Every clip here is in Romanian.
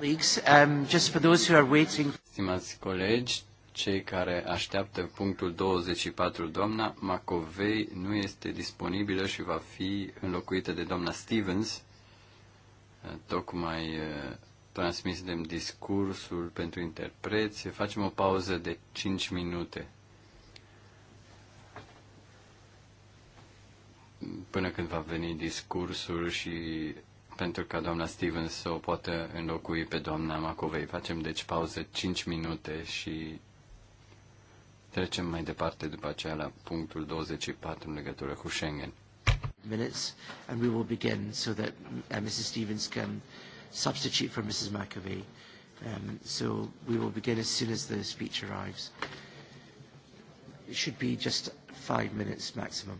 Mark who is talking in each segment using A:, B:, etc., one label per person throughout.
A: Um, Stimați colegi, cei care așteaptă punctul 24, doamna Macovei nu este disponibilă și va fi înlocuită de doamna Stevens. Uh, tocmai uh, transmitem discursul pentru interpreție. Facem o pauză de 5 minute. Până când va veni discursul și pentru ca doamna Stevens să o poată înlocui pe doamna Macovei. Facem deci pauză 5 minute și trecem mai departe după aceea la punctul 24 în legătură cu Schengen.
B: Minutes and we will begin so that uh, Mrs. Stevens can substitute for Mrs. McAvey. Um, so we will begin as soon as the speech arrives. It should be just five minutes maximum.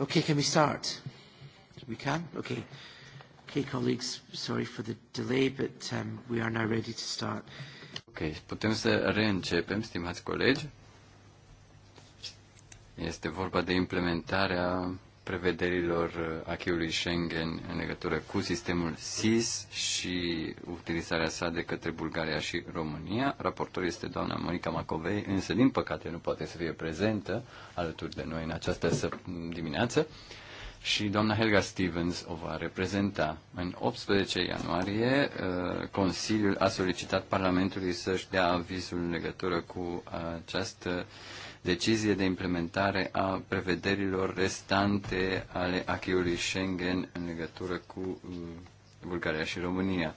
B: Okay, can we start? We can? Okay. Okay, colleagues, sorry for the delay, but um, we are now ready
A: to start. Okay, putem să reîncepem, stimați colegi. Este vorba de implementarea prevederilor uh, acheului Schengen în legătură cu sistemul SIS și utilizarea sa de către Bulgaria și România. Raportor este doamna Monica Macovei, însă din păcate nu poate să fie prezentă alături de noi în această dimineață. Și doamna Helga Stevens o va reprezenta. În 18 ianuarie, uh, Consiliul a solicitat Parlamentului să-și dea avizul în legătură cu această decizie de implementare a prevederilor restante ale acquis Schengen în legătură cu uh, Bulgaria și România.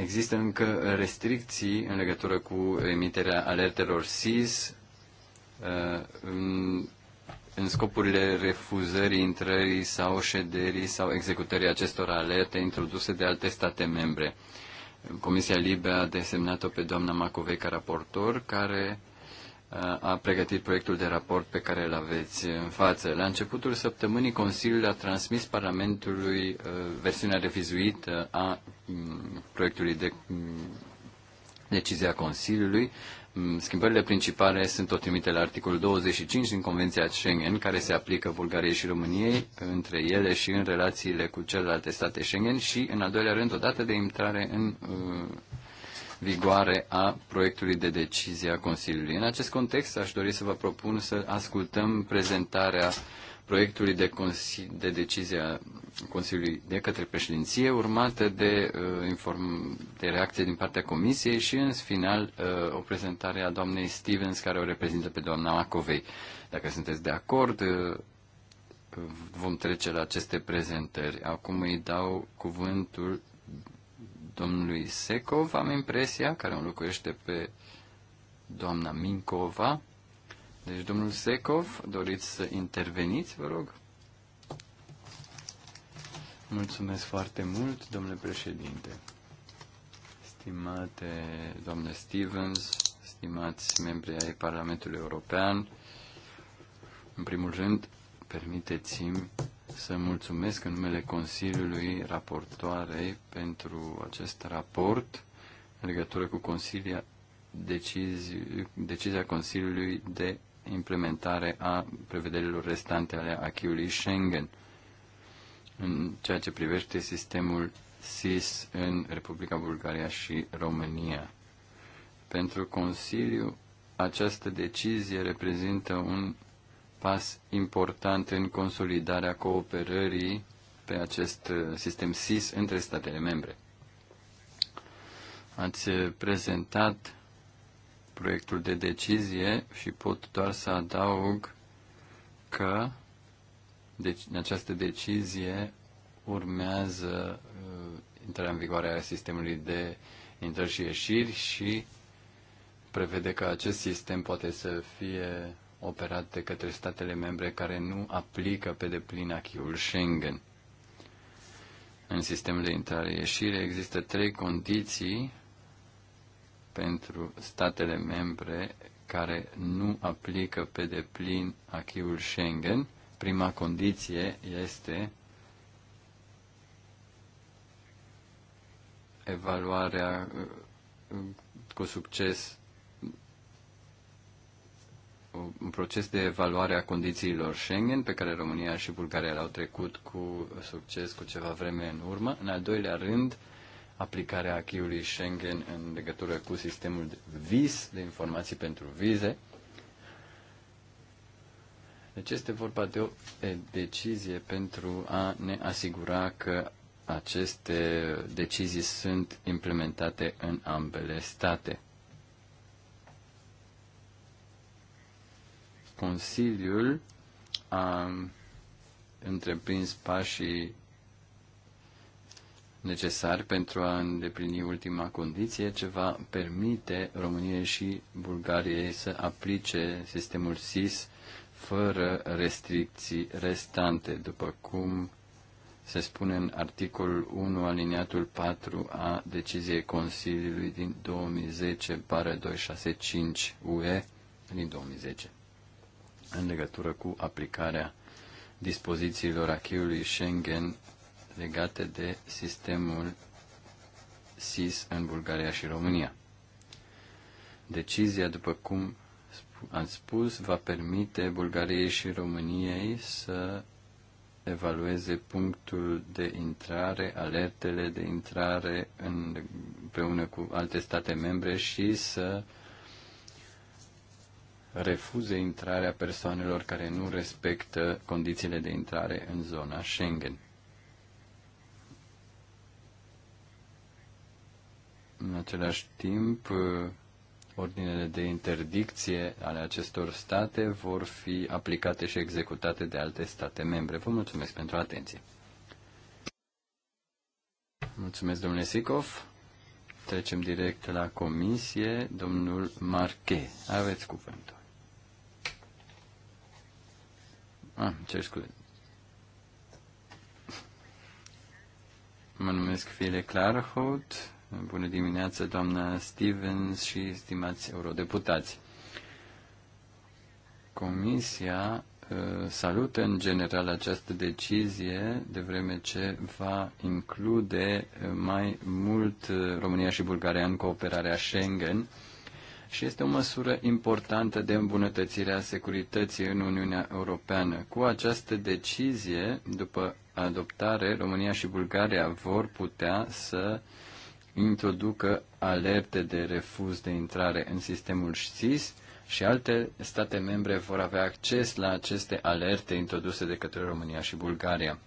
A: Există încă restricții în legătură cu emiterea alertelor SIS uh, în, în scopurile refuzării intrării sau șederii sau executării acestor alerte introduse de alte state membre. Comisia Libe a desemnat-o pe doamna Macovei ca raportor, care a pregătit proiectul de raport pe care îl aveți în față. La începutul săptămânii, Consiliul a transmis Parlamentului uh, versiunea revizuită a mm, proiectului de mm, decizia Consiliului. Mm, schimbările principale sunt o trimite la articolul 25 din Convenția Schengen, care se aplică Bulgariei și României, între ele și în relațiile cu celelalte state Schengen și, în al doilea rând, o dată de intrare în uh, vigoare a proiectului de decizie a Consiliului. În acest context, aș dori să vă propun să ascultăm prezentarea proiectului de, de decizie a Consiliului de către președinție, urmată de, uh, inform- de reacție din partea Comisiei și, în final, uh, o prezentare a doamnei Stevens, care o reprezintă pe doamna Macovei. Dacă sunteți de acord, uh, vom trece la aceste prezentări. Acum îi dau cuvântul domnului Secov, am impresia, care înlocuiește pe doamna Mincova. Deci, domnul Secov, doriți să interveniți, vă rog? Mulțumesc foarte mult, domnule președinte. Stimate doamne Stevens, stimați membri ai Parlamentului European, în primul rând, permiteți-mi să mulțumesc în numele Consiliului Raportoarei pentru acest raport în legătură cu consilia, decizi, decizia Consiliului de implementare a prevederilor restante ale acquis Schengen în ceea ce privește sistemul SIS în Republica Bulgaria și România. Pentru Consiliu, această decizie reprezintă un pas important în consolidarea cooperării pe acest uh, sistem SIS între statele membre. Ați uh, prezentat proiectul de decizie și pot doar să adaug că deci, această decizie urmează uh, intrarea în vigoare a sistemului de intrări și ieșiri și prevede că acest sistem poate să fie operat de către statele membre care nu aplică pe deplin achiul Schengen. În sistemul de intrare-ieșire există trei condiții pentru statele membre care nu aplică pe deplin achiul Schengen. Prima condiție este evaluarea uh, cu succes un proces de evaluare a condițiilor Schengen, pe care România și Bulgaria l-au trecut cu succes cu ceva vreme în urmă. În al doilea rând, aplicarea acquis Schengen în legătură cu sistemul de VIS, de informații pentru vize. Deci este vorba de o decizie pentru a ne asigura că aceste decizii sunt implementate în ambele state. Consiliul a întreprins pașii necesari pentru a îndeplini ultima condiție ce va permite României și Bulgariei să aplice sistemul SIS fără restricții restante, după cum se spune în articolul 1 aliniatul 4 a deciziei Consiliului din 2010 pare 265 UE din 2010 în legătură cu aplicarea dispozițiilor acheiului Schengen legate de sistemul SIS în Bulgaria și România. Decizia, după cum am spus, va permite Bulgariei și României să evalueze punctul de intrare, alertele de intrare în, împreună cu alte state membre și să uh, refuze intrarea persoanelor care nu respectă condițiile de intrare în zona Schengen. În același timp, ordinele de interdicție ale acestor state vor fi aplicate și executate de alte state membre. Vă mulțumesc pentru atenție. Mulțumesc, domnule Sicov. Trecem direct la comisie. Domnul Marche, aveți cuvântul. Ah, cer scuze. Mă numesc Fiele Clarhout. Bună dimineața, doamna Stevens și stimați eurodeputați. Comisia ă, salută în general această decizie, de vreme ce va include ă, mai mult ă, România și Bulgaria în cooperarea Schengen și este o măsură importantă de îmbunătățire a securității în Uniunea Europeană. Cu această decizie, după adoptare, România și Bulgaria vor putea să introducă alerte de refuz de intrare în sistemul SIS și alte state membre vor avea acces la aceste alerte introduse de către România și Bulgaria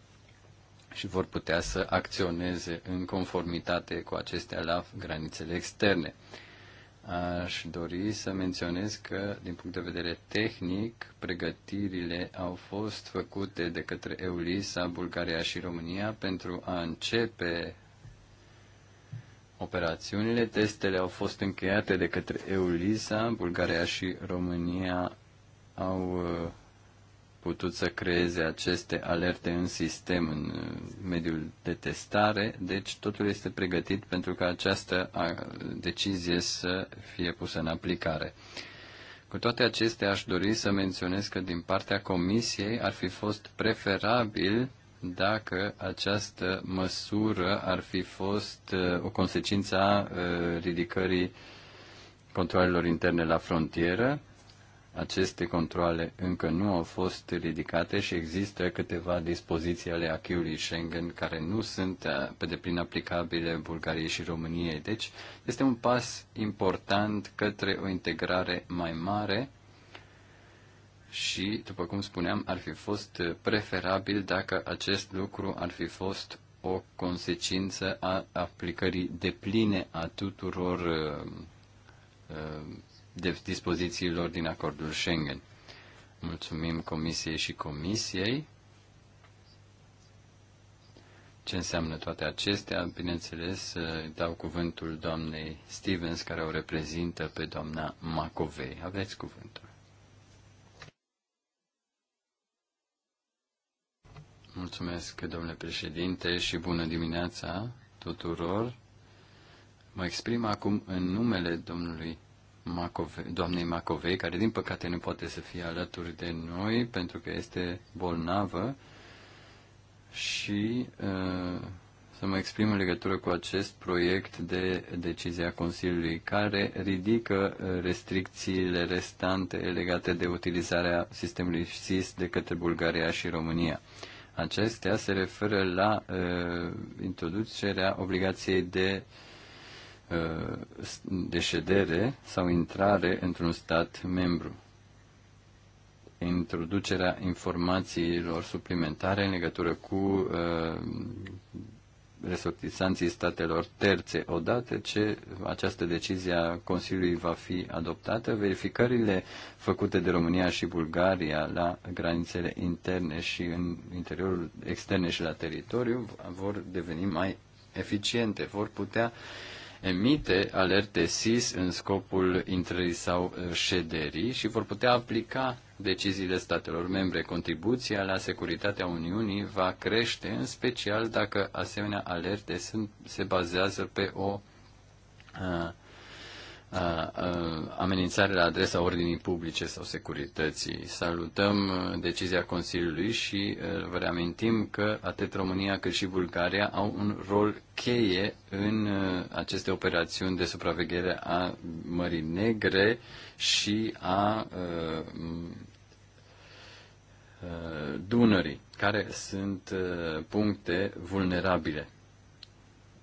A: și vor putea să acționeze în conformitate cu acestea la granițele externe. Aș dori să menționez că, din punct de vedere tehnic, pregătirile au fost făcute de către EULISA, Bulgaria și România pentru a începe operațiunile. Testele au fost încheiate de către EULISA, Bulgaria și România au uh, putut să creeze aceste alerte în sistem, în uh, mediul de testare, deci totul este pregătit pentru ca această decizie să fie pusă în aplicare. Cu toate acestea, aș dori să menționez că din partea Comisiei ar fi fost preferabil dacă această măsură ar fi fost uh, o consecință a uh, ridicării controlelor interne la frontieră aceste controle încă nu au fost ridicate și există câteva dispoziții ale acquis Schengen care nu sunt uh, pe deplin aplicabile Bulgariei și României. Deci este un pas important către o integrare mai mare și, după cum spuneam, ar fi fost preferabil dacă acest lucru ar fi fost o consecință a aplicării depline a tuturor uh, uh, dispozițiilor din acordul Schengen. Mulțumim Comisiei și Comisiei. Ce înseamnă toate acestea? Bineînțeles, dau cuvântul doamnei Stevens, care o reprezintă pe doamna Macovei. Aveți cuvântul. Mulțumesc, domnule președinte, și bună dimineața tuturor. Mă exprim acum în numele domnului Macove, doamnei Macovei, care din păcate nu poate să fie alături de noi pentru că este bolnavă și uh, să mă exprim în legătură cu acest proiect de decizie a Consiliului care ridică uh, restricțiile restante legate de utilizarea sistemului SIS de către Bulgaria și România. Acestea se referă la uh, introducerea obligației de uh, Uh, de ședere sau intrare într-un stat membru. Introducerea informațiilor suplimentare în legătură cu uh, resortisanții statelor terțe. Odată ce această decizie a Consiliului va fi adoptată, verificările făcute de România și Bulgaria la granițele interne și în interiorul externe și la teritoriu vor deveni mai eficiente, vor putea uh, emite alerte SIS în scopul intrării sau uh, șederii și vor putea aplica deciziile statelor membre. Contribuția la securitatea Uniunii va crește, în special dacă asemenea alerte sunt, se bazează pe o uh, amenințare la adresa ordinii publice sau securității. Salutăm uh, decizia Consiliului și uh, vă reamintim că atât România cât și Bulgaria au un rol cheie în uh, aceste operațiuni de supraveghere a Mării Negre și a Dunării, care sunt puncte vulnerabile.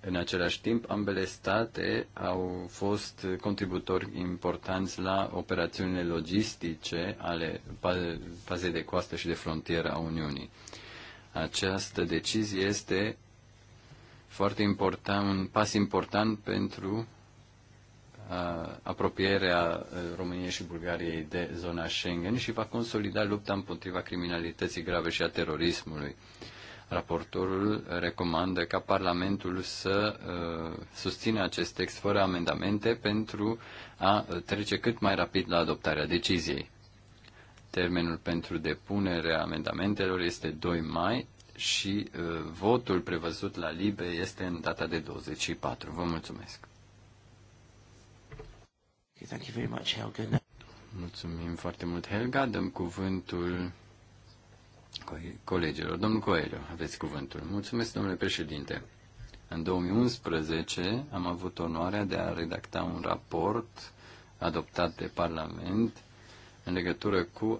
A: În același timp, ambele state au fost contributori importanți la operațiunile logistice ale pazei de coastă și de frontieră a Uniunii. Această decizie este foarte important, un pas important pentru apropierea României și Bulgariei de zona Schengen și va consolida lupta împotriva criminalității grave și a terorismului. Raportorul recomandă ca Parlamentul să uh, susțină acest text fără amendamente pentru a trece cât mai rapid la adoptarea deciziei. Termenul pentru depunerea amendamentelor este 2 mai și uh, votul prevăzut la LIBE este în data de 24. Vă mulțumesc! Mulțumim foarte mult, Helga. Dăm cuvântul colegilor. Domnul Coelho, aveți cuvântul. Mulțumesc, domnule președinte. În 2011 am avut onoarea de a redacta un raport adoptat de Parlament în legătură cu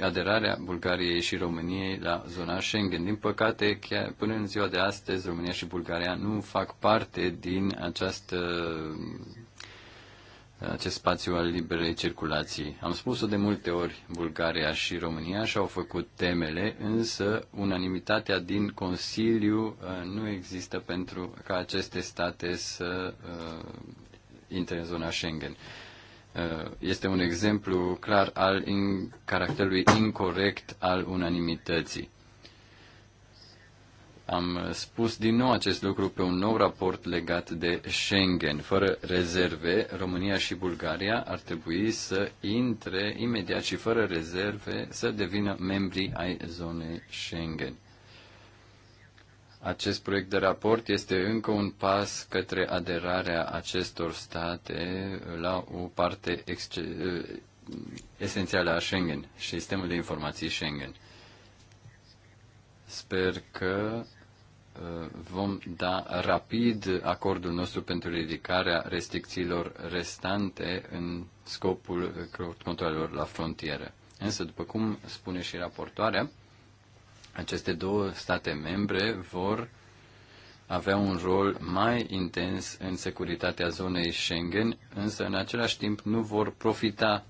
A: aderarea Bulgariei și României la zona Schengen. Din păcate, chiar până în ziua de astăzi, România și Bulgaria nu fac parte din această acest spațiu al liberei circulații. Am spus-o de multe ori, Bulgaria și România și-au făcut temele, însă unanimitatea din Consiliu uh, nu există pentru ca aceste state să uh, intre în zona Schengen. Uh, este un exemplu clar al in, caracterului incorrect al unanimității. Am spus din nou acest lucru pe un nou raport legat de Schengen. Fără rezerve, România și Bulgaria ar trebui să intre imediat și fără rezerve să devină membri ai zonei Schengen. Acest proiect de raport este încă un pas către aderarea acestor state la o parte exce- esențială a Schengen, sistemul de informații Schengen. Sper că vom da rapid acordul nostru pentru ridicarea restricțiilor restante în scopul controlelor la frontieră. Însă, după cum spune și raportoarea, aceste două state membre vor avea un rol mai intens în securitatea zonei Schengen, însă în același timp nu vor profita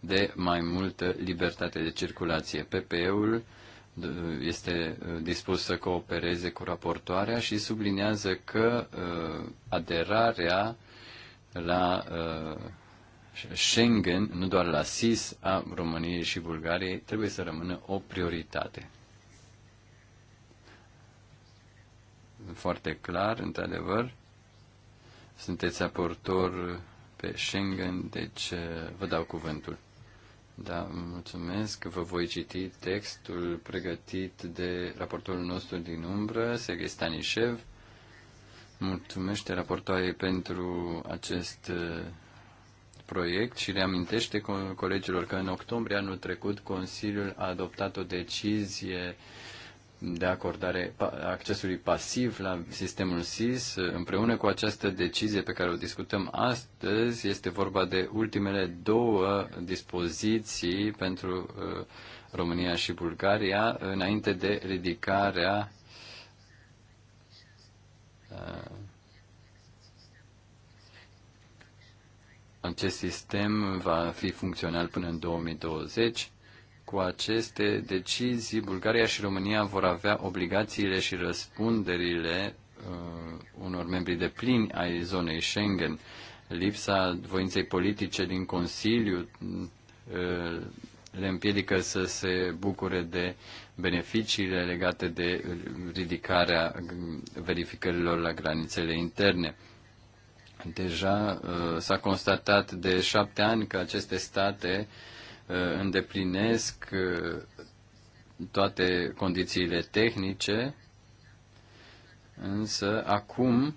A: de mai multă libertate de circulație. PPE-ul este uh, dispus să coopereze cu raportoarea și sublinează că uh, aderarea la uh, Schengen, nu doar la SIS, a României și Bulgariei, trebuie să rămână o prioritate. Foarte clar, într-adevăr, sunteți aportor pe Schengen, deci vă dau cuvântul. Da, mulțumesc. Vă voi citi textul pregătit de raportorul nostru din umbră, Sergei Stanișev. Mulțumește raportoarei pentru acest uh, proiect și reamintește colegilor că în octombrie anul trecut Consiliul a adoptat o decizie uh, de acordare accesului pasiv la sistemul SIS. Împreună cu această decizie pe care o discutăm astăzi, este vorba de ultimele două dispoziții pentru uh, România și Bulgaria înainte de ridicarea uh, acest sistem va fi funcțional până în 2020 cu aceste decizii, Bulgaria și România vor avea obligațiile și răspunderile uh, unor membri de plini ai zonei Schengen. Lipsa voinței politice din Consiliu uh, le împiedică să se bucure de beneficiile legate de ridicarea verificărilor la granițele interne. Deja uh, s-a constatat de șapte ani că aceste state uh, Uh, îndeplinesc uh, toate condițiile tehnice, însă acum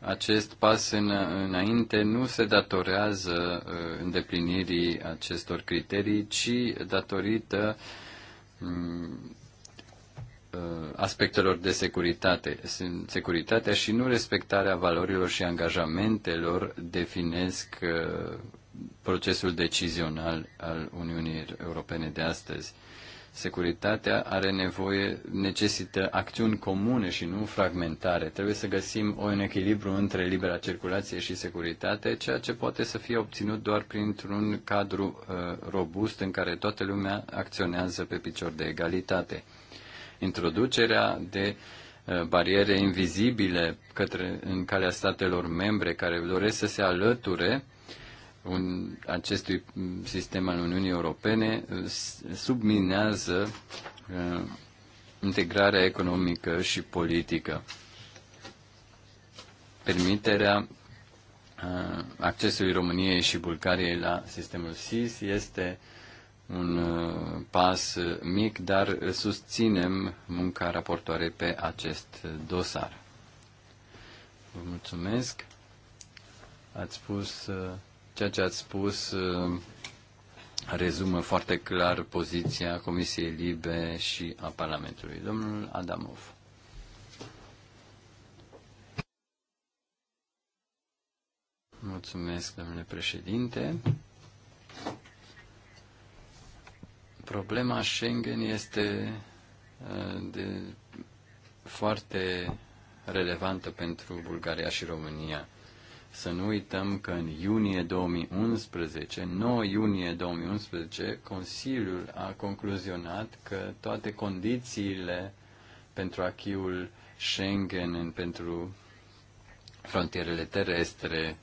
A: acest pas în, înainte nu se datorează uh, îndeplinirii acestor criterii, ci datorită mm, aspectelor de securitate. Securitatea și nu respectarea valorilor și angajamentelor definesc procesul decizional al Uniunii Europene de astăzi. Securitatea are nevoie, necesită acțiuni comune și nu fragmentare. Trebuie să găsim un echilibru între libera circulație și securitate, ceea ce poate să fie obținut doar printr-un cadru uh, robust în care toată lumea acționează pe picior de egalitate. Introducerea de uh, bariere invizibile către, în calea statelor membre care doresc să se alăture uh, un, acestui sistem al Uniunii Europene uh, subminează uh, integrarea economică și politică. Permiterea uh, accesului României și Bulgariei la sistemul SIS este un uh, pas mic, dar susținem munca raportoare pe acest dosar. Vă mulțumesc. Ați spus uh, Ceea ce ați spus uh, rezumă foarte clar poziția Comisiei Libe și a Parlamentului. Domnul Adamov. Mulțumesc, domnule președinte. Problema Schengen este uh, de, foarte relevantă pentru Bulgaria și România. Să nu uităm că în iunie 2011, 9 iunie 2011, Consiliul a concluzionat că toate condițiile pentru achiul Schengen, pentru frontierele terestre,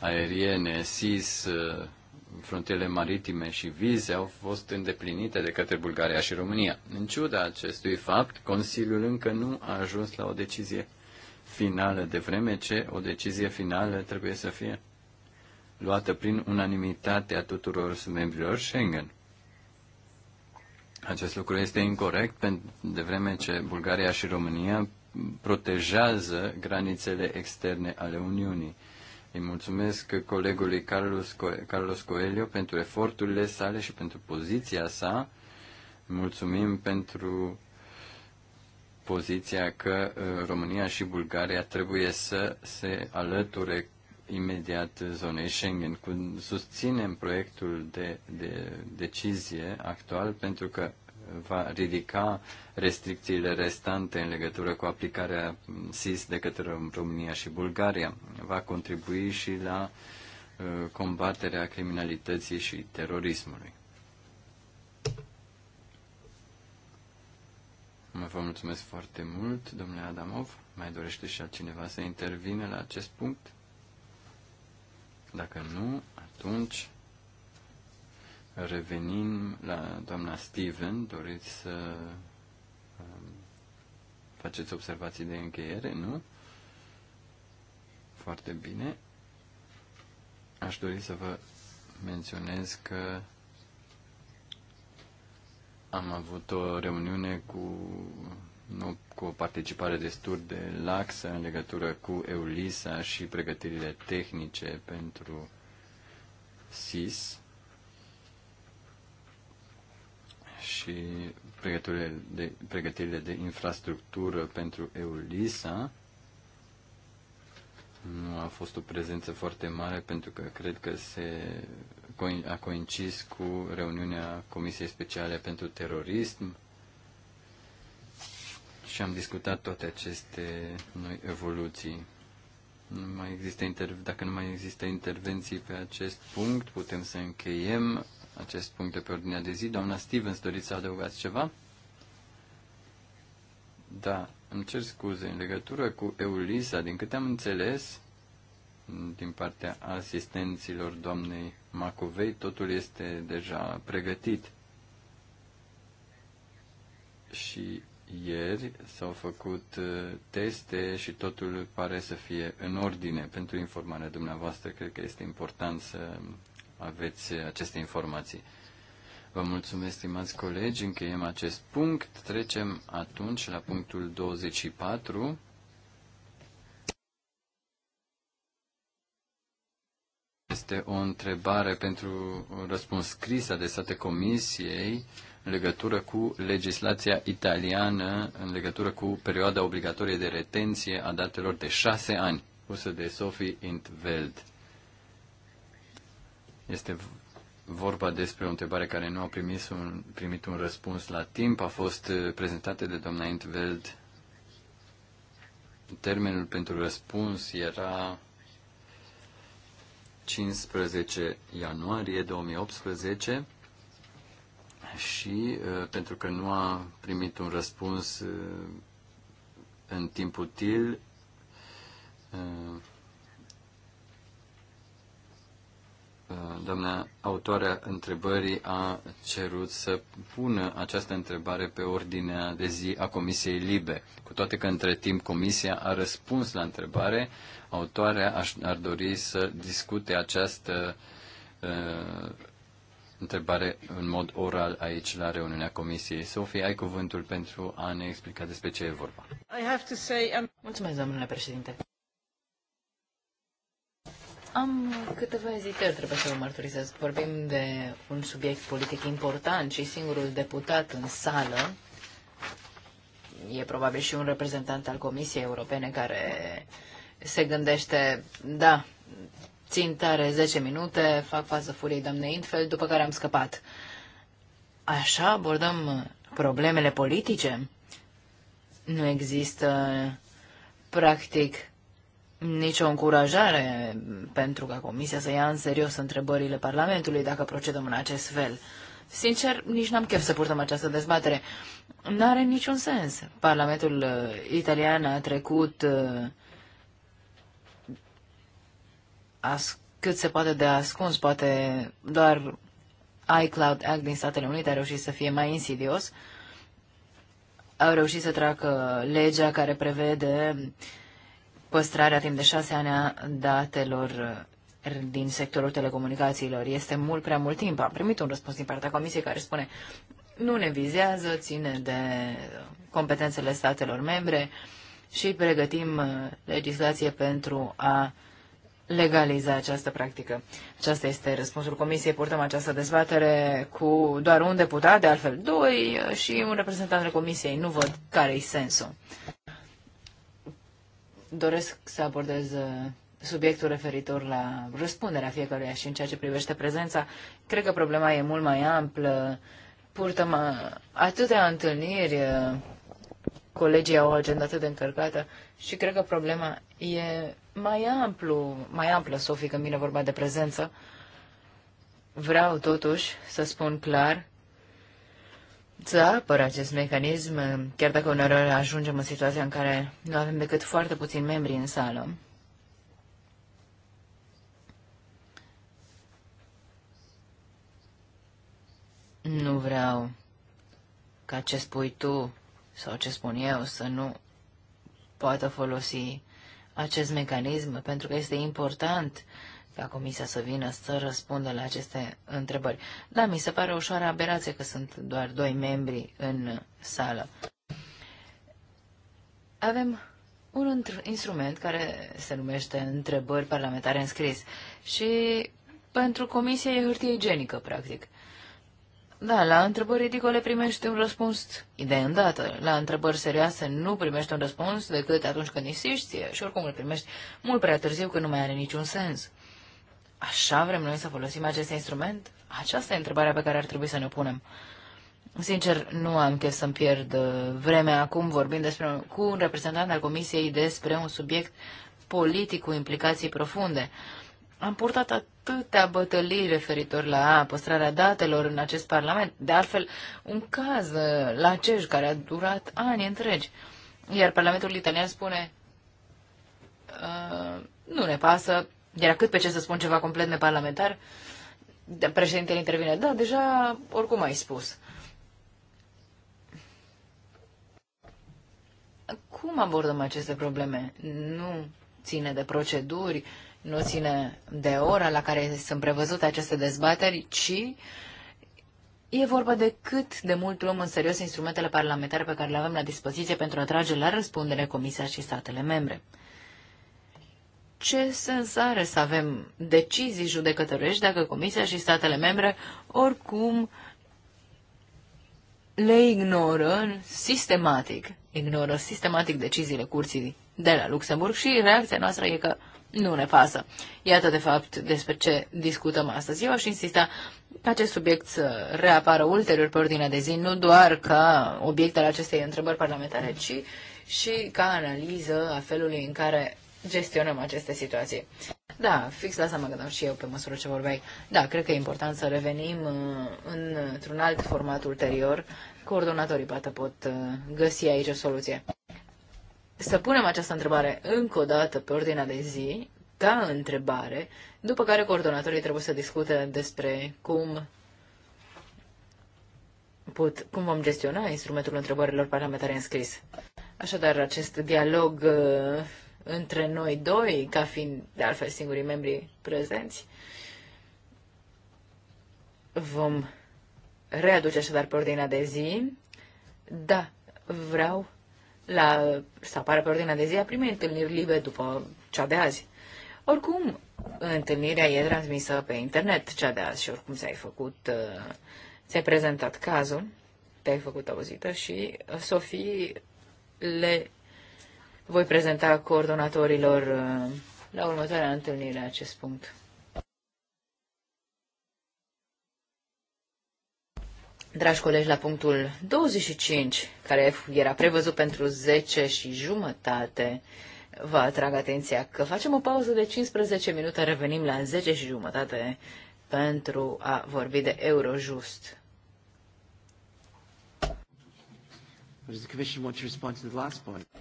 A: aeriene, SIS, uh, frontierele maritime și vize au fost îndeplinite de către Bulgaria și România. În ciuda acestui fapt, Consiliul încă nu a ajuns la o decizie finală, de vreme ce o decizie finală trebuie să fie luată prin unanimitatea tuturor membrilor Schengen. Acest lucru este incorrect, de vreme ce Bulgaria și România protejează granițele externe ale Uniunii. Îi mulțumesc colegului Carlos, Co- Carlos Coelho pentru eforturile sale și pentru poziția sa. Mulțumim pentru poziția că uh, România și Bulgaria trebuie să se alăture imediat zonei Schengen. Susținem proiectul de, de decizie actual pentru că va ridica restricțiile restante în legătură cu aplicarea SIS de către România și Bulgaria. Va contribui și la uh, combaterea criminalității și terorismului. Vă mulțumesc foarte mult, domnule Adamov. Mai dorește și altcineva să intervine la acest punct? Dacă nu, atunci revenim la doamna Steven. Doriți să um, faceți observații de încheiere, nu? Foarte bine. Aș dori să vă menționez că am avut o reuniune cu, nu, cu o participare destul de laxă în legătură cu EULISA și pregătirile tehnice pentru SIS și pregătirile de, pregătirile de infrastructură pentru EULISA. Nu a fost o prezență foarte mare pentru că cred că se a coincis cu reuniunea Comisiei Speciale pentru Terorism și am discutat toate aceste noi evoluții. Nu mai există inter- Dacă nu mai există intervenții pe acest punct, putem să încheiem acest punct de pe ordinea de zi. Doamna Stevens, doriți să adăugați ceva? Da, îmi cer scuze. În legătură cu Eulisa, din câte am înțeles, din partea asistenților doamnei Macovei, totul este deja pregătit. Și ieri s-au făcut uh, teste și totul pare să fie în ordine. Pentru informarea dumneavoastră, cred că este important să aveți aceste informații. Vă mulțumesc, stimați colegi, încheiem acest punct. Trecem atunci la punctul 24 Este o întrebare pentru răspuns scris adresată Comisiei în legătură cu legislația italiană, în legătură cu perioada obligatorie de retenție a datelor de șase ani, pusă de Sophie Intveld. Este vorba despre o întrebare care nu a primit un, primit un răspuns la timp, a fost uh, prezentată de doamna Intveld. Termenul pentru răspuns era 15 ianuarie 2018 și uh, pentru că nu a primit un răspuns uh, în timp util, uh, doamna autoarea întrebării a cerut să pună această întrebare pe ordinea de zi a Comisiei Libe. Cu toate că între timp Comisia a răspuns la întrebare, autoarea ar dori să discute această uh, întrebare în mod oral aici la reuniunea comisiei. Sofie, ai cuvântul pentru a ne explica despre ce e vorba.
C: I have to say, um... Mulțumesc, domnule președinte. Am câteva ezitări, trebuie să vă mărturisesc. Vorbim de un subiect politic important și singurul deputat în sală e probabil și un reprezentant al Comisiei Europene care se gândește, da, țin tare 10 minute, fac față furiei doamnei Intfel, după care am scăpat. Așa abordăm problemele politice? Nu există, practic, nicio încurajare pentru ca Comisia să ia în serios întrebările Parlamentului dacă procedăm în acest fel. Sincer, nici n-am chef să purtăm această dezbatere. N-are niciun sens. Parlamentul uh, italian a trecut uh, as, cât se poate de ascuns, poate doar iCloud Act din Statele Unite a reușit să fie mai insidios. Au reușit să treacă legea care prevede uh, păstrarea timp de șase ani a datelor eh, din sectorul telecomunicațiilor. Este mult prea mult timp. Am primit un răspuns din partea Comisiei care spune nu ne vizează, ține de competențele statelor membre și pregătim eh, legislație pentru a legaliza această practică. Aceasta este răspunsul Comisiei. Purtăm această dezbatere cu doar un deputat, de altfel doi, eh, și un reprezentant al Comisiei. Nu văd care-i sensul doresc să abordez uh, subiectul referitor la răspunderea fiecăruia și în ceea ce privește prezența. Cred că problema e mult mai amplă. Purtăm uh, atâtea întâlniri, uh, colegii au o agenda atât de încărcată și cred că problema e mai amplu, mai amplă, Sofie, când vine vorba de prezență. Vreau totuși să spun clar să apăr acest mecanism, chiar dacă uneori ajungem în situația în care nu avem decât foarte puțini membri în sală. Nu vreau ca ce spui tu sau ce spun eu să nu poată folosi acest mecanism, pentru că este important ca comisia să vină să răspundă la aceste întrebări. Da, mi se pare ușoară aberație că sunt doar doi membri în sală. Avem un instrument care se numește întrebări parlamentare înscris și pentru comisie e hârtie igienică, practic. Da, la întrebări ridicole primești un răspuns de îndată. La întrebări serioase nu primești un răspuns decât atunci când insisti și oricum îl primești mult prea târziu când nu mai are niciun sens. Așa vrem noi să folosim acest instrument? Aceasta e întrebarea pe care ar trebui să ne punem. Sincer, nu am chef să-mi pierd uh, vremea acum vorbind despre, cu un reprezentant al Comisiei despre un subiect politic cu implicații profunde. Am purtat atâtea bătălii referitor la păstrarea datelor în acest Parlament, de altfel un caz uh, la CEJ care a durat ani întregi. Iar Parlamentul italian spune, uh, nu ne pasă, era cât pe ce să spun ceva complet neparlamentar, președintele intervine. Da, deja oricum ai spus. Cum abordăm aceste probleme? Nu ține de proceduri, nu ține de ora la care sunt prevăzute aceste dezbateri, ci e vorba de cât de mult luăm în serios instrumentele parlamentare pe care le avem la dispoziție pentru a trage la răspundere Comisia și statele membre ce sens are să avem decizii judecătorești dacă Comisia și statele membre oricum le ignoră sistematic, ignoră sistematic deciziile curții de la Luxemburg și reacția noastră e că nu ne pasă. Iată, de fapt, despre ce discutăm astăzi. Eu aș insista ca acest subiect să reapară ulterior pe ordinea de zi, nu doar ca obiect al acestei întrebări parlamentare, ci și ca analiză a felului în care gestionăm aceste situații. Da, fix la asta mă gândeam și eu pe măsură ce vorbeai. Da, cred că e important să revenim uh, într-un alt format ulterior. Coordonatorii poate pot uh, găsi aici o soluție. Să punem această întrebare încă o dată pe ordinea de zi, ca întrebare, după care coordonatorii trebuie să discute despre cum put, cum vom gestiona instrumentul întrebărilor parlamentare înscris. Așadar, acest dialog uh, între noi doi, ca fiind de altfel singurii membri prezenți. Vom readuce așadar pe ordinea de zi. Da, vreau la, să apară pe ordinea de zi a primei întâlniri libe după cea de azi. Oricum, întâlnirea e transmisă pe internet, cea de azi, și oricum ți-ai făcut, uh, ți-ai prezentat cazul, te-ai făcut auzită și uh, Sofie le voi prezenta coordonatorilor uh, la următoarea întâlnire acest punct. Dragi colegi, la punctul 25, care era prevăzut pentru 10 și jumătate, vă atrag atenția că facem o pauză de 15 minute, revenim la 10 și jumătate pentru a vorbi de Eurojust.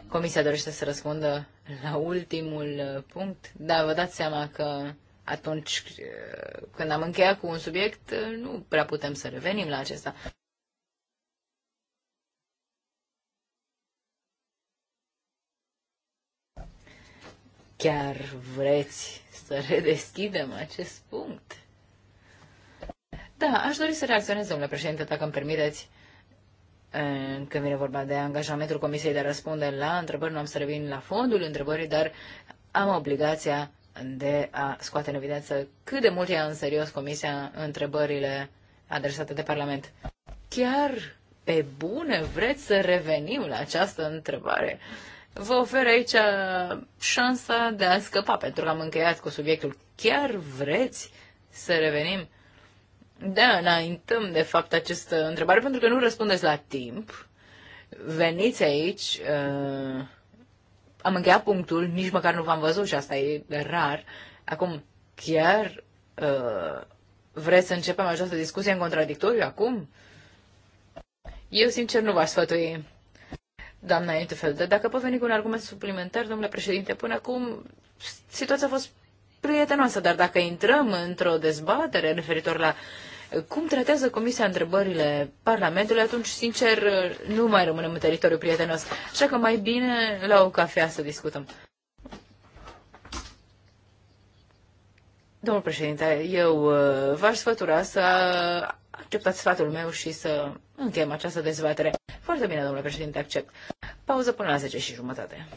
C: Comisia dorește să răspundă la ultimul uh, punct, dar vă dați seama că atunci uh, când am încheiat cu un subiect, uh, nu prea putem să revenim la acesta. Chiar vreți să redeschidem acest punct? Da, aș dori să reacționez, domnule președinte, dacă îmi permiteți. Eh, când vine vorba de angajamentul Comisiei de a răspunde la întrebări, nu am să revin la fondul întrebării, dar am obligația de a scoate în evidență cât de mult ia în serios Comisia întrebările adresate de Parlament. Chiar pe bune vreți să revenim la această întrebare? Vă ofer aici uh, șansa de a scăpa, pentru că am încheiat cu subiectul. Chiar vreți să revenim da, înaintăm de fapt această întrebare pentru că nu răspundeți la timp. Veniți aici, uh, am încheiat punctul, nici măcar nu v-am văzut și asta e rar. Acum, chiar uh, vreți să începem această discuție în contradictoriu acum? Eu, sincer, nu v-aș sfătui, doamna Interfeld, dacă pot veni cu un argument suplimentar, domnule președinte, până acum situația a fost prietenoasă, dar dacă intrăm într-o dezbatere referitor la cum tratează Comisia întrebările Parlamentului, atunci, sincer, nu mai rămânem în teritoriu prietenos. Așa că mai bine la o cafea să discutăm. Domnul președinte, eu uh, v-aș sfătura să acceptați sfatul meu și să încheiem această dezbatere. Foarte bine, domnule președinte, accept. Pauză până la 10 și jumătate.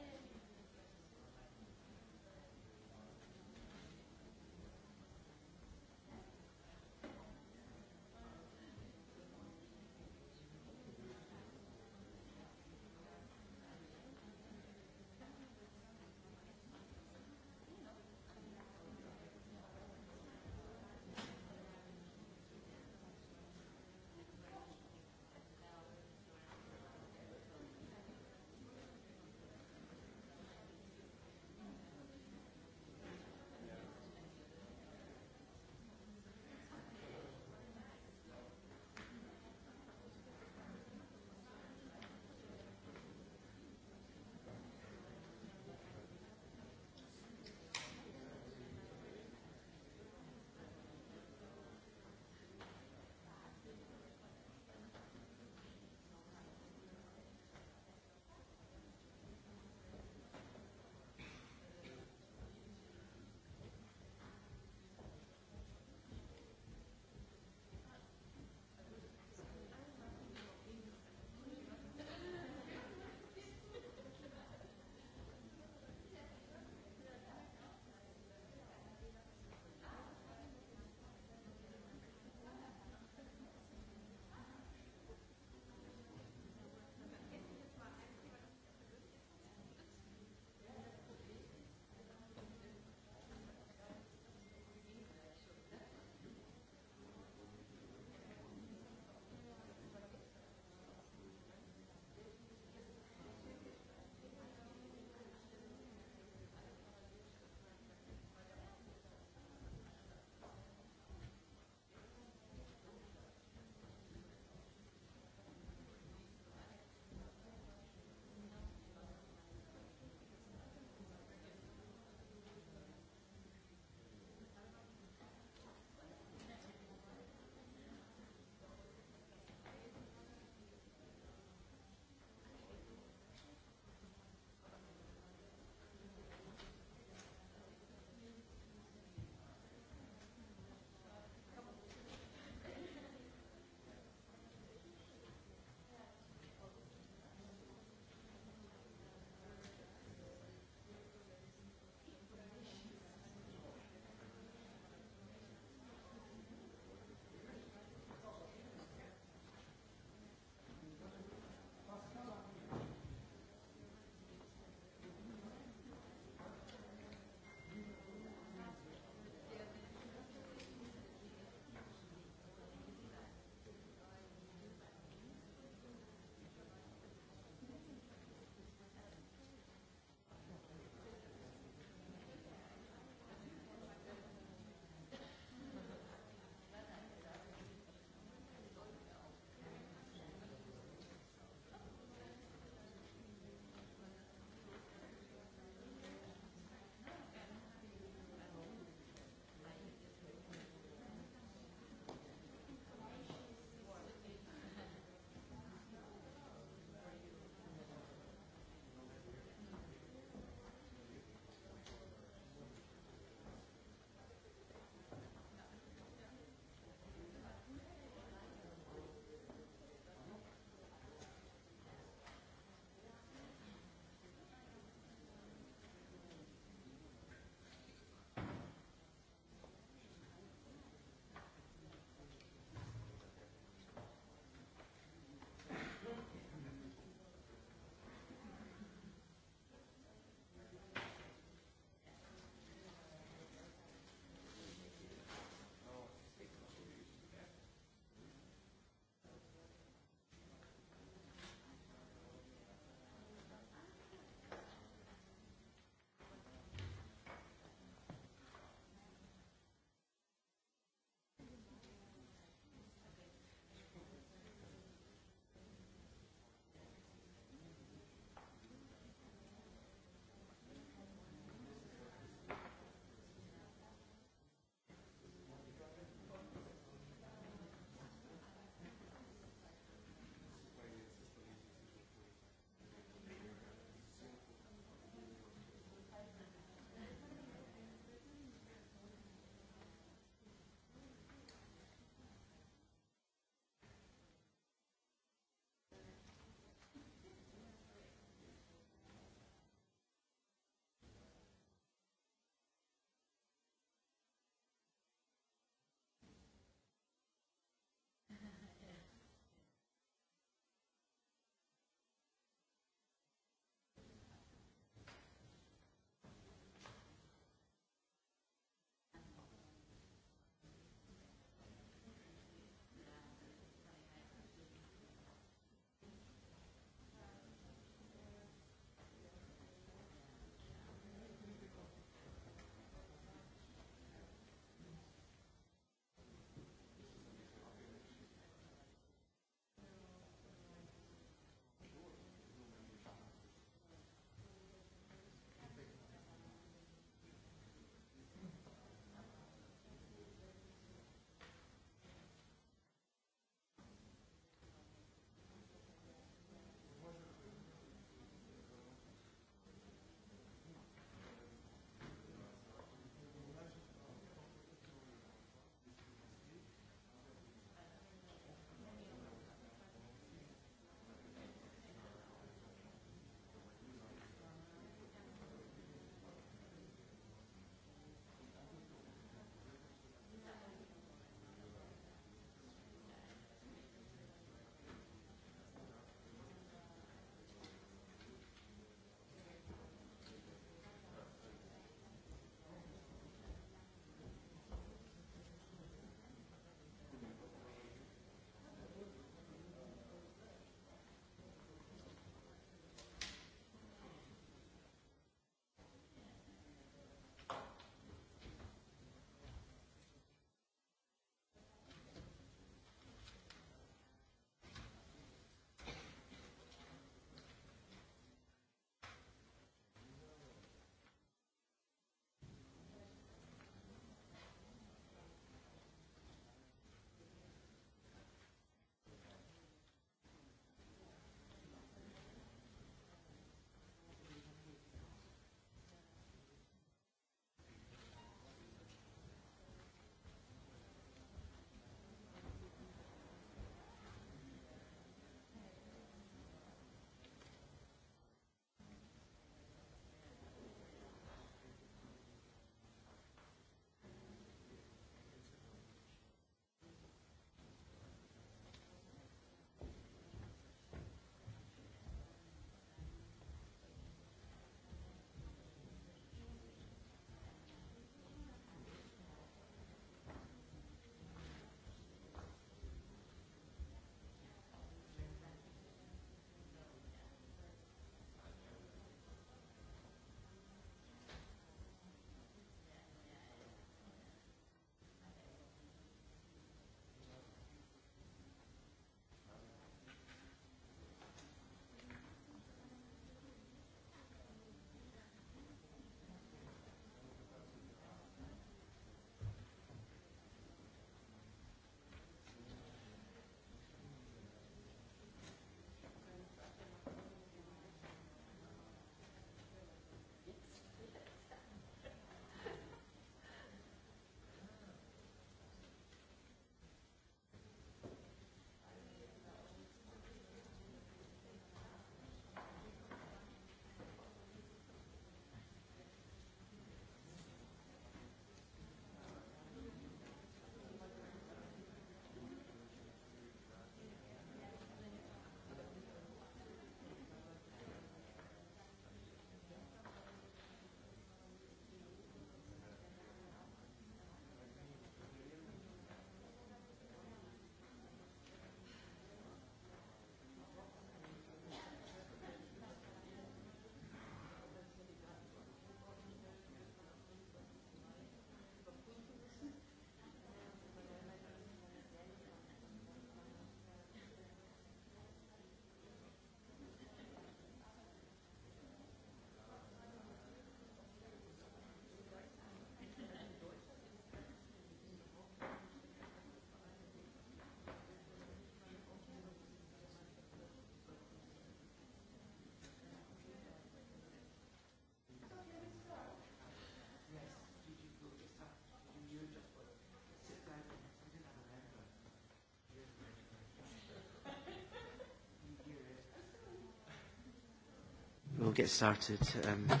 B: we'll get started. Um...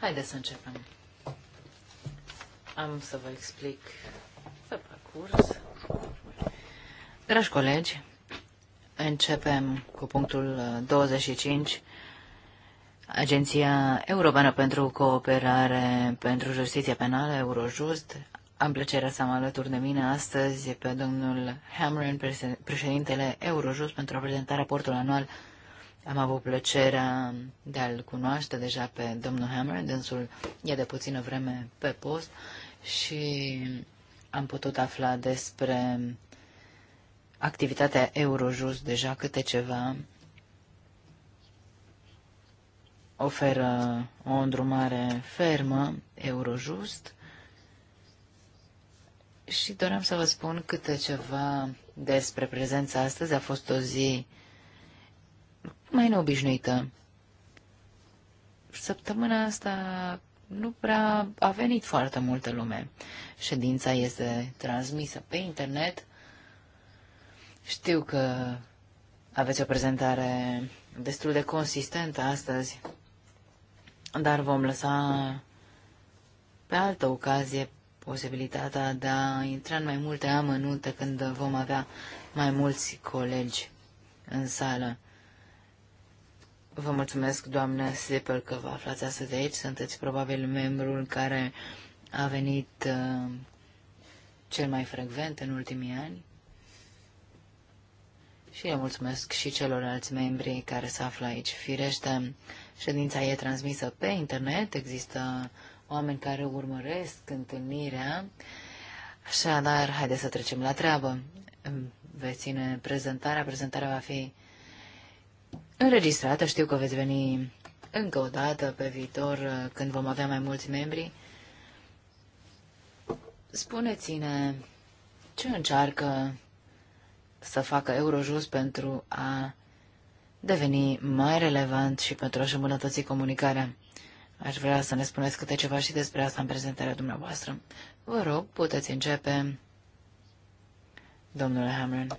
C: Haideți să începem. Am să vă explic pe parcurs. Dragi colegi, începem cu punctul 25. Uh, Agenția Europeană pentru Cooperare pentru Justiție Penală, Eurojust, am plăcerea să am alături de mine astăzi pe domnul Hamren, președintele Eurojust, pentru a prezenta raportul anual am avut plăcerea de a-l cunoaște deja pe domnul Hammer, dânsul e de puțină vreme pe post și am putut afla despre activitatea Eurojust deja câte ceva oferă o îndrumare fermă, Eurojust, și doream să vă spun câte ceva despre prezența astăzi. A fost o zi mai neobișnuită. Săptămâna asta nu prea a venit foarte multă lume. Ședința este transmisă pe internet. Știu că aveți o prezentare destul de consistentă astăzi, dar vom lăsa pe altă ocazie posibilitatea de a intra în mai multe amănunte când vom avea mai mulți colegi în sală. Vă mulțumesc, doamnă Sipel, că vă aflați astăzi de aici. Sunteți probabil membrul care a venit uh, cel mai frecvent în ultimii ani. Și le mulțumesc și celorlalți membri care se află aici. Firește, ședința e transmisă pe internet, există oameni care urmăresc întâlnirea. Așadar, haideți să trecem la treabă. Veți ține prezentarea. Prezentarea va fi înregistrată. Știu că veți veni încă o dată pe viitor, uh, când vom avea mai mulți membri. Spuneți-ne ce încearcă să facă Eurojust pentru a deveni mai relevant și pentru a-și îmbunătăți comunicarea. Aș vrea să ne spuneți câte ceva și despre asta în prezentarea dumneavoastră. Vă rog, puteți începe,
B: domnule Hamren.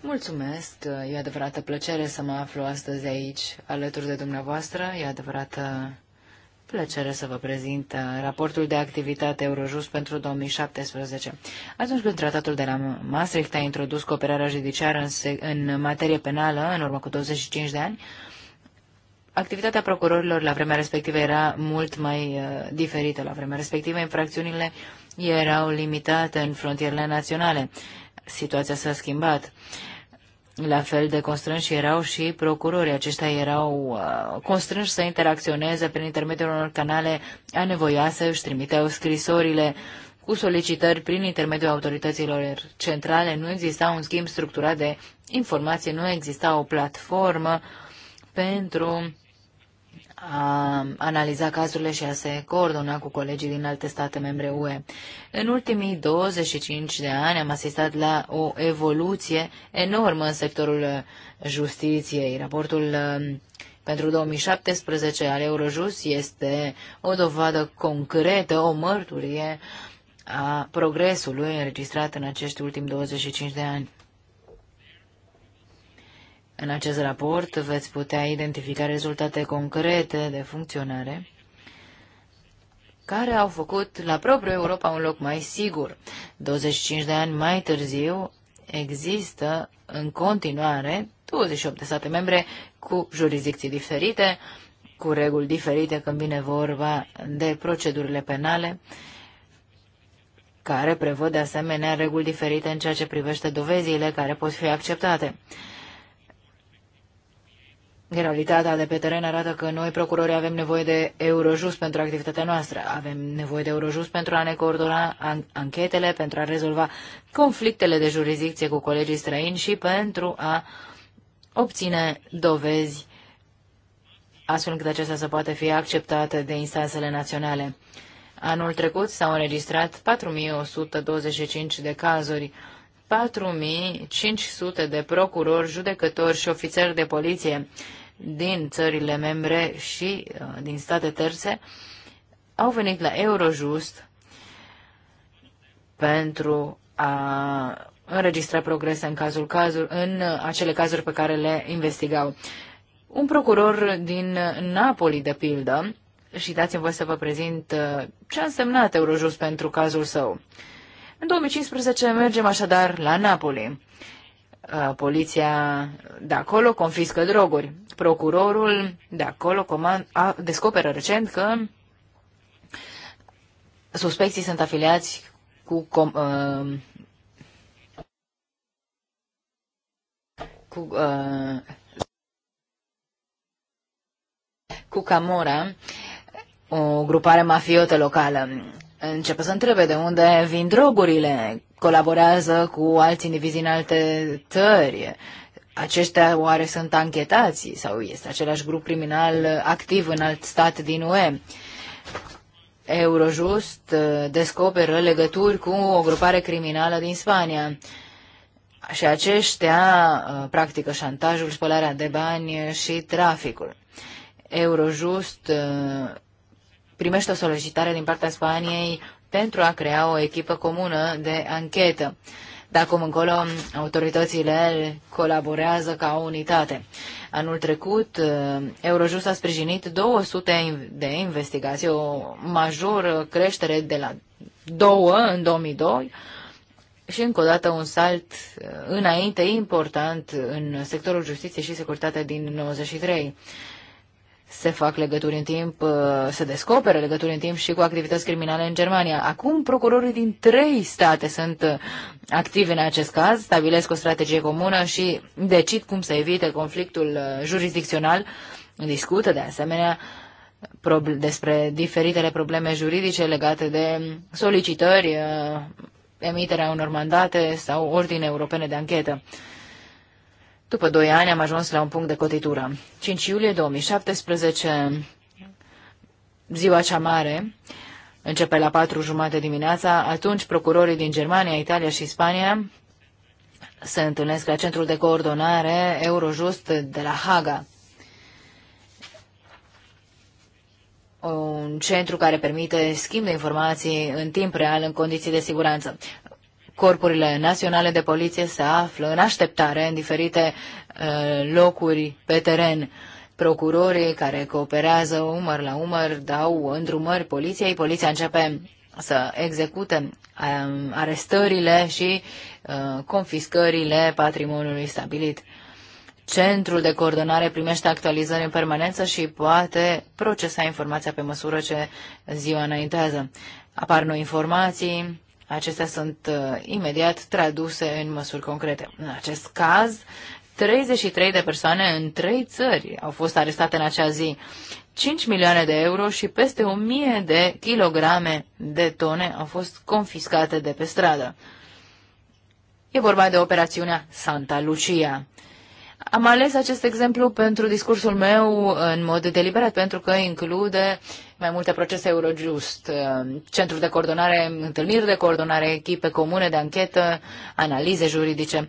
C: Mulțumesc, e adevărată plăcere să mă aflu astăzi aici alături de dumneavoastră, e adevărată plăcere să vă prezint raportul de activitate Eurojust pentru 2017. Atunci când tratatul de la Maastricht a introdus cooperarea judiciară în, în materie penală în urmă cu 25 de ani, activitatea procurorilor la vremea respectivă era mult mai uh, diferită. La vremea respectivă, infracțiunile erau limitate în frontierele naționale. Situația s-a schimbat la fel de constrânși erau și procurorii. Aceștia erau uh, constrânși să interacționeze prin intermediul unor canale anevoioase, își trimiteau scrisorile cu solicitări prin intermediul autorităților centrale, nu exista un schimb structurat de informații, nu exista o platformă pentru a analiza cazurile și a se coordona cu colegii din alte state membre UE. În ultimii 25 de ani am asistat la o evoluție enormă în sectorul uh, justiției. Raportul uh, pentru 2017 al Eurojust este o dovadă concretă, o mărturie a progresului înregistrat în acești ultimi 25 de ani. În acest raport veți putea identifica rezultate concrete de funcționare care au făcut la propriu Europa un loc mai sigur. 25 de ani mai târziu există în continuare 28 de state membre cu jurisdicții diferite, cu reguli diferite când vine vorba de procedurile penale, care prevăd de asemenea reguli diferite în ceea ce privește dovezile care pot fi acceptate. Realitatea de pe teren arată că noi, procurorii, avem nevoie de Eurojust pentru activitatea noastră. Avem nevoie de Eurojust pentru a ne coordona an- anchetele, pentru a rezolva conflictele de jurisdicție cu colegii străini și pentru a obține dovezi astfel încât acestea să poată fi acceptate de instanțele naționale. Anul trecut s-au înregistrat 4125 de cazuri 4500 de procurori, judecători și ofițeri de poliție din țările membre și uh, din state terțe au venit la Eurojust pentru a înregistra progrese în, cazul, cazul, în uh, acele cazuri pe care le investigau. Un procuror din Napoli, de pildă, și dați-mi voi să vă prezint uh, ce a însemnat Eurojust pentru cazul său. În 2015 mergem așadar la Napoli poliția de acolo confiscă droguri. Procurorul de acolo comand, a, descoperă recent că suspecții sunt afiliați cu, com, uh, cu, uh, cu Camora, o grupare mafiotă locală începe să întrebe de unde vin drogurile, colaborează cu alți indivizi în alte țări, aceștia oare sunt anchetați sau este același grup criminal activ în alt stat din UE? Eurojust uh, descoperă legături cu o grupare criminală din Spania și aceștia uh, practică șantajul, spălarea de bani și traficul. Eurojust uh, primește o solicitare din partea Spaniei pentru a crea o echipă comună de anchetă. De acum încolo, autoritățile colaborează ca o unitate. Anul trecut, uh, Eurojust a sprijinit 200 de investigații, o majoră creștere de la 2 în 2002 și încă o dată un salt uh, înainte important în sectorul justiției și securitate din 93 se fac legături în timp, uh, se descoperă legături în timp și cu activități criminale în Germania. Acum procurorii din trei state sunt uh, activi în acest caz, stabilesc o strategie comună și decid cum să evite conflictul uh, jurisdicțional. Discută de asemenea despre diferitele probleme juridice legate de solicitări, emiterea unor mandate sau ordine europene de anchetă. După doi ani am ajuns la un punct de cotitură. 5 iulie 2017, ziua cea mare, începe la patru jumate dimineața, atunci procurorii din Germania, Italia și Spania se întâlnesc la centrul de coordonare Eurojust de la Haga. un centru care permite schimb de informații în timp real în condiții de siguranță corpurile naționale de poliție se află în așteptare în diferite uh, locuri pe teren. Procurorii care cooperează umăr la umăr dau îndrumări poliției, poliția începe să execute um, arestările și uh, confiscările patrimoniului stabilit. Centrul de coordonare primește actualizări în permanență și poate procesa informația pe măsură ce ziua înaintează. Apar noi informații, Acestea sunt uh, imediat traduse în măsuri concrete. În acest caz, 33 de persoane în trei țări au fost arestate în acea zi. 5 milioane de euro și peste 1000 de kilograme de tone au fost confiscate de pe stradă. E vorba de operațiunea Santa Lucia. Am ales acest exemplu pentru discursul meu în mod deliberat, pentru că include mai multe procese Eurojust, uh, centruri de coordonare, întâlniri de coordonare, echipe comune de anchetă, analize juridice.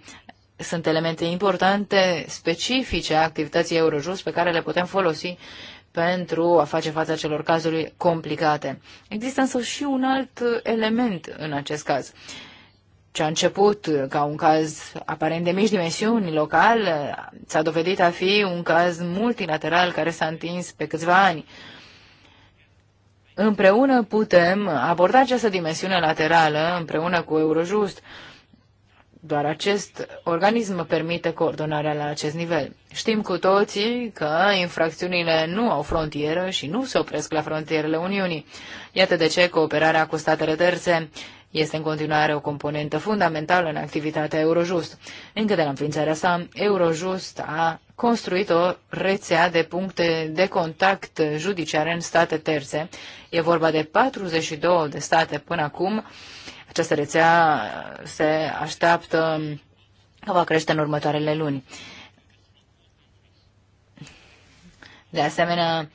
C: Sunt elemente importante, specifice a activității Eurojust pe care le putem folosi pentru a face față celor cazuri complicate. Există însă și un alt element în acest caz ce a început uh, ca un caz aparent de mici dimensiuni local, uh, s-a dovedit a fi un caz multilateral care s-a întins pe câțiva ani. Împreună putem aborda această dimensiune laterală, împreună cu Eurojust. Doar acest organism permite coordonarea la acest nivel. Știm cu toții că infracțiunile nu au frontieră și nu se opresc la frontierele Uniunii. Iată de ce cooperarea cu statele terțe este în continuare o componentă fundamentală în activitatea Eurojust. Încă de la înființarea sa, Eurojust a construit o rețea de puncte de contact judiciare în state terțe. E vorba de 42 de state până acum. Această rețea se așteaptă că va crește în următoarele luni. De asemenea,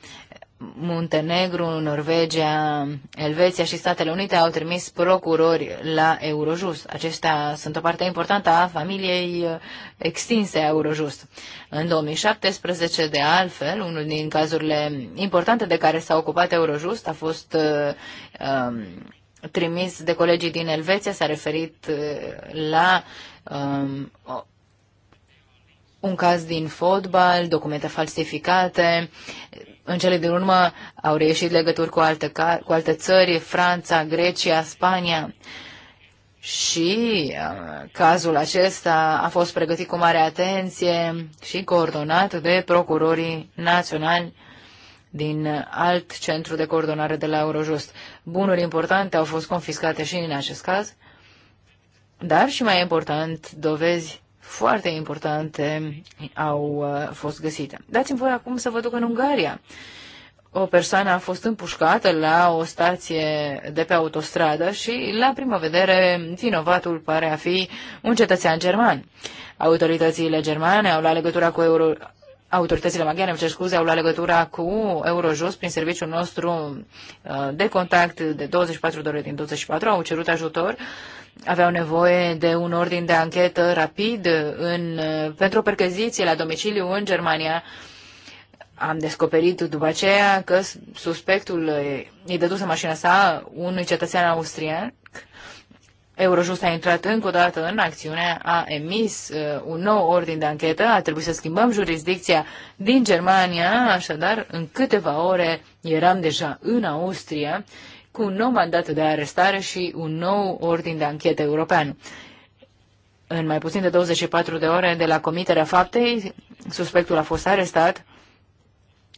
C: Muntenegru, Norvegia, Elveția și Statele Unite au trimis procurori la Eurojust. Acestea sunt o parte importantă a familiei uh, extinse a Eurojust. În 2017, de altfel, unul din cazurile importante de care s-a ocupat Eurojust a fost uh, um, trimis de colegii din Elveția, s-a referit uh, la um, un caz din fotbal, documente falsificate, în cele din urmă au reieșit legături cu alte, cu alte țări, Franța, Grecia, Spania. Și uh, cazul acesta a fost pregătit cu mare atenție și coordonat de procurorii naționali din alt centru de coordonare de la Eurojust. Bunuri importante au fost confiscate și în acest caz, dar și mai important, dovezi foarte importante au uh, fost găsite. Dați-mi voi acum să vă duc în Ungaria. O persoană a fost împușcată la o stație de pe autostradă și, la prima vedere, vinovatul pare a fi un cetățean german. Autoritățile germane au la legătura cu euro... Autoritățile maghiare, îmi cer scuze, au luat legătura cu Eurojust prin serviciul nostru uh, de contact de 24 de ore din 24, au cerut ajutor aveau nevoie de un ordin de anchetă rapid în, pentru o percheziție la domiciliu în Germania. Am descoperit după aceea că suspectul îi dăduse mașina sa unui cetățean austriac. Eurojust a intrat încă o dată în acțiune, a emis uh, un nou ordin de anchetă, a trebuit să schimbăm jurisdicția din Germania, așadar în câteva ore eram deja în Austria cu un nou mandat de arestare și un nou ordin de anchetă european. În mai puțin de 24 de ore de la comiterea faptei, suspectul a fost arestat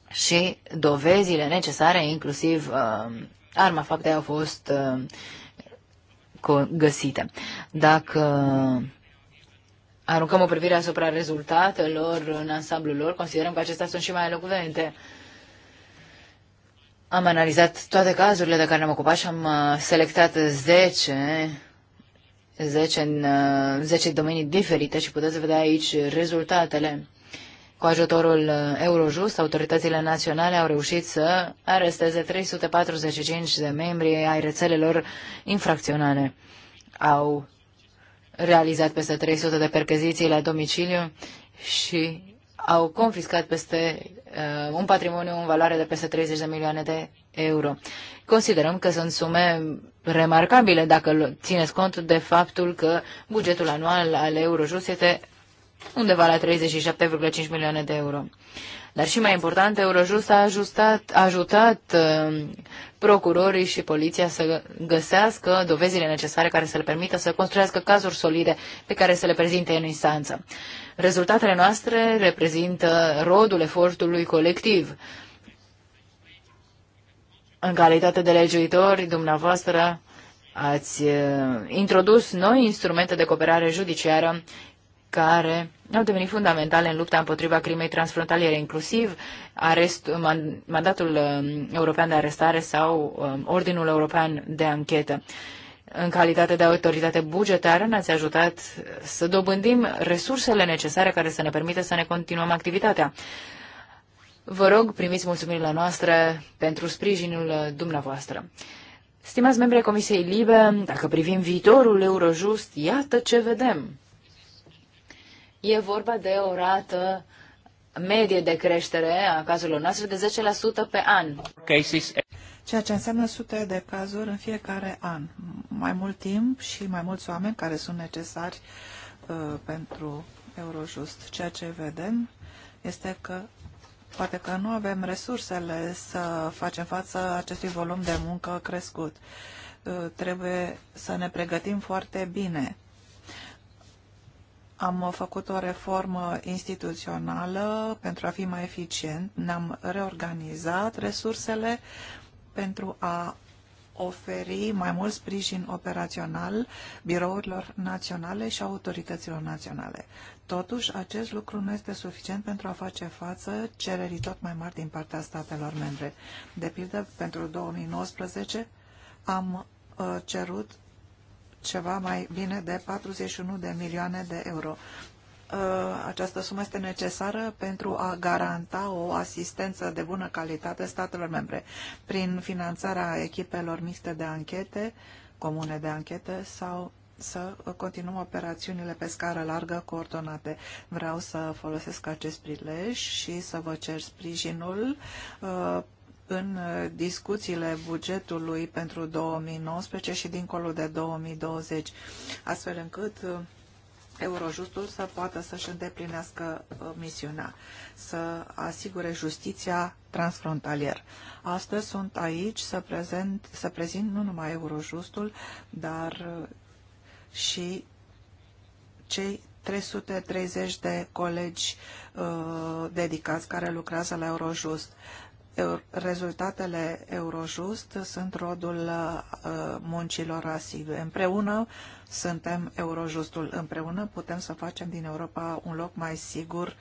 C: și dovezile necesare, inclusiv uh, arma faptei, au fost uh, găsite. Dacă aruncăm o privire asupra rezultatelor în ansamblul lor, considerăm că acestea sunt și mai elocvente. Uh, am analizat toate cazurile de care ne-am ocupat și am uh, selectat 10, 10 în 10 uh, domenii diferite și puteți vedea aici rezultatele. Cu ajutorul uh, Eurojust, autoritățile naționale au reușit să aresteze 345 de membri ai rețelelor infracționale. Au realizat peste 300 de percheziții la domiciliu și au confiscat peste un patrimoniu în valoare de peste 30 de milioane de euro. Considerăm că sunt sume remarcabile dacă țineți cont de faptul că bugetul anual al Eurojust este undeva la 37,5 milioane de euro. Dar și mai important, Eurojust a, ajustat, a ajutat uh, procurorii și poliția să găsească dovezile necesare care să le permită să construiască cazuri solide pe care să le prezinte în instanță. Rezultatele noastre reprezintă rodul efortului colectiv. În calitate de legiuitori, dumneavoastră ați uh, introdus noi instrumente de cooperare judiciară care au devenit fundamentale în lupta împotriva crimei transfrontaliere, inclusiv arest, mandatul um, european de arestare sau um, ordinul european de anchetă. În calitate de autoritate bugetară ne-ați ajutat să dobândim resursele necesare care să ne permită să ne continuăm activitatea. Vă rog, primiți mulțumirile noastre pentru sprijinul dumneavoastră. Stimați membrii Comisiei Libe, dacă privim viitorul Eurojust, iată ce vedem. E vorba de o rată medie de creștere a cazurilor noastre de 10% pe an
D: ceea ce înseamnă sute de cazuri în fiecare an. Mai mult timp și mai mulți oameni care sunt necesari uh, pentru Eurojust. Ceea ce vedem este că poate că nu avem resursele să facem față acestui volum de muncă crescut. Uh, trebuie să ne pregătim foarte bine. Am făcut o reformă instituțională pentru a fi mai eficient, ne-am reorganizat resursele, pentru a oferi mai mult sprijin operațional birourilor naționale și autorităților naționale. Totuși, acest lucru nu este suficient pentru a face față cererii tot mai mari din partea statelor membre. De pildă, pentru 2019 am uh, cerut ceva mai bine de 41 de milioane de euro. Uh, această sumă este necesară pentru a garanta o asistență de bună calitate statelor membre prin finanțarea echipelor mixte de anchete, comune de anchete sau să continuăm operațiunile pe scară largă coordonate. Vreau să folosesc acest prilej și să vă cer sprijinul uh, în discuțiile bugetului pentru 2019 și dincolo de 2020, astfel încât uh, Eurojustul să poată să-și îndeplinească uh, misiunea, să asigure justiția transfrontalier. Astăzi sunt aici să, prezent, să prezint nu numai Eurojustul, dar uh, și cei 330 de colegi uh, dedicați care lucrează la Eurojust. Uh, rezultatele Eurojust sunt rodul uh, muncilor asive. Împreună suntem Eurojustul. Împreună putem să facem din Europa un loc mai sigur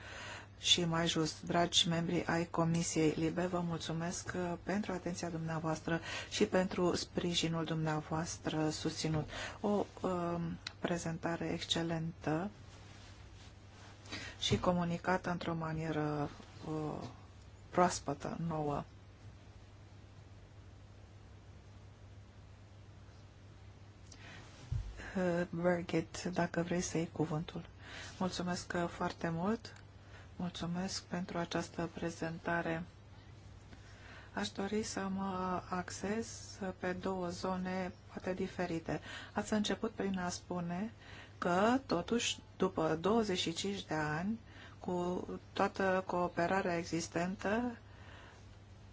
D: și mai just. Dragi membri ai Comisiei Libe, vă mulțumesc uh, pentru atenția dumneavoastră și pentru sprijinul dumneavoastră susținut. O uh, prezentare excelentă și comunicată într-o manieră uh, proaspătă, nouă. Birgit, dacă vrei să iei cuvântul. Mulțumesc foarte mult. Mulțumesc pentru această prezentare. Aș dori să mă acces pe două zone poate diferite. Ați început prin a spune că, totuși, după 25 de ani, cu toată cooperarea existentă,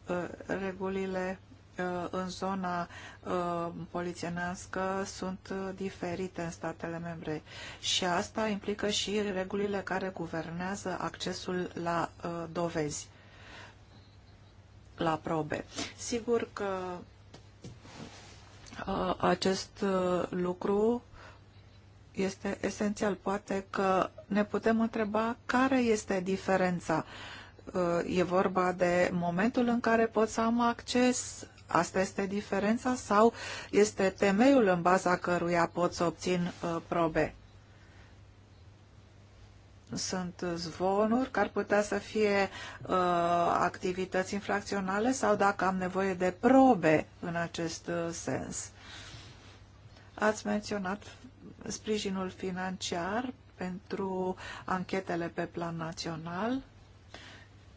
D: uh, regulile uh, în zona uh, polițienească sunt diferite în statele membre și asta implică și regulile care guvernează accesul la dovezi, la probe. Sigur că acest lucru este esențial. Poate că ne putem întreba care este diferența. Uh, e vorba de momentul în care pot să am acces Asta este diferența sau este temeiul în baza căruia pot să obțin uh, probe? Sunt zvonuri care ar putea să fie uh, activități infracționale sau dacă am nevoie de probe în acest uh, sens. Ați menționat sprijinul financiar pentru anchetele pe plan național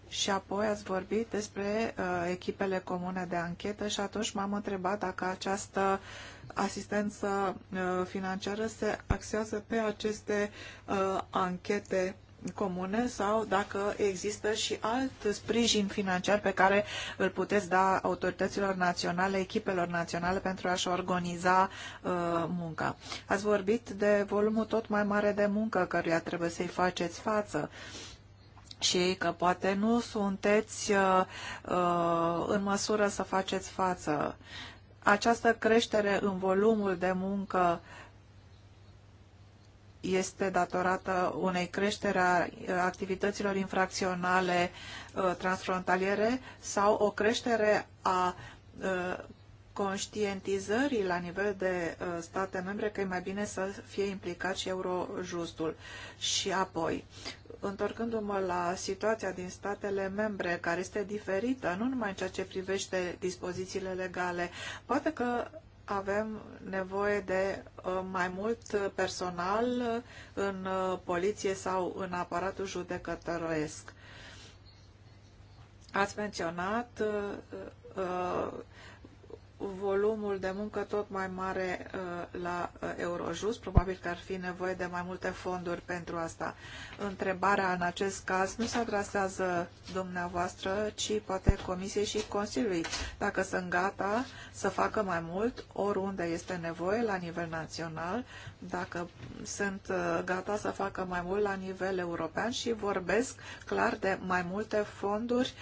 D: și apoi ați vorbit despre uh, echipele comune de anchetă și atunci m-am întrebat dacă această asistență uh, financiară se axează pe aceste uh, anchete comune sau dacă există și alt sprijin financiar pe care îl puteți da autorităților naționale, echipelor naționale pentru a-și organiza uh, munca. Ați vorbit de volumul tot mai mare de muncă căruia trebuie să-i faceți față și că poate nu sunteți uh, uh, în măsură să faceți față. Această creștere în volumul de muncă uh, este datorată unei creștere a activităților infracționale uh, transfrontaliere sau o creștere a uh, conștientizării la nivel de uh, state membre că e mai bine să fie implicat și Eurojustul. Și apoi, întorcându-mă la situația din statele membre, care este diferită, nu numai în ceea ce privește dispozițiile legale, poate că avem nevoie de uh, mai mult personal în uh, poliție sau în aparatul judecătoresc. Ați menționat uh, volumul de muncă tot mai mare uh, la uh, Eurojust. Probabil că ar fi nevoie de mai multe fonduri pentru asta. Întrebarea în acest caz nu se adresează dumneavoastră, ci poate Comisiei și Consiliului, dacă sunt gata să facă mai mult oriunde este nevoie la nivel național, dacă sunt uh, gata să facă mai mult la nivel european și vorbesc clar de mai multe fonduri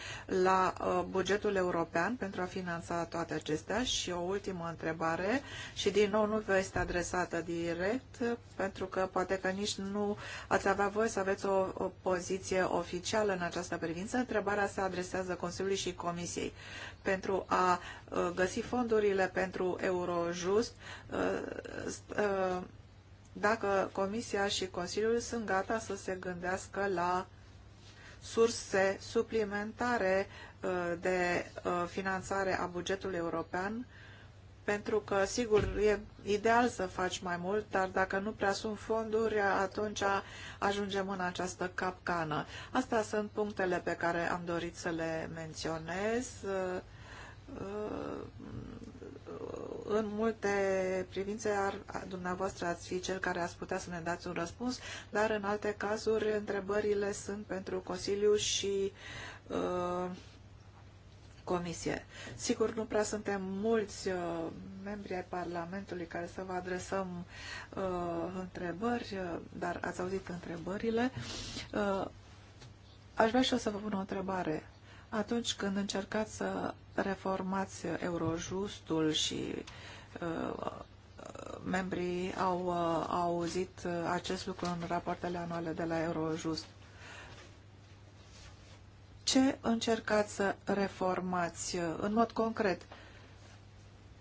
D: la bugetul european pentru a finanța toate acestea și o ultimă întrebare și din nou nu vă este adresată direct pentru că poate că nici nu ați avea voie să aveți o, o poziție oficială în această privință. Întrebarea se adresează Consiliului și Comisiei. Pentru a uh, găsi fondurile pentru Eurojust, uh, uh, dacă Comisia și Consiliul sunt gata să se gândească la surse suplimentare Uh, de uh, finanțare a bugetului european, pentru că, sigur, e ideal să faci mai mult, dar dacă nu prea sunt fonduri, atunci ajungem în această capcană. Astea sunt punctele pe care am dorit să le menționez. Uh, în multe privințe, ar, dumneavoastră ați fi cel care ați putea să ne dați un răspuns, dar în alte cazuri, întrebările sunt pentru Consiliu și uh, comisie. Sigur, nu prea suntem mulți uh, membri ai Parlamentului care să vă adresăm uh, întrebări, uh, dar ați auzit întrebările. Uh, aș vrea și eu să vă pun o întrebare. Atunci când încercați să reformați Eurojustul și uh, membrii au uh, auzit uh, acest lucru în rapoartele anuale de la Eurojust ce încercați să reformați uh, în mod concret?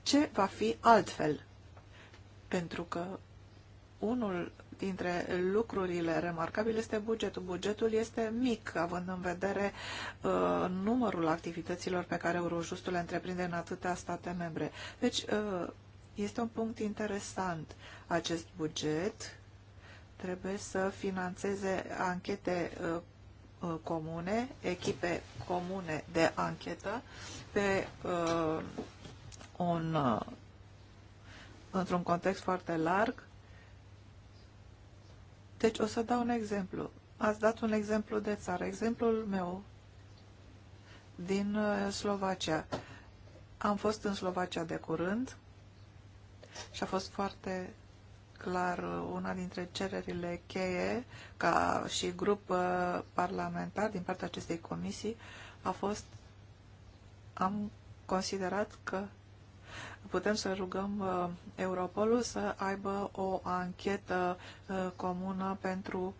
D: Ce va fi altfel? Pentru că unul dintre lucrurile remarcabile este bugetul. Bugetul este mic, având în vedere uh, numărul activităților pe care Eurojustul le întreprinde în atâtea state membre. Deci, uh, este un punct interesant. Acest buget trebuie să financeze anchete uh, Uh, comune, echipe comune de anchetă pe uh, un, uh, într-un context foarte larg. Deci o să dau un exemplu. Ați dat un exemplu de țară. Exemplul meu din uh, Slovacia. Am fost în Slovacia de curând și a fost foarte clar una dintre cererile cheie ca și grup uh, parlamentar din partea acestei comisii a fost am considerat că putem să rugăm uh, Europolul să aibă o anchetă uh, comună pentru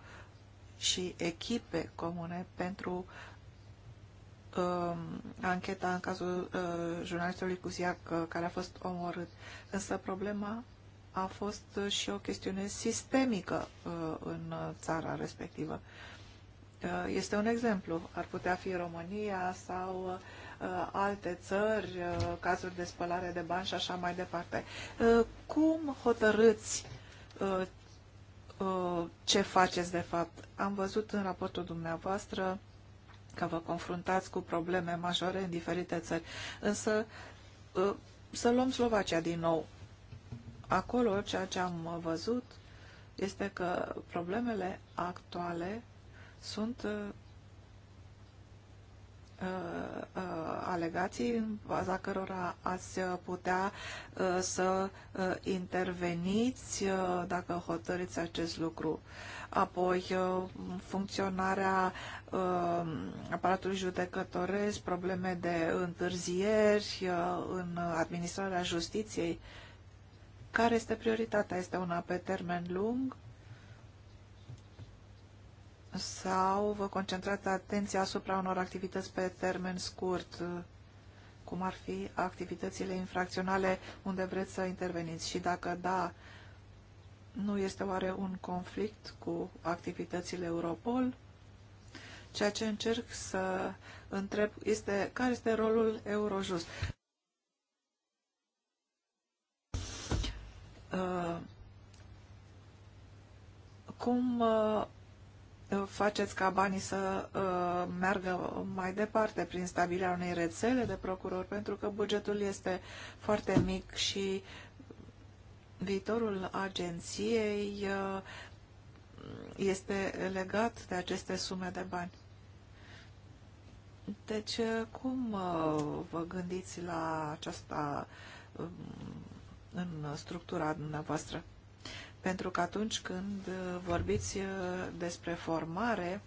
D: și echipe comune pentru uh, ancheta în cazul uh, jurnalistului Cuziac uh, care a fost omorât. Însă problema a fost uh, și o chestiune sistemică uh, în țara respectivă. Uh, este un exemplu. Ar putea fi România sau alte țări, cazuri de spălare de bani și așa mai departe. Cum hotărâți ce faceți de fapt? Am văzut în raportul dumneavoastră că vă confruntați cu probleme majore în diferite țări, însă să luăm Slovacia din nou acolo ceea ce am văzut este că problemele actuale sunt uh, uh, uh, alegații în baza cărora ați putea uh, să uh, interveniți uh, dacă hotărâți acest lucru. Apoi, uh, funcționarea uh, aparatului judecătoresc, probleme de întârzieri uh, în administrarea justiției. Uh, care este prioritatea? Este una pe termen lung? Sau vă concentrați atenția asupra unor activități pe termen scurt, cum ar fi activitățile infracționale unde vreți să interveniți? Și dacă da, nu este oare un conflict cu activitățile Europol? Ceea ce încerc să întreb este care este rolul Eurojust. Uh, cum uh, faceți ca banii să uh, meargă mai departe prin stabilirea unei rețele de procurori, pentru că bugetul este foarte mic și viitorul agenției este legat de aceste sume de bani. Deci, cum vă gândiți la aceasta um, în structura dumneavoastră. Pentru că atunci când vorbiți uh, despre formare,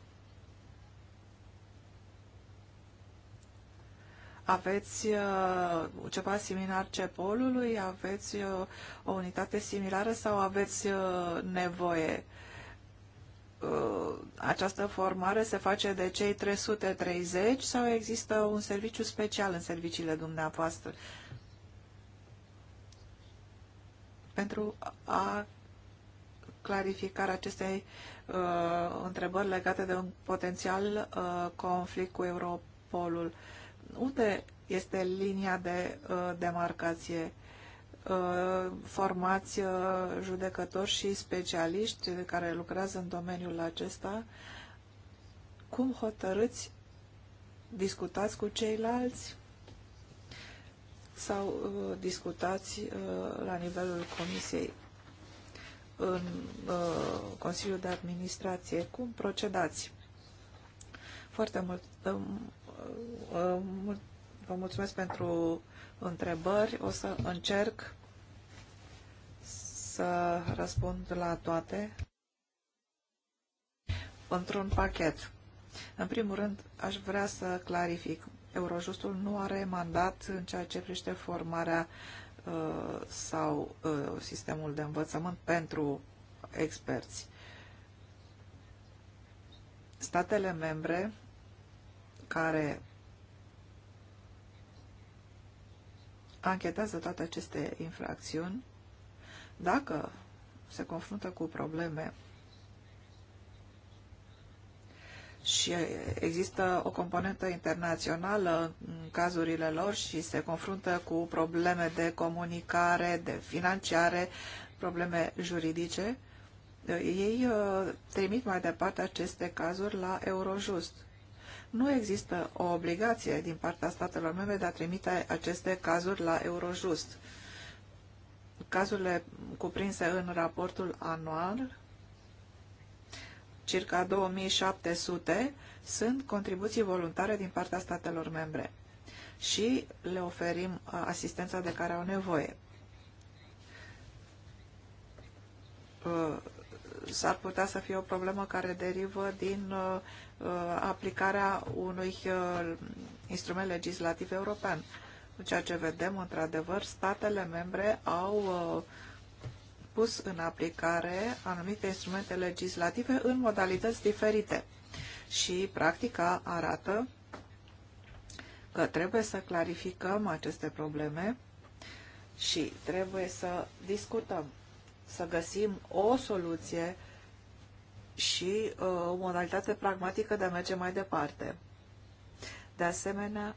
D: aveți uh, ceva similar cepol polului, aveți uh, o unitate similară sau aveți nevoie? Această formare se face de cei 330 sau există un serviciu special în serviciile dumneavoastră? pentru a clarifica acestei uh, întrebări legate de un potențial uh, conflict cu Europolul. Unde este linia de uh, demarcație? Uh, formați uh, judecători și specialiști care lucrează în domeniul acesta. Cum hotărâți? Discutați cu ceilalți? sau uh, discutați uh, la nivelul Comisiei în uh, Consiliul de Administrație. Cum procedați? Foarte mult, uh, uh, mult vă mulțumesc pentru întrebări. O să încerc să răspund la toate într-un pachet. În primul rând, aș vrea să clarific. Eurojustul nu are mandat în ceea ce privește formarea uh, sau uh, sistemul de învățământ pentru experți. Statele membre care anchetează toate aceste infracțiuni, dacă se confruntă cu probleme și există o componentă internațională în cazurile lor și se confruntă cu probleme de comunicare, de financiare, probleme juridice, ei uh, trimit mai departe aceste cazuri la Eurojust. Nu există o obligație din partea statelor membre de a trimite aceste cazuri la Eurojust. Cazurile cuprinse în raportul anual circa 2700, sunt contribuții voluntare din partea statelor membre și le oferim uh, asistența de care au nevoie. Uh, s-ar putea să fie o problemă care derivă din uh, aplicarea unui instrument legislativ european. Ceea ce vedem, într-adevăr, statele membre au uh, pus în aplicare anumite instrumente legislative în modalități diferite. Și practica arată că trebuie să clarificăm aceste probleme și trebuie să discutăm, să găsim o soluție și uh, o modalitate pragmatică de a merge mai departe. De asemenea,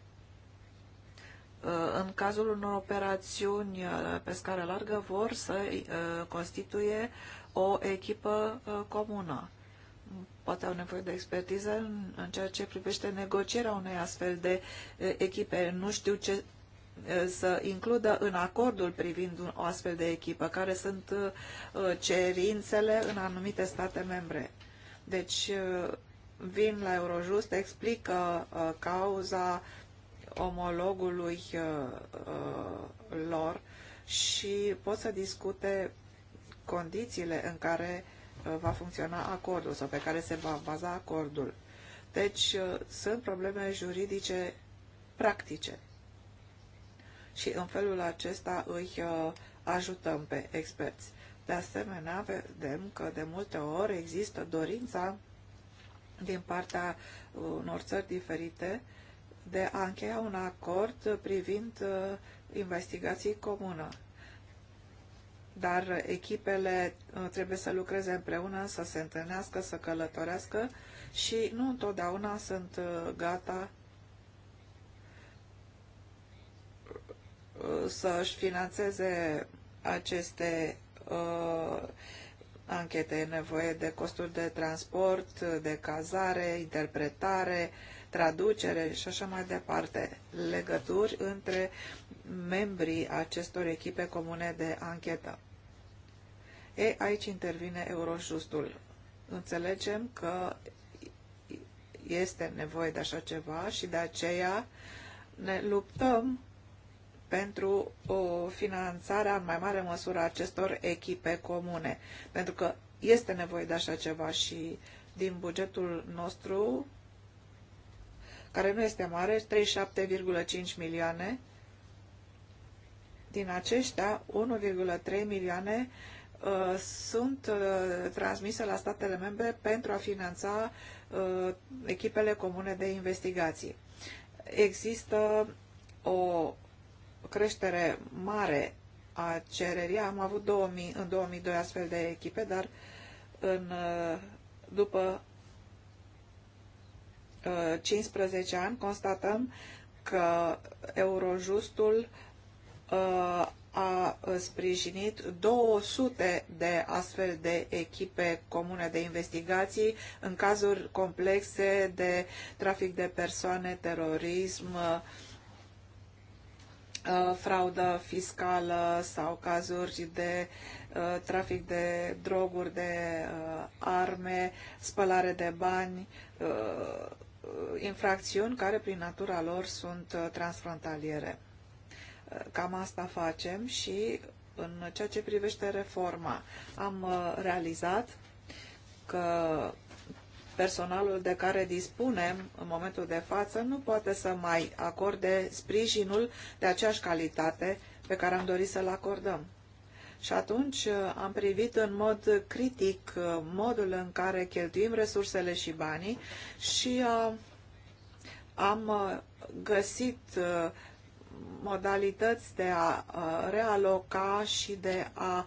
D: Uh, în cazul unor operațiuni uh, pe scară largă, vor să uh, constituie o echipă comună. Poate au nevoie de expertiză în ceea ce privește negocierea unei astfel de echipe. Nu știu ce să includă în acordul privind o astfel de echipă, care sunt cerințele în anumite state membre. Deci, vin la Eurojust, explică cauza omologului uh, uh, lor și pot să discute condițiile în care uh, va funcționa acordul sau pe care se va baza acordul. Deci sunt probleme juridice practice și în felul acesta îi ajutăm pe experți. De asemenea, vedem că de multe ori există dorința din partea unor țări diferite de a încheia un acord privind uh, investigații comună. Dar echipele uh, trebuie să lucreze împreună, să se întâlnească, să călătorească și nu întotdeauna sunt uh, gata să-și finanțeze aceste uh, anchete. E nevoie de costuri de transport, de cazare, interpretare, uh, traducere și așa mai departe, legături între membrii acestor echipe comune de anchetă. E, aici intervine Eurojustul. Înțelegem că este nevoie de așa ceva și de aceea ne luptăm pentru o finanțare în mai mare măsură a acestor echipe comune. Pentru că este nevoie de așa ceva și din bugetul nostru care nu este mare, 37,5 milioane. Din aceștia, 1,3 milioane uh, sunt uh, transmise la statele membre pentru a finanța uh, echipele comune de investigații. Există o creștere mare a cererii. Am avut 2000, în 2002 astfel de echipe, dar în, uh, după 15 ani constatăm că Eurojustul uh, a sprijinit 200 de astfel de echipe comune de investigații în cazuri complexe de trafic de persoane, terorism, uh, fraudă fiscală sau cazuri de uh, trafic de droguri, de arme, spălare de bani, Uh, infracțiuni care prin natura lor sunt uh, transfrontaliere. Uh, cam asta facem și în ceea ce privește reforma am realizat că personalul de care dispunem în momentul de față nu poate să mai acorde sprijinul de aceeași calitate pe care am dorit să-l acordăm. Și atunci uh, am privit în mod critic uh, modul în care cheltuim resursele și banii și uh, am găsit modalități de a realoca și de a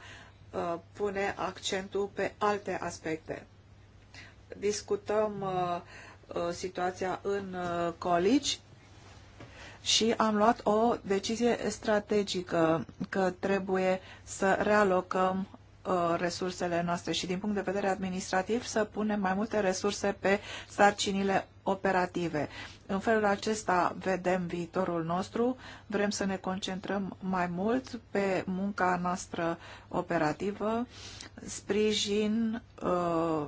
D: pune accentul pe alte aspecte. Discutăm situația în colici și am luat o decizie strategică că trebuie să realocăm uh, resursele noastre și din punct de vedere administrativ să punem mai multe resurse pe sarcinile operative. În felul acesta vedem viitorul nostru, vrem să ne concentrăm mai mult pe munca noastră operativă, sprijin, uh,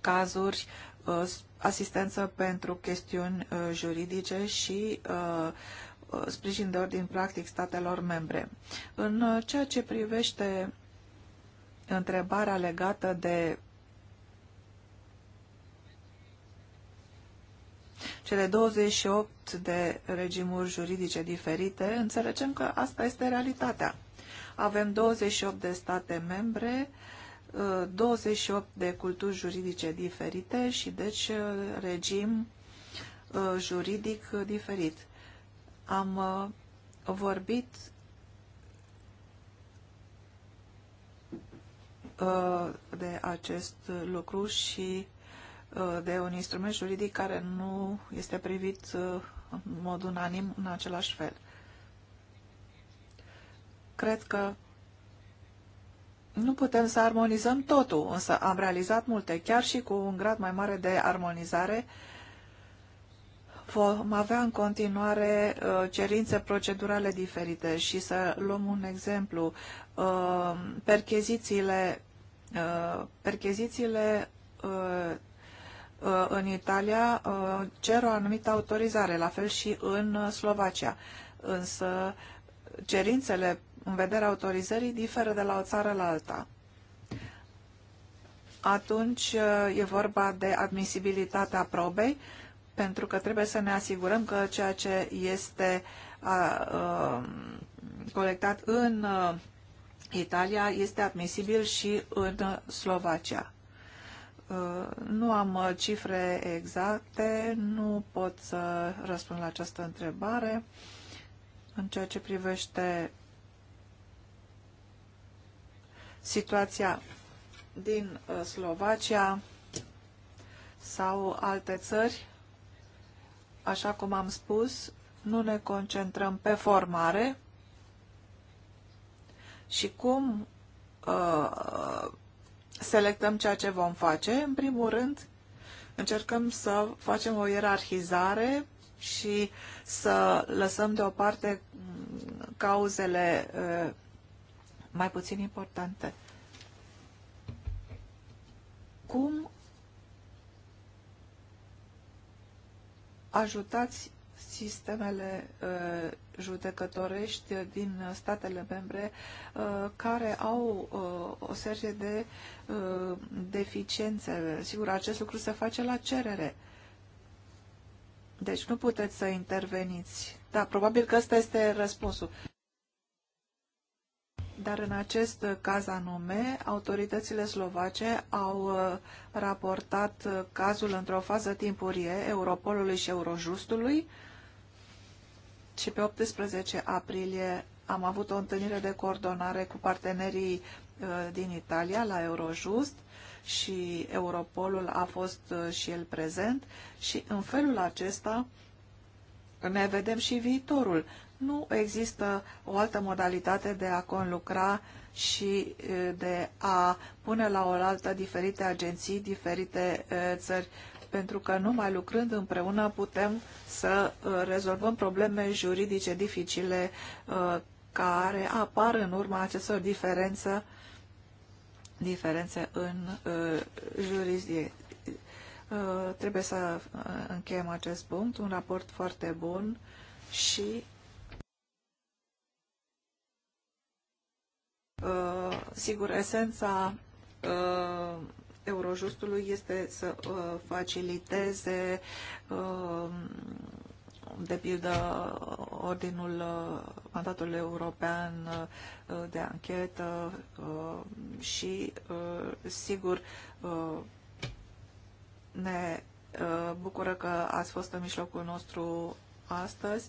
D: cazuri, uh, asistență pentru chestiuni uh, juridice și uh, uh, sprijin de ordin practic statelor membre. În ceea ce privește întrebarea legată de cele 28 de regimuri juridice diferite, înțelegem că asta este realitatea. Avem 28 de state membre 28 de culturi juridice diferite și deci regim uh, juridic diferit. Am uh, vorbit uh, de acest lucru și de un instrument juridic care nu este privit în mod unanim în același fel. Cred că nu putem să armonizăm totul, însă am realizat multe, chiar și cu un grad mai mare de armonizare vom avea în continuare uh, cerințe procedurale diferite și să luăm un exemplu, uh, perchezițiile, uh, perchezițiile în Italia cer o anumită autorizare, la fel și în Slovacia. Însă cerințele în vederea autorizării diferă de la o țară la alta. Atunci uh, e vorba de admisibilitatea probei, pentru că trebuie să ne asigurăm că ceea ce este a, uh, a, uh, colectat în a, Italia este admisibil și în Slovacia. Nu am cifre exacte, nu pot să răspund la această întrebare. În ceea ce privește situația din uh, Slovacia sau alte țări, așa cum am spus, nu ne concentrăm pe formare și cum uh, selectăm ceea ce vom face. În primul rând, încercăm să facem o ierarhizare și să lăsăm deoparte cauzele uh, mai puțin importante. Cum ajutați sistemele uh, judecătorești din statele membre uh, care au uh, o serie de uh, deficiențe. Sigur, acest lucru se face la cerere. Deci nu puteți să interveniți. Da, probabil că ăsta este răspunsul. Dar în acest caz anume, autoritățile slovace au uh, raportat uh, cazul într-o fază timpurie Europolului și Eurojustului și pe 18 aprilie am avut o întâlnire de coordonare cu partenerii uh, din Italia la Eurojust și Europolul a fost și el prezent și în felul acesta ne vedem și viitorul nu există o altă modalitate de a conlucra și de a pune la oaltă diferite agenții, diferite țări, pentru că numai lucrând împreună putem să rezolvăm probleme juridice dificile care apar în urma acestor diferențe, diferențe în jurisdicție. Trebuie să încheiem acest punct, un raport foarte bun și Uh, sigur, esența uh, Eurojustului este să uh, faciliteze de pildă ordinul mandatului european de anchetă și sigur ne bucură că ați fost în mijlocul nostru astăzi.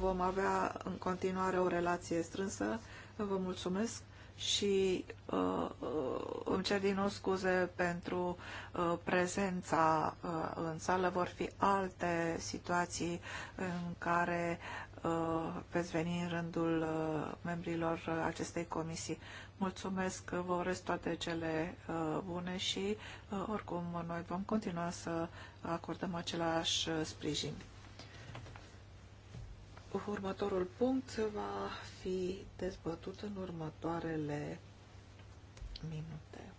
D: Vom avea în continuare o relație strânsă Vă mulțumesc și uh, uh, îmi cer din nou scuze pentru uh, prezența uh, în sală. Vor fi alte situații în care uh, veți veni în rândul uh, membrilor acestei comisii. Mulțumesc, vă urez toate cele uh, bune și uh, oricum noi vom continua să acordăm același uh, sprijin. Următorul punct va fi dezbătut în următoarele minute.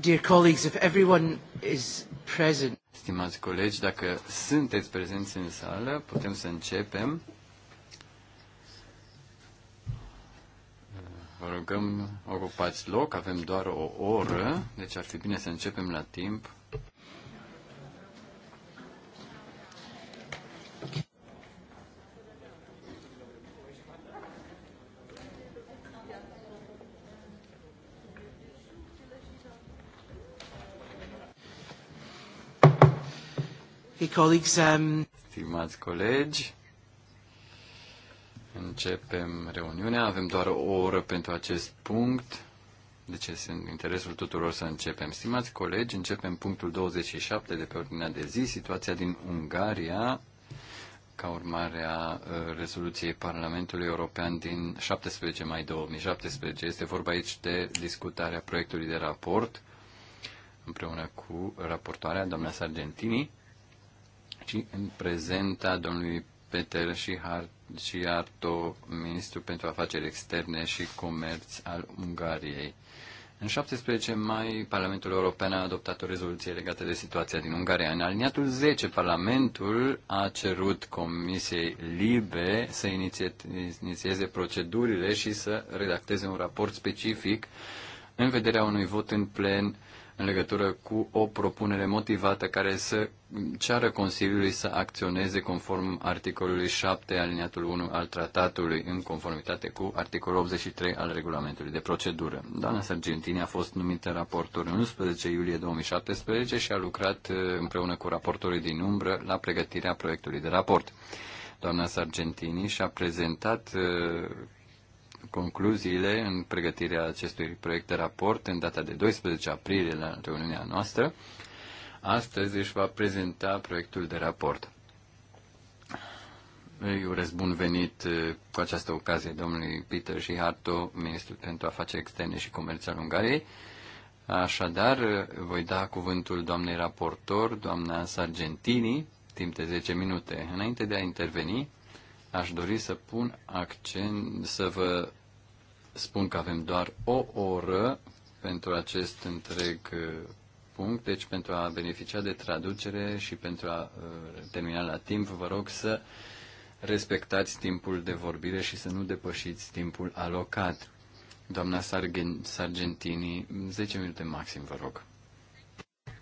B: Dear colleagues, if everyone is present.
A: Stimați colegi, dacă sunteți prezenți în sală, putem să începem. Vă rugăm, ocupați loc, avem doar o oră, deci ar fi bine să începem la timp. colleagues, um... Stimați colegi, începem reuniunea. Avem doar o oră pentru acest punct. Deci este în interesul tuturor să începem. Stimați colegi, începem punctul 27 de pe ordinea de zi, situația din Ungaria, ca urmare a uh, rezoluției Parlamentului European din 17 mai 2017. Este vorba aici de discutarea proiectului de raport împreună cu raportoarea, doamna Sargentini ci în prezenta domnului Peter și Harto, ministru pentru afaceri externe și comerț al Ungariei. În 17 mai, Parlamentul European a adoptat o rezoluție legată de situația din Ungaria. În aliniatul 10, Parlamentul a cerut Comisiei Libe să inițieze procedurile și să redacteze un raport specific în vederea unui vot în plen în legătură cu o propunere motivată care să ceară Consiliului să acționeze conform articolului 7 aliniatul 1 al tratatului în conformitate cu articolul 83 al regulamentului de procedură. Doamna Sargentini a fost numită raportor în 11 iulie 2017 și a lucrat uh, împreună cu raportorii din umbră la pregătirea proiectului de raport. Doamna Sargentini și-a prezentat uh, concluziile în pregătirea acestui proiect de raport în data de 12 aprilie la reuniunea noastră. Astăzi își va prezenta proiectul de raport. Îi urez bun venit eh, cu această ocazie domnului Peter Jiharto, ministrul pentru afaceri externe și comerț al Ungariei. Așadar, eh, voi da cuvântul doamnei raportor, doamna Sargentini, timp de 10 minute. Înainte de a interveni, aș dori să pun accent, să vă spun că avem doar o oră pentru acest întreg uh, punct, deci pentru a beneficia de traducere și pentru a uh, termina la timp, vă rog să respectați timpul de vorbire și să nu depășiți timpul alocat. Doamna Sargentini, 10 minute maxim, vă rog.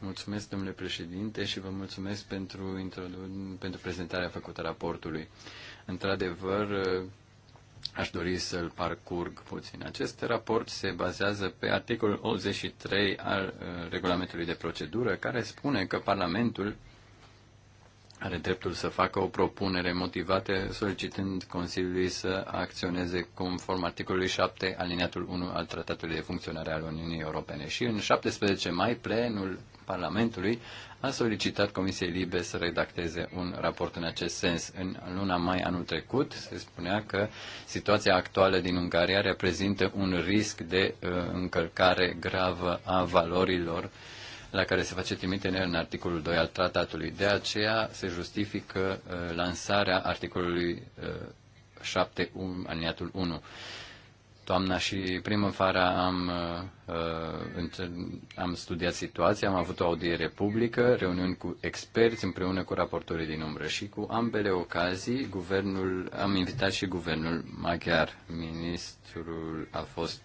A: Mulțumesc, domnule președinte, și vă mulțumesc pentru, pentru prezentarea făcută raportului. Într-adevăr, aș dori să-l parcurg puțin. Acest raport se bazează pe articolul 83 al uh, regulamentului de procedură, care spune că Parlamentul are dreptul să facă o propunere motivată solicitând Consiliului să acționeze conform articolului 7 aliniatul 1 al Tratatului de Funcționare al Uniunii Europene. Și în 17 mai, plenul Parlamentului a solicitat Comisiei Libe să redacteze un raport în acest sens. În luna mai anul trecut se spunea că situația actuală din Ungaria reprezintă un risc de uh, încălcare gravă a valorilor uh, la care se face trimitere în articolul 2 al tratatului. De aceea se justifică uh, lansarea articolului uh, 7, um, aliniatul 1. Toamna și primăvara am, uh, uh am studiat situația, am avut o audiere publică, reuniuni cu experți împreună cu raportorii din umbră și cu ambele ocazii guvernul, am invitat și guvernul maghiar. Ministrul a fost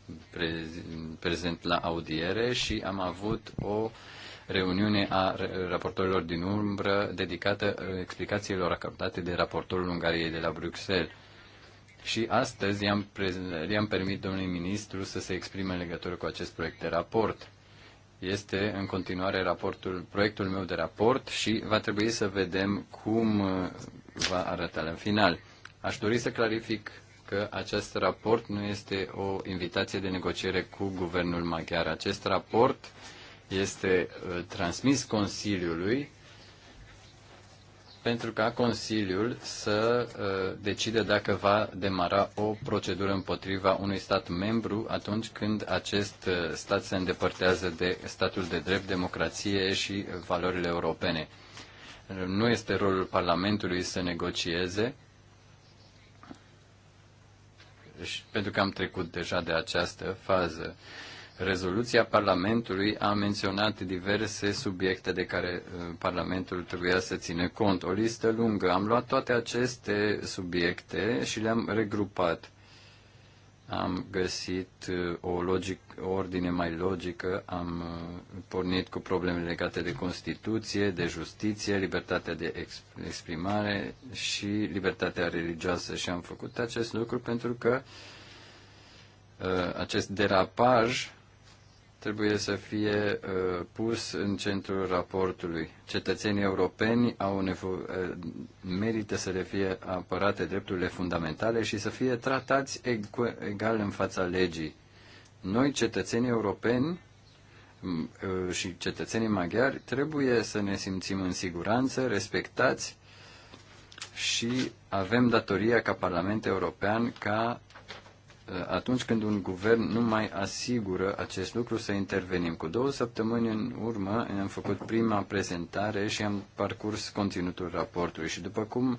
A: prezent la audiere și am avut o uh, reuniune a raportorilor din umbră dedicată uh, explicațiilor acordate de raportorul Ungariei de la Bruxelles. Și astăzi i-am, i-am permis domnului ministru să se exprime în legătură cu acest proiect de raport. Este în continuare raportul, proiectul meu de raport și va trebui să vedem cum uh, va arăta la final. Aș dori să clarific că acest raport nu este o invitație de negociere cu guvernul maghiar. Acest raport este uh, transmis Consiliului pentru ca Consiliul să uh, decide dacă va demara o procedură împotriva unui stat membru atunci când acest uh, stat se îndepărtează de statul de drept, democrație și valorile europene. Nu este rolul Parlamentului să negocieze, pentru că am trecut deja de această fază. Rezoluția Parlamentului a menționat diverse subiecte de care uh, Parlamentul trebuia să ține cont. O listă lungă. Am luat toate aceste subiecte și le-am regrupat. Am găsit uh, o, logic, o ordine mai logică, am uh, pornit cu probleme legate de Constituție, de justiție, libertatea de exprimare și libertatea religioasă și am făcut acest lucru pentru că acest derapaj trebuie să fie uh, pus în centrul raportului. Cetățenii europeni au nevo- uh, merită să le fie apărate drepturile fundamentale și să fie tratați eg- egal în fața legii. Noi, cetățenii europeni uh, și cetățenii maghiari, trebuie să ne simțim în siguranță, respectați și avem datoria ca Parlament European ca atunci când un guvern nu mai asigură acest lucru, să intervenim. Cu două săptămâni în urmă am făcut prima prezentare și am parcurs conținutul raportului și după cum uh,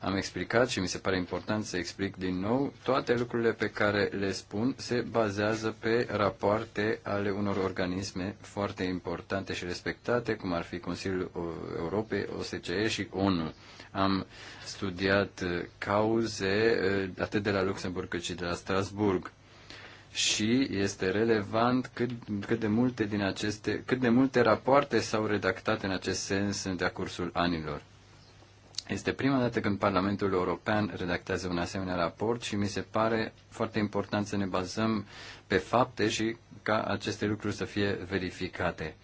A: am explicat și mi se pare important să explic din nou, toate lucrurile pe care le spun se bazează pe rapoarte ale unor organisme foarte importante și respectate, cum ar fi Consiliul Europei, OSCE și ONU. Am studiat uh, cauze uh, atât de la Luxemburg cât și de la Strasburg și este relevant cât, cât de multe din aceste, cât de multe rapoarte s-au redactat în acest sens în decursul anilor. Este prima dată când Parlamentul European redactează un asemenea raport și mi se pare foarte important să ne bazăm pe fapte și ca aceste lucruri să fie verificate.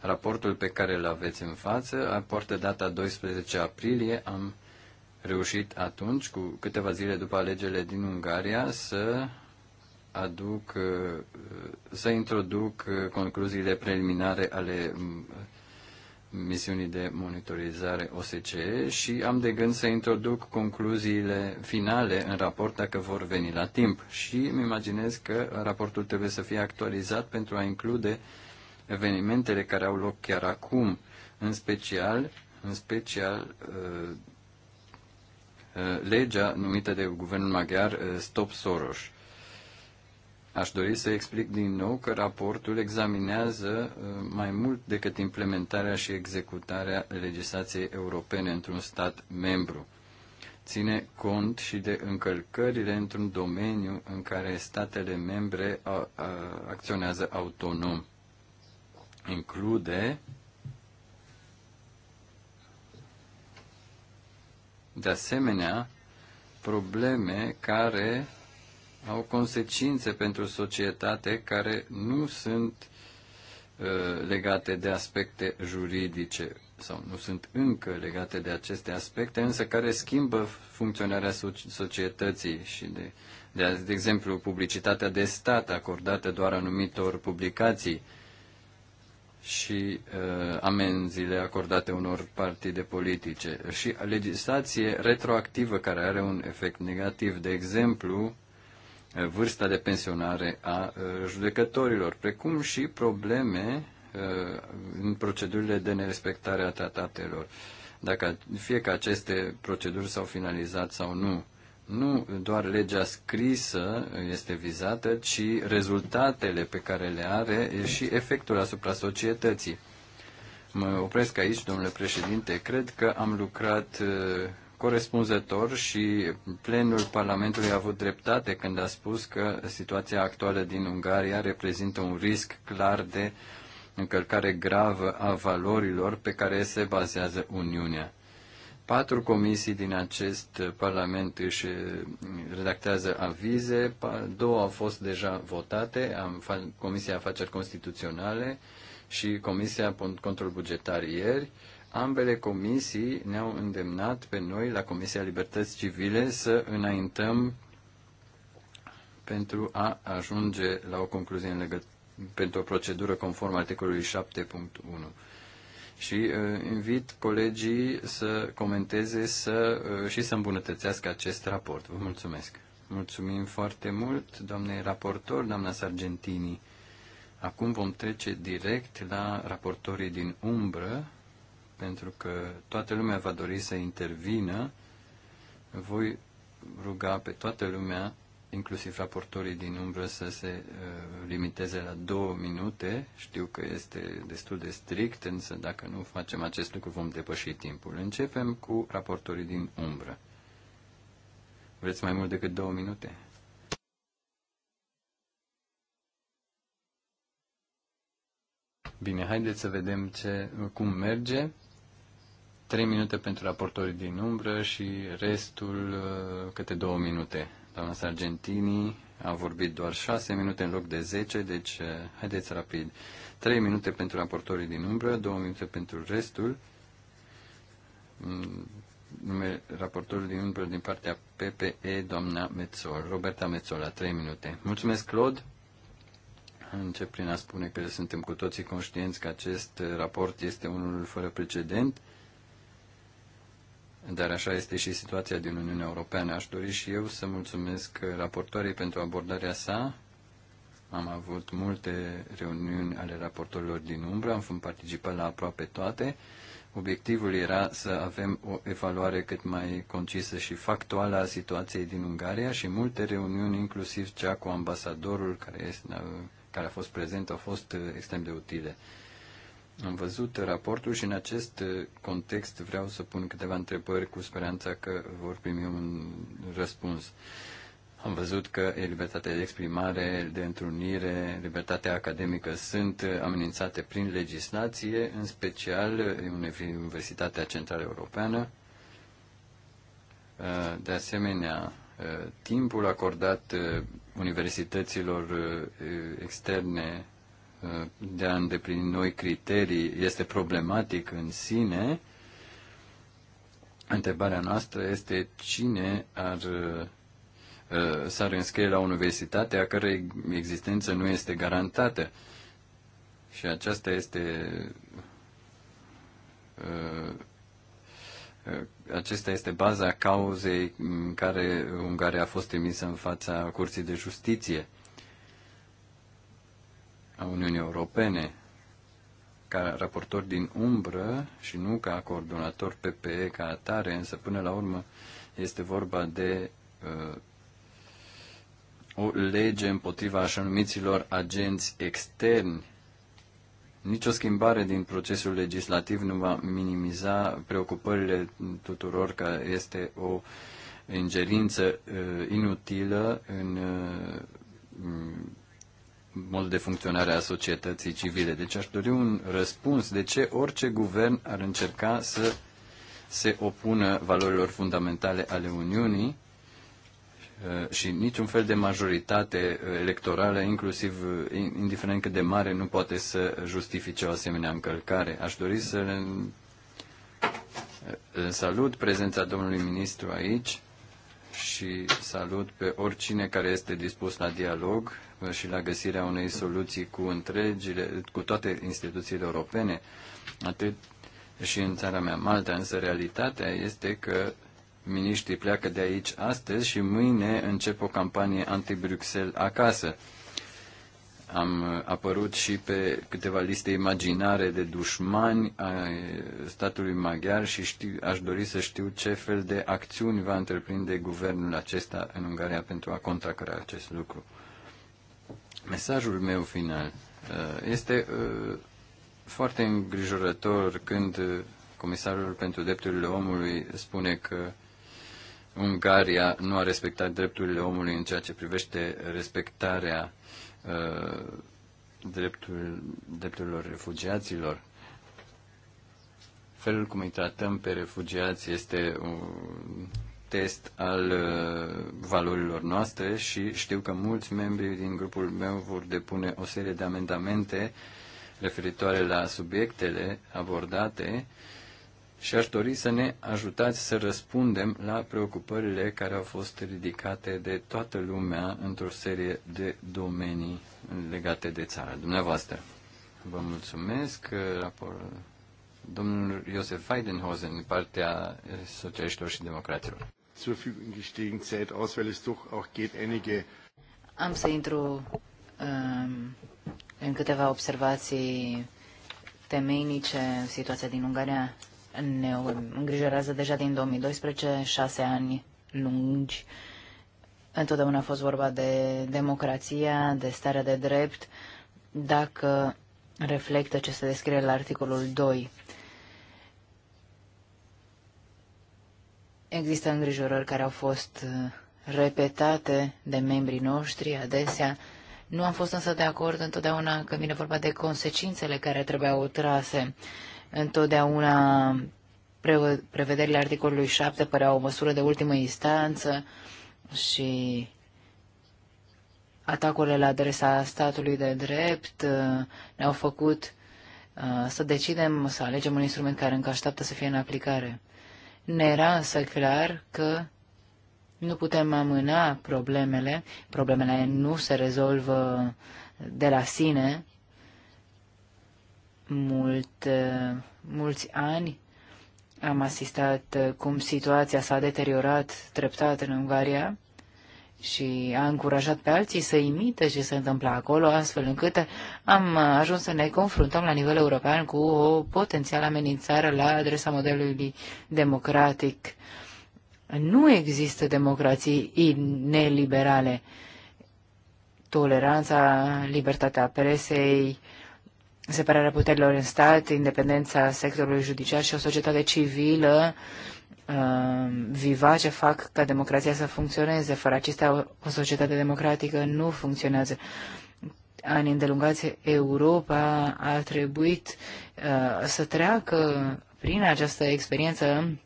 A: Raportul pe care îl aveți în față aportă data 12 aprilie. Am reușit atunci, cu câteva zile după alegerile din Ungaria, să aduc, să introduc concluziile preliminare ale misiunii de monitorizare OSCE și am de gând să introduc concluziile finale în raport dacă vor veni la timp. Și îmi imaginez că raportul trebuie să fie actualizat pentru a include evenimentele care au loc chiar acum, în special, în special uh, uh, legea numită de guvernul maghiar uh, Stop Soros. Aș dori să explic din nou că raportul examinează uh, mai mult decât implementarea și executarea legislației europene într-un stat membru. Ține cont și de încălcările într-un domeniu în care statele membre acționează autonom. Include de asemenea probleme care au consecințe pentru societate care nu sunt uh, legate de aspecte juridice sau nu sunt încă legate de aceste aspecte, însă care schimbă funcționarea societății și de, de, de exemplu, publicitatea de stat acordată doar anumitor publicații și uh, amenziile acordate unor partide politice și legislație retroactivă care are un efect negativ. De exemplu, vârsta de pensionare a uh, judecătorilor, precum și probleme uh, în procedurile de nerespectare a tratatelor, dacă fie că aceste proceduri s-au finalizat sau nu. Nu doar legea scrisă este vizată, ci rezultatele pe care le are și efectul asupra societății. Mă opresc aici, domnule președinte. Cred că am lucrat uh, corespunzător și plenul Parlamentului a avut dreptate când a spus că situația actuală din Ungaria reprezintă un risc clar de încălcare gravă a valorilor pe care se bazează Uniunea. Patru comisii din acest Parlament își redactează avize, două au fost deja votate, Comisia Afaceri Constituționale și Comisia Control Bugetar ieri, ambele comisii ne-au îndemnat pe noi la Comisia Libertăți Civile să înaintăm pentru a ajunge la o concluzie în legătură pentru o procedură conform articolului 7.1. Și uh, invit colegii să comenteze să, uh, și să îmbunătățească acest raport. Vă mulțumesc. Mulțumim foarte mult, doamne raportor, doamna Sargentini. Acum vom trece direct la raportorii din umbră pentru că toată lumea va dori să intervină, voi ruga pe toată lumea, inclusiv raportorii din umbră, să se uh, limiteze la două minute. Știu că este destul de strict, însă dacă nu facem acest lucru, vom depăși timpul. Începem cu raportorii din umbră. Vreți mai mult decât două minute? Bine, haideți să vedem ce, cum merge. 3 minute pentru raportorii din umbră și restul uh, câte 2 minute. Doamna Sargentini a vorbit doar 6 minute în loc de 10, deci uh, haideți rapid. 3 minute pentru raportorii din umbră, 2 minute pentru restul. Mm, nume, raportorul din umbră din partea PPE, doamna Mețol, Roberta la 3 minute. Mulțumesc, Claude! Încep prin a spune că suntem cu toții conștienți că acest raport este unul fără precedent dar așa este și situația din Uniunea Europeană. Aș dori și eu să mulțumesc raportorii pentru abordarea sa. Am avut multe reuniuni ale raportorilor din umbră, am fost participat la aproape toate. Obiectivul era să avem o evaluare cât mai concisă și factuală a situației din Ungaria și multe reuniuni, inclusiv cea cu ambasadorul care, este, care a fost prezent, au fost uh, extrem de utile. Am văzut raportul și în acest uh, context vreau să pun câteva întrebări cu speranța că vor primi un răspuns. Am văzut că libertatea de exprimare, de întrunire, libertatea academică sunt uh, amenințate prin legislație, în special uh, în Universitatea Centrală Europeană. De asemenea, timpul acordat universităților externe de a îndeplini noi criterii este problematic în sine, întrebarea noastră este cine ar uh, s-ar înscrie la universitate a cărei existență nu este garantată. Și aceasta este uh, acesta este baza cauzei în care Ungaria a fost emisă în fața Curții de Justiție a Uniunii Europene, ca raportor din umbră și nu ca coordonator PPE ca atare, însă până la urmă este vorba de uh, o lege împotriva așa numiților agenți externi. Nici o schimbare din procesul legislativ nu va minimiza preocupările tuturor că este o ingerință uh, inutilă în uh, mod de funcționare a societății civile. Deci aș dori un răspuns de ce orice guvern ar încerca să se opună valorilor fundamentale ale Uniunii uh, și niciun fel de majoritate electorală, inclusiv indiferent cât de mare, nu poate să justifice o asemenea încălcare. Aș dori să uh, salut prezența domnului ministru aici și salut pe oricine care este dispus la dialog uh, și la găsirea unei soluții cu întregile, cu toate instituțiile europene, atât și în țara mea, Malta, însă realitatea este că miniștrii pleacă de aici astăzi și mâine încep o campanie anti-Bruxelles acasă. Am uh, apărut și pe câteva liste imaginare de dușmani a statului maghiar și știu, aș dori să știu ce fel de acțiuni va întreprinde guvernul acesta în Ungaria pentru a contracara acest lucru. Mesajul meu final uh, este uh, foarte îngrijorător când Comisarul pentru Drepturile Omului spune că Ungaria nu a respectat drepturile omului în ceea ce privește respectarea Uh, dreptul, drepturilor refugiaților. Felul cum îi tratăm pe refugiați este un test al uh, valorilor noastre și știu că mulți membri din grupul meu vor depune o serie de amendamente referitoare la subiectele abordate și aș dori să ne ajutați să răspundem la preocupările care au fost ridicate de toată lumea într-o serie de domenii legate de țara dumneavoastră. Vă mulțumesc. Uh, rapor... Domnul Josef Weidenhausen, din partea uh, Socialiștilor și Democraților.
C: am să intru um, în câteva observații temeinice, situația din Ungaria ne îngrijorează deja din 2012, șase ani lungi. Întotdeauna a fost vorba de democrația, de starea de drept, dacă reflectă ce se descrie la articolul 2. Există îngrijorări care au fost uh, repetate de membrii noștri adesea. Nu am fost însă de acord întotdeauna când vine vorba de consecințele care trebuiau trase. Uh, Întotdeauna prevederile articolului 7 păreau o măsură de ultimă instanță și atacurile la adresa statului de drept uh, ne-au făcut uh, să decidem să alegem un instrument care încă așteaptă să fie în aplicare. Ne era însă clar că nu putem amâna problemele, problemele nu se rezolvă de la sine, mult, eh, mulți ani am asistat eh, cum situația s-a deteriorat treptat în Ungaria și a încurajat pe alții să imite ce se întâmplă acolo, astfel încât am ajuns să ne confruntăm la nivel european cu o potențială amenințare la adresa modelului democratic. Nu există democrații neliberale. Toleranța, libertatea presei, separarea puterilor în stat, independența sectorului judiciar și o societate civilă uh, vivace fac ca democrația să funcționeze. Fără acestea, o societate democratică nu funcționează. Ani îndelungați, Europa a trebuit uh, să treacă prin această experiență,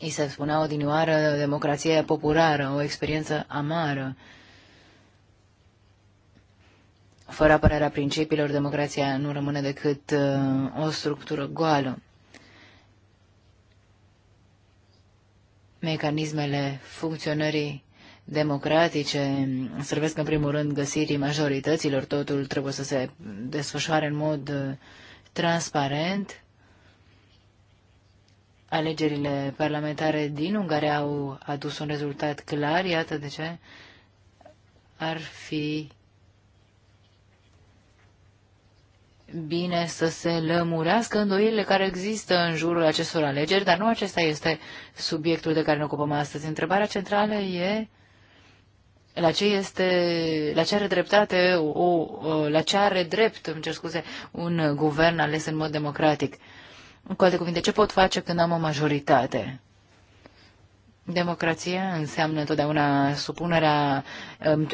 C: îi se spunea odinioară, democrația populară, o experiență amară. Fără apărarea principiilor, democrația nu rămâne decât uh, o structură goală. Mecanismele funcționării democratice servesc în primul rând găsirii majorităților, totul trebuie să se desfășoare în mod uh, transparent. Alegerile parlamentare din Ungaria au adus un rezultat clar, iată de ce ar fi bine să se lămurească îndoielile care există în jurul acestor alegeri, dar nu acesta este subiectul de care ne ocupăm astăzi. Întrebarea centrală e la ce, este, la ce are dreptate, o, la ce are drept, îmi cer scuze, un guvern ales în mod democratic. Cu alte cuvinte, ce pot face când am o majoritate? Democrația înseamnă întotdeauna supunerea,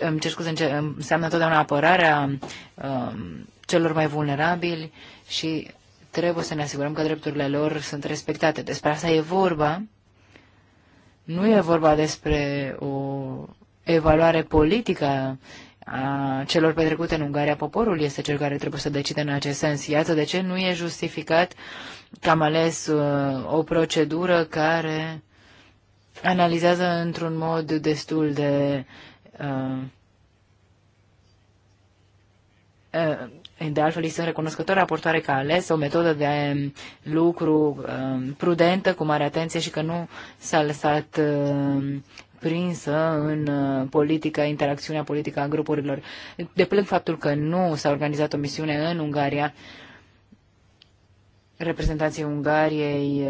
C: îmi cer scuze, înseamnă întotdeauna apărarea um, celor mai vulnerabili și trebuie să ne asigurăm că drepturile lor sunt respectate. Despre asta e vorba. Nu e vorba despre o evaluare politică a celor petrecute în Ungaria. Poporul este cel care trebuie să decide în acest sens. Iată de ce nu e justificat că am ales uh, o procedură care analizează într-un mod destul de uh, uh de altfel îi sunt recunoscători raportoare că a ales o metodă de lucru uh, prudentă, cu mare atenție și că nu s-a lăsat uh, prinsă în politica, interacțiunea politică a grupurilor. Deplâng faptul că nu s-a organizat o misiune în Ungaria. Reprezentanții Ungariei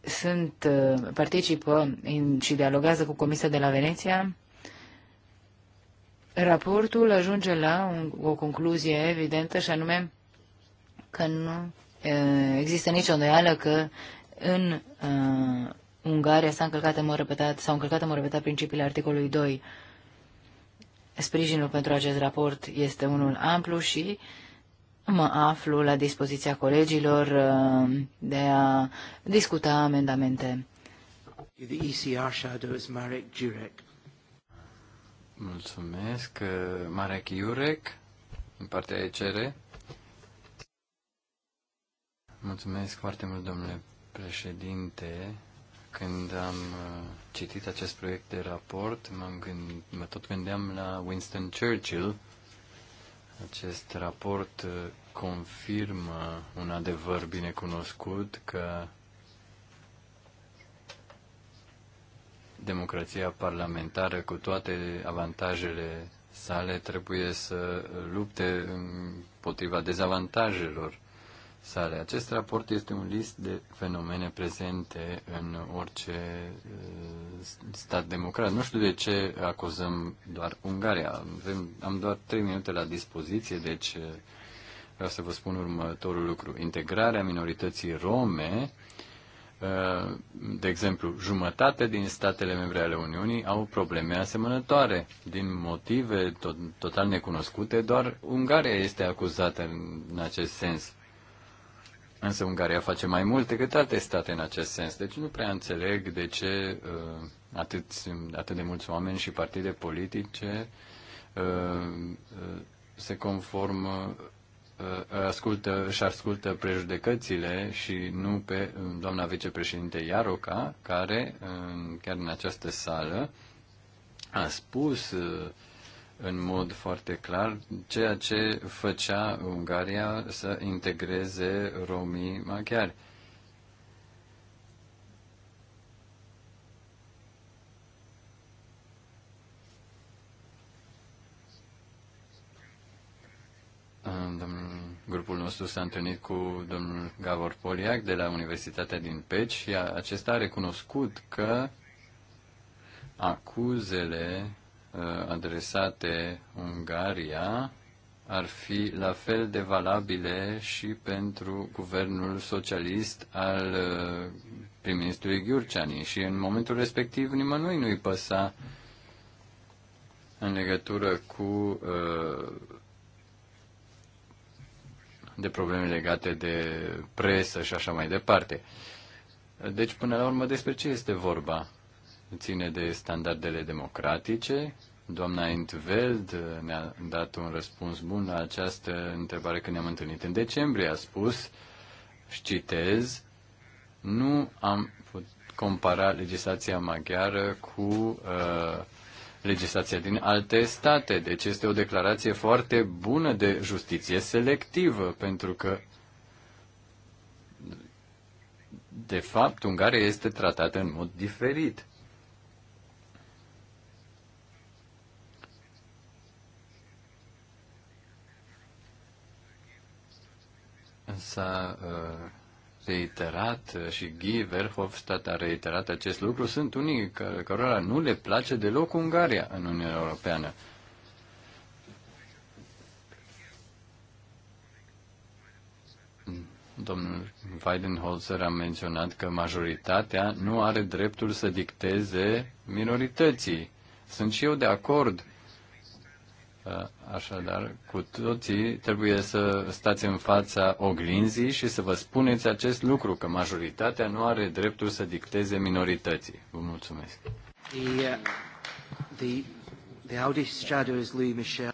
C: sunt, uh, participă și dialogează cu Comisia de la Veneția, raportul ajunge la o concluzie evidentă și anume că nu există nicio îndoială că în uh, Ungaria s-a încălcat în mod repetat, s-au încălcat în mod repetat principiile articolului 2. Sprijinul pentru acest raport este unul amplu și uh, mă aflu la dispoziția colegilor uh, de a discuta amendamente.
B: The ECR shadow is Marek Jurek.
A: Mulțumesc, uh, Marek Jurek, în partea ECR. Mulțumesc foarte mult, domnule președinte. Când am uh, citit acest proiect de raport, m-am gând, mă tot gândeam la Winston Churchill, acest raport uh, confirmă un adevăr binecunoscut că democrația parlamentară, cu toate avantajele sale, trebuie să lupte împotriva dezavantajelor sale. Acest raport este un list de fenomene prezente în orice uh, stat democrat. Nu știu de ce acuzăm doar Ungaria. Avem, am doar trei minute la dispoziție, deci uh, vreau să vă spun următorul lucru. Integrarea minorității rome, uh, de exemplu, jumătate din statele membre ale Uniunii au probleme asemănătoare. Din motive to- total necunoscute, doar Ungaria este acuzată în acest sens Însă Ungaria face mai mult decât alte state în acest sens. Deci nu prea înțeleg de ce uh, atât, atât de mulți oameni și partide politice uh, uh se conformă, uh, uh ascultă, și ascultă prejudecățile și nu pe uh, doamna vicepreședinte Iaroca, care uh, chiar în această sală a spus uh, în mod foarte clar ceea ce făcea Ungaria să integreze romii maghiari. grupul nostru s-a întâlnit cu domnul Gavor Poliac de la Universitatea din Peci și acesta a recunoscut că acuzele Uh, adresate Ungaria ar fi la fel de valabile și pentru guvernul socialist al uh, prim-ministrului Ghiurciani. Și în momentul respectiv nimănui nu-i păsa în legătură cu uh, de probleme legate de presă și așa mai departe. Deci, până la urmă, despre ce este vorba? Ține de standardele democratice Doamna Intveld ne-a dat un răspuns bun la această întrebare când ne-am întâlnit în decembrie. A spus, și citez, nu am putut compara legislația maghiară cu uh, legislația din alte state. Deci este o declarație foarte bună de justiție selectivă, pentru că, de fapt, Ungaria este tratată în mod diferit. s-a uh, reiterat și Guy Verhofstadt a reiterat acest lucru, sunt unii care, cărora nu le place deloc Ungaria în Uniunea Europeană. Domnul Weidenholzer a menționat că majoritatea nu are dreptul să dicteze minorității. Sunt și eu de acord Așadar, cu toții trebuie să stați în fața oglinzii și să vă spuneți acest lucru, că majoritatea nu are dreptul să dicteze minorității. Vă mulțumesc.
B: The, uh, the, the Louis Michel.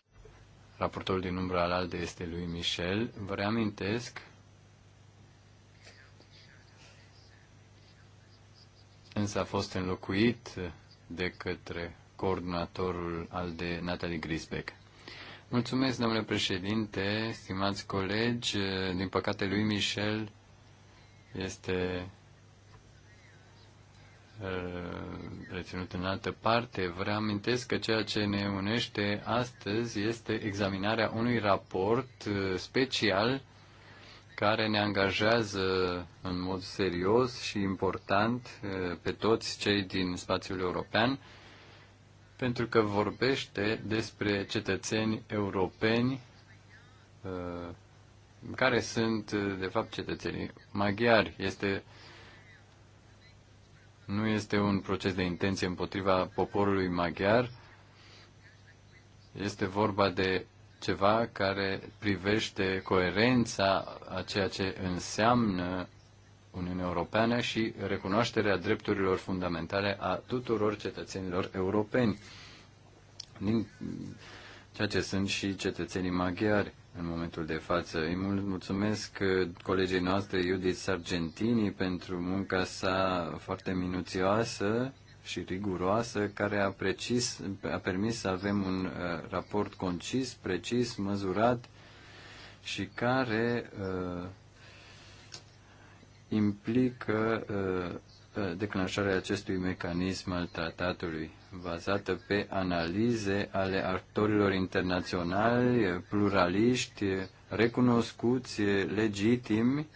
A: Raportorul din umbra al ALDE este lui Michel. Vă reamintesc însă a fost înlocuit de către coordonatorul al de Natalie Grisbeck. Mulțumesc, domnule președinte, stimați colegi. Din păcate, lui Michel este uh, reținut în altă parte. Vă reamintesc că ceea ce ne unește astăzi este examinarea unui raport uh, special care ne angajează în mod serios și important uh, pe toți cei din spațiul european pentru că vorbește despre cetățeni europeni uh, care sunt, uh, de fapt, cetățenii maghiari. Este, nu este un proces de intenție împotriva poporului maghiar, este vorba de ceva care privește coerența a ceea ce înseamnă Uniunii Europene și recunoașterea drepturilor fundamentale a tuturor cetățenilor europeni, din ceea ce sunt și cetățenii maghiari în momentul de față. Îi mulțumesc uh, colegii noastre Judith Sargentini pentru munca sa foarte minuțioasă și riguroasă, care a, precis, a permis să avem un uh, raport concis, precis, măzurat și care uh, implică uh, uh, declanșarea acestui mecanism al tratatului, bazată pe analize ale actorilor internaționali, pluraliști, recunoscuți, legitimi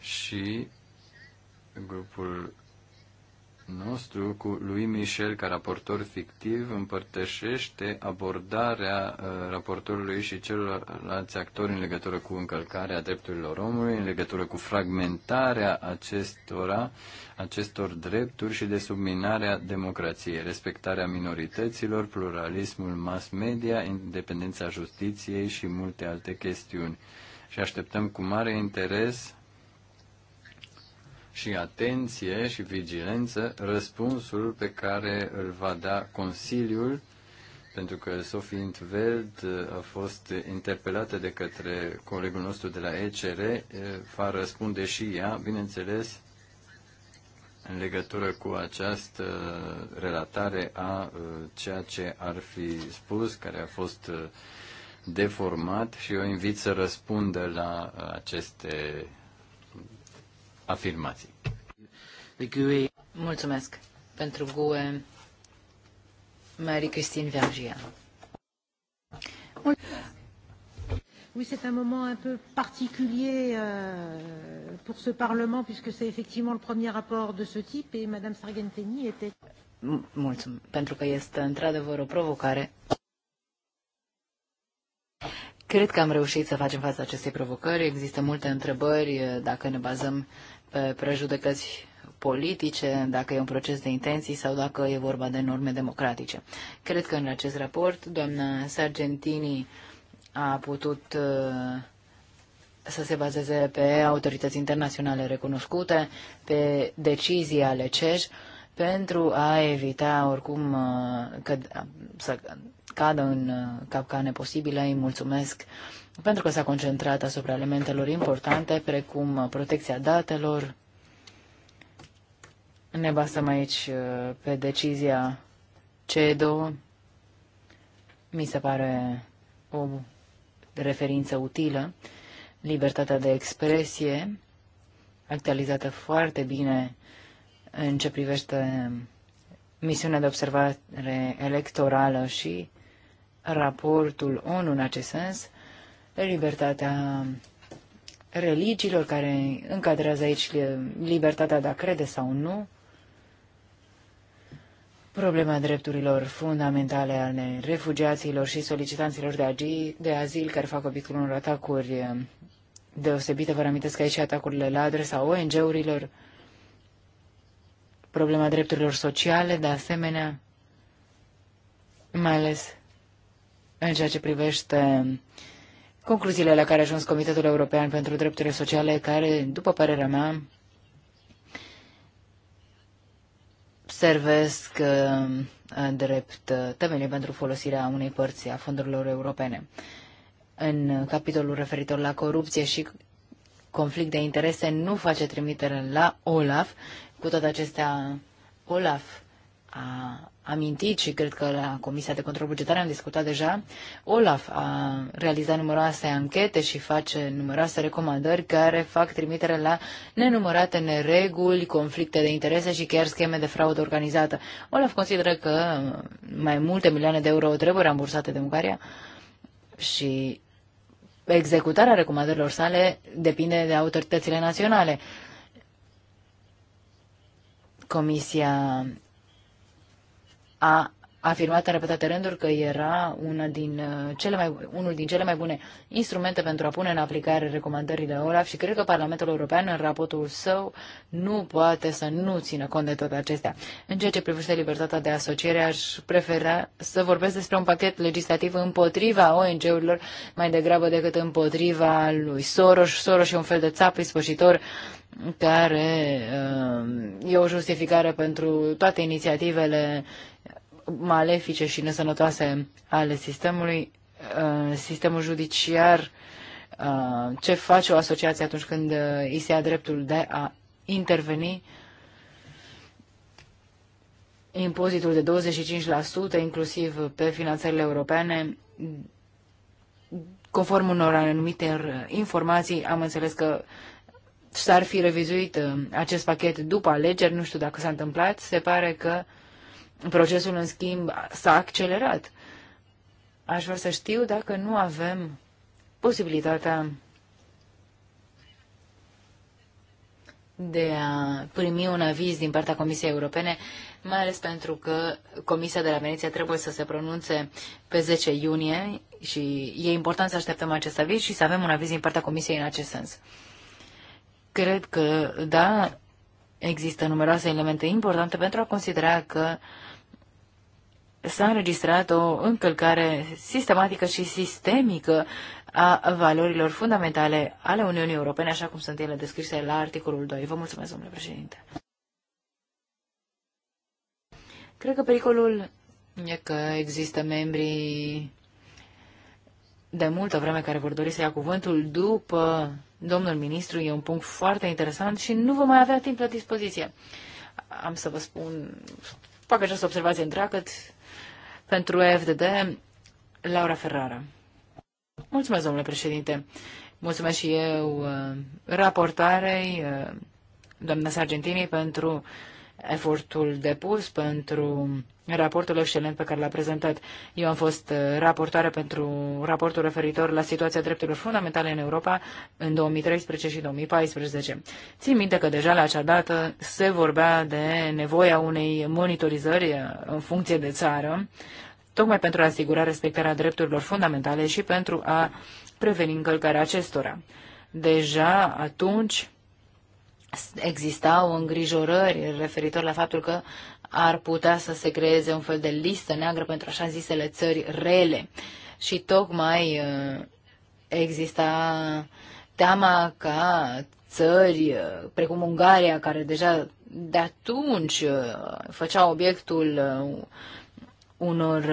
A: și grupul nostru cu lui Michel ca raportor fictiv împărtășește abordarea uh, raportorului și celorlalți actori în legătură cu încălcarea drepturilor omului, în legătură cu fragmentarea acestora, acestor drepturi și de subminarea democrației, respectarea minorităților, pluralismul mass media, independența justiției și multe alte chestiuni. Și așteptăm cu mare interes și atenție și vigilență răspunsul pe care îl va da Consiliul, pentru că Sophie Intveld a fost interpelată de către colegul nostru de la ECR, va răspunde și ea, bineînțeles, în legătură cu această relatare a ceea ce ar fi spus, care a fost deformat și o invit să răspundă la aceste afirmații.
C: Mulțumesc pentru GUE, Marie Christine Vergia. Oui, c'est un moment un peu particulier euh, pour ce Parlement, puisque c'est effectivement le premier rapport de ce type, et Madame Sargentini était... Mulțumesc, pentru că este într-adevăr o provocare. Cred că am reușit să facem față acestei provocări. Există multe întrebări dacă ne bazăm uh, pe prejudecăți politice, dacă e un proces de intenții sau dacă e vorba de norme democratice. Cred că în acest raport doamna Sargentini a putut uh, să se bazeze pe autorități internaționale recunoscute, pe decizii ale CEJ, pentru a evita oricum uh, că, să cadă în uh, capcane posibile. Îi mulțumesc uh, pentru că s-a concentrat asupra elementelor importante, precum protecția datelor. Ne basăm aici uh, pe decizia CEDO. Mi se pare o referință utilă. Libertatea de expresie, actualizată foarte bine în ce privește misiunea de observare electorală și raportul ONU în acest sens, libertatea religiilor care încadrează aici libertatea de a crede sau nu, problema drepturilor fundamentale ale refugiaților și solicitanților de, agi, de azil care fac obiectul unor atacuri deosebite, vă amintesc aici atacurile la adresa ONG-urilor, problema drepturilor sociale, de asemenea, mai ales în ceea ce privește uh, concluziile la care a ajuns Comitetul European pentru Drepturile Sociale, care, după părerea mea, servesc uh, drept uh, temele pentru folosirea unei părți a fondurilor europene. În capitolul referitor la corupție și conflict de interese nu face trimitere la OLAF. Cu toate acestea, OLAF a amintit și cred că la Comisia de Control Bugetar am discutat deja, Olaf a realizat numeroase anchete și face numeroase recomandări care fac trimitere la nenumărate nereguli, conflicte de interese și chiar scheme de fraudă organizată. Olaf consideră că mai multe milioane de euro trebuie rambursate de Ungaria și executarea recomandărilor sale depinde de autoritățile naționale. Comisia a afirmat în repetate rânduri că era una din uh, cele mai, unul din cele mai bune instrumente pentru a pune în aplicare recomandările OLAF și cred că Parlamentul European în raportul său nu poate să nu țină cont de toate acestea. În ceea ce privește libertatea de asociere, aș prefera să vorbesc despre un pachet legislativ împotriva ONG-urilor mai degrabă decât împotriva lui Soros. Soros e un fel de țap ispășitor care uh, e o justificare pentru toate inițiativele malefice și nesănătoase ale sistemului, uh, sistemul judiciar, uh, ce face o asociație atunci când îi se ia dreptul de a interveni, impozitul de 25%, inclusiv pe finanțările europene, conform unor anumite informații, am înțeles că s-ar fi revizuit uh, acest pachet după alegeri, nu știu dacă s-a întâmplat, se pare că procesul, în schimb, s-a accelerat. Aș vrea să știu dacă nu avem posibilitatea de a primi un aviz din partea Comisiei Europene, mai ales pentru că Comisia de la Veneția trebuie să se pronunțe pe 10 iunie și e important să așteptăm acest aviz și să avem un aviz din partea Comisiei în acest sens. Cred că, da, există numeroase elemente importante pentru a considera că s-a înregistrat o încălcare sistematică și sistemică a valorilor fundamentale ale Uniunii Europene, așa cum sunt ele descrise la articolul 2. Vă mulțumesc, domnule președinte. Cred că pericolul e că există membrii de multă vreme care vor dori să ia cuvântul după domnul ministru. E un punct foarte interesant și nu vom mai avea timp la dispoziție. Am să vă spun, fac această observație întreagă pentru FDD, Laura Ferrara. Mulțumesc, domnule președinte. Mulțumesc și eu uh, raportarei, uh, doamna Sargentini, pentru uh, efortul depus pentru raportul excelent pe care l-a prezentat. Eu am fost uh, raportoare pentru raportul referitor la situația drepturilor fundamentale în Europa în 2013 și 2014. Țin minte că deja la acea dată se vorbea de nevoia unei monitorizări uh, în funcție de țară, tocmai pentru a asigura respectarea drepturilor fundamentale și pentru a preveni încălcarea acestora. Deja atunci existau îngrijorări referitor la faptul că ar putea să se creeze un fel de listă neagră pentru așa zisele țări rele. Și tocmai uh, exista teama ca țări uh, precum Ungaria, care deja de atunci uh, făcea obiectul unor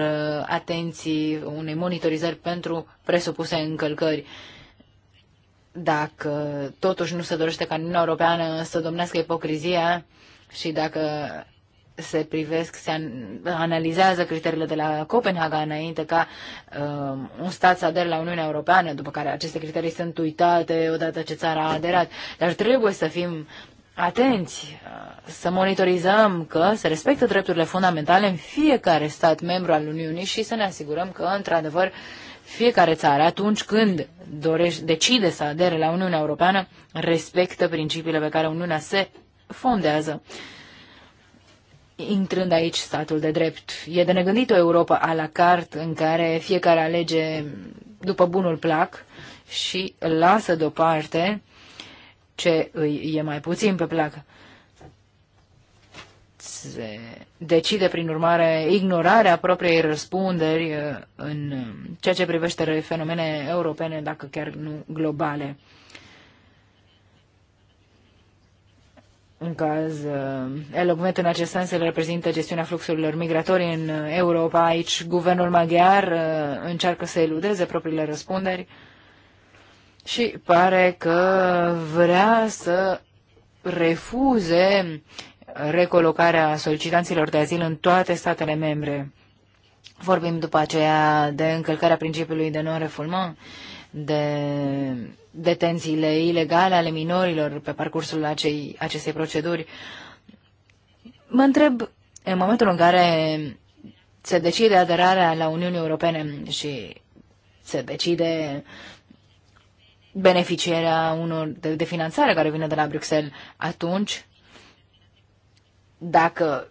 C: atenții, unei monitorizări pentru presupuse încălcări dacă totuși nu se dorește ca Uniunea Europeană să domnească ipocrizia și dacă se privesc, se analizează criteriile de la Copenhaga înainte ca uh, un stat să adere la Uniunea Europeană, după care aceste criterii sunt uitate odată ce țara a aderat. Dar trebuie să fim atenți, uh, să monitorizăm că se respectă drepturile fundamentale în fiecare stat membru al Uniunii și să ne asigurăm că, într-adevăr, uh, fiecare țară, atunci când dorește, decide să adere la Uniunea Europeană, respectă principiile pe care Uniunea se fondează. Intrând aici statul de drept, e de negândit o Europa a la carte în care fiecare alege după bunul plac și lasă deoparte ce îi e mai puțin pe plac se decide, prin urmare, ignorarea propriei răspunderi uh, în ceea ce privește fenomene europene, dacă chiar nu globale. În caz uh, elogment în acest sens îl reprezintă gestiunea fluxurilor migratorii în Europa. Aici guvernul maghiar uh, încearcă să eludeze propriile răspunderi și pare că vrea să refuze recolocarea solicitanților de azil în toate statele membre. Vorbim după aceea de încălcarea principiului de non-refoulement, de detențiile ilegale ale minorilor pe parcursul acei, acestei proceduri. Mă întreb, în momentul în care se decide aderarea la Uniunea Europene și se decide beneficierea unor de, de finanțare care vine de la Bruxelles, atunci dacă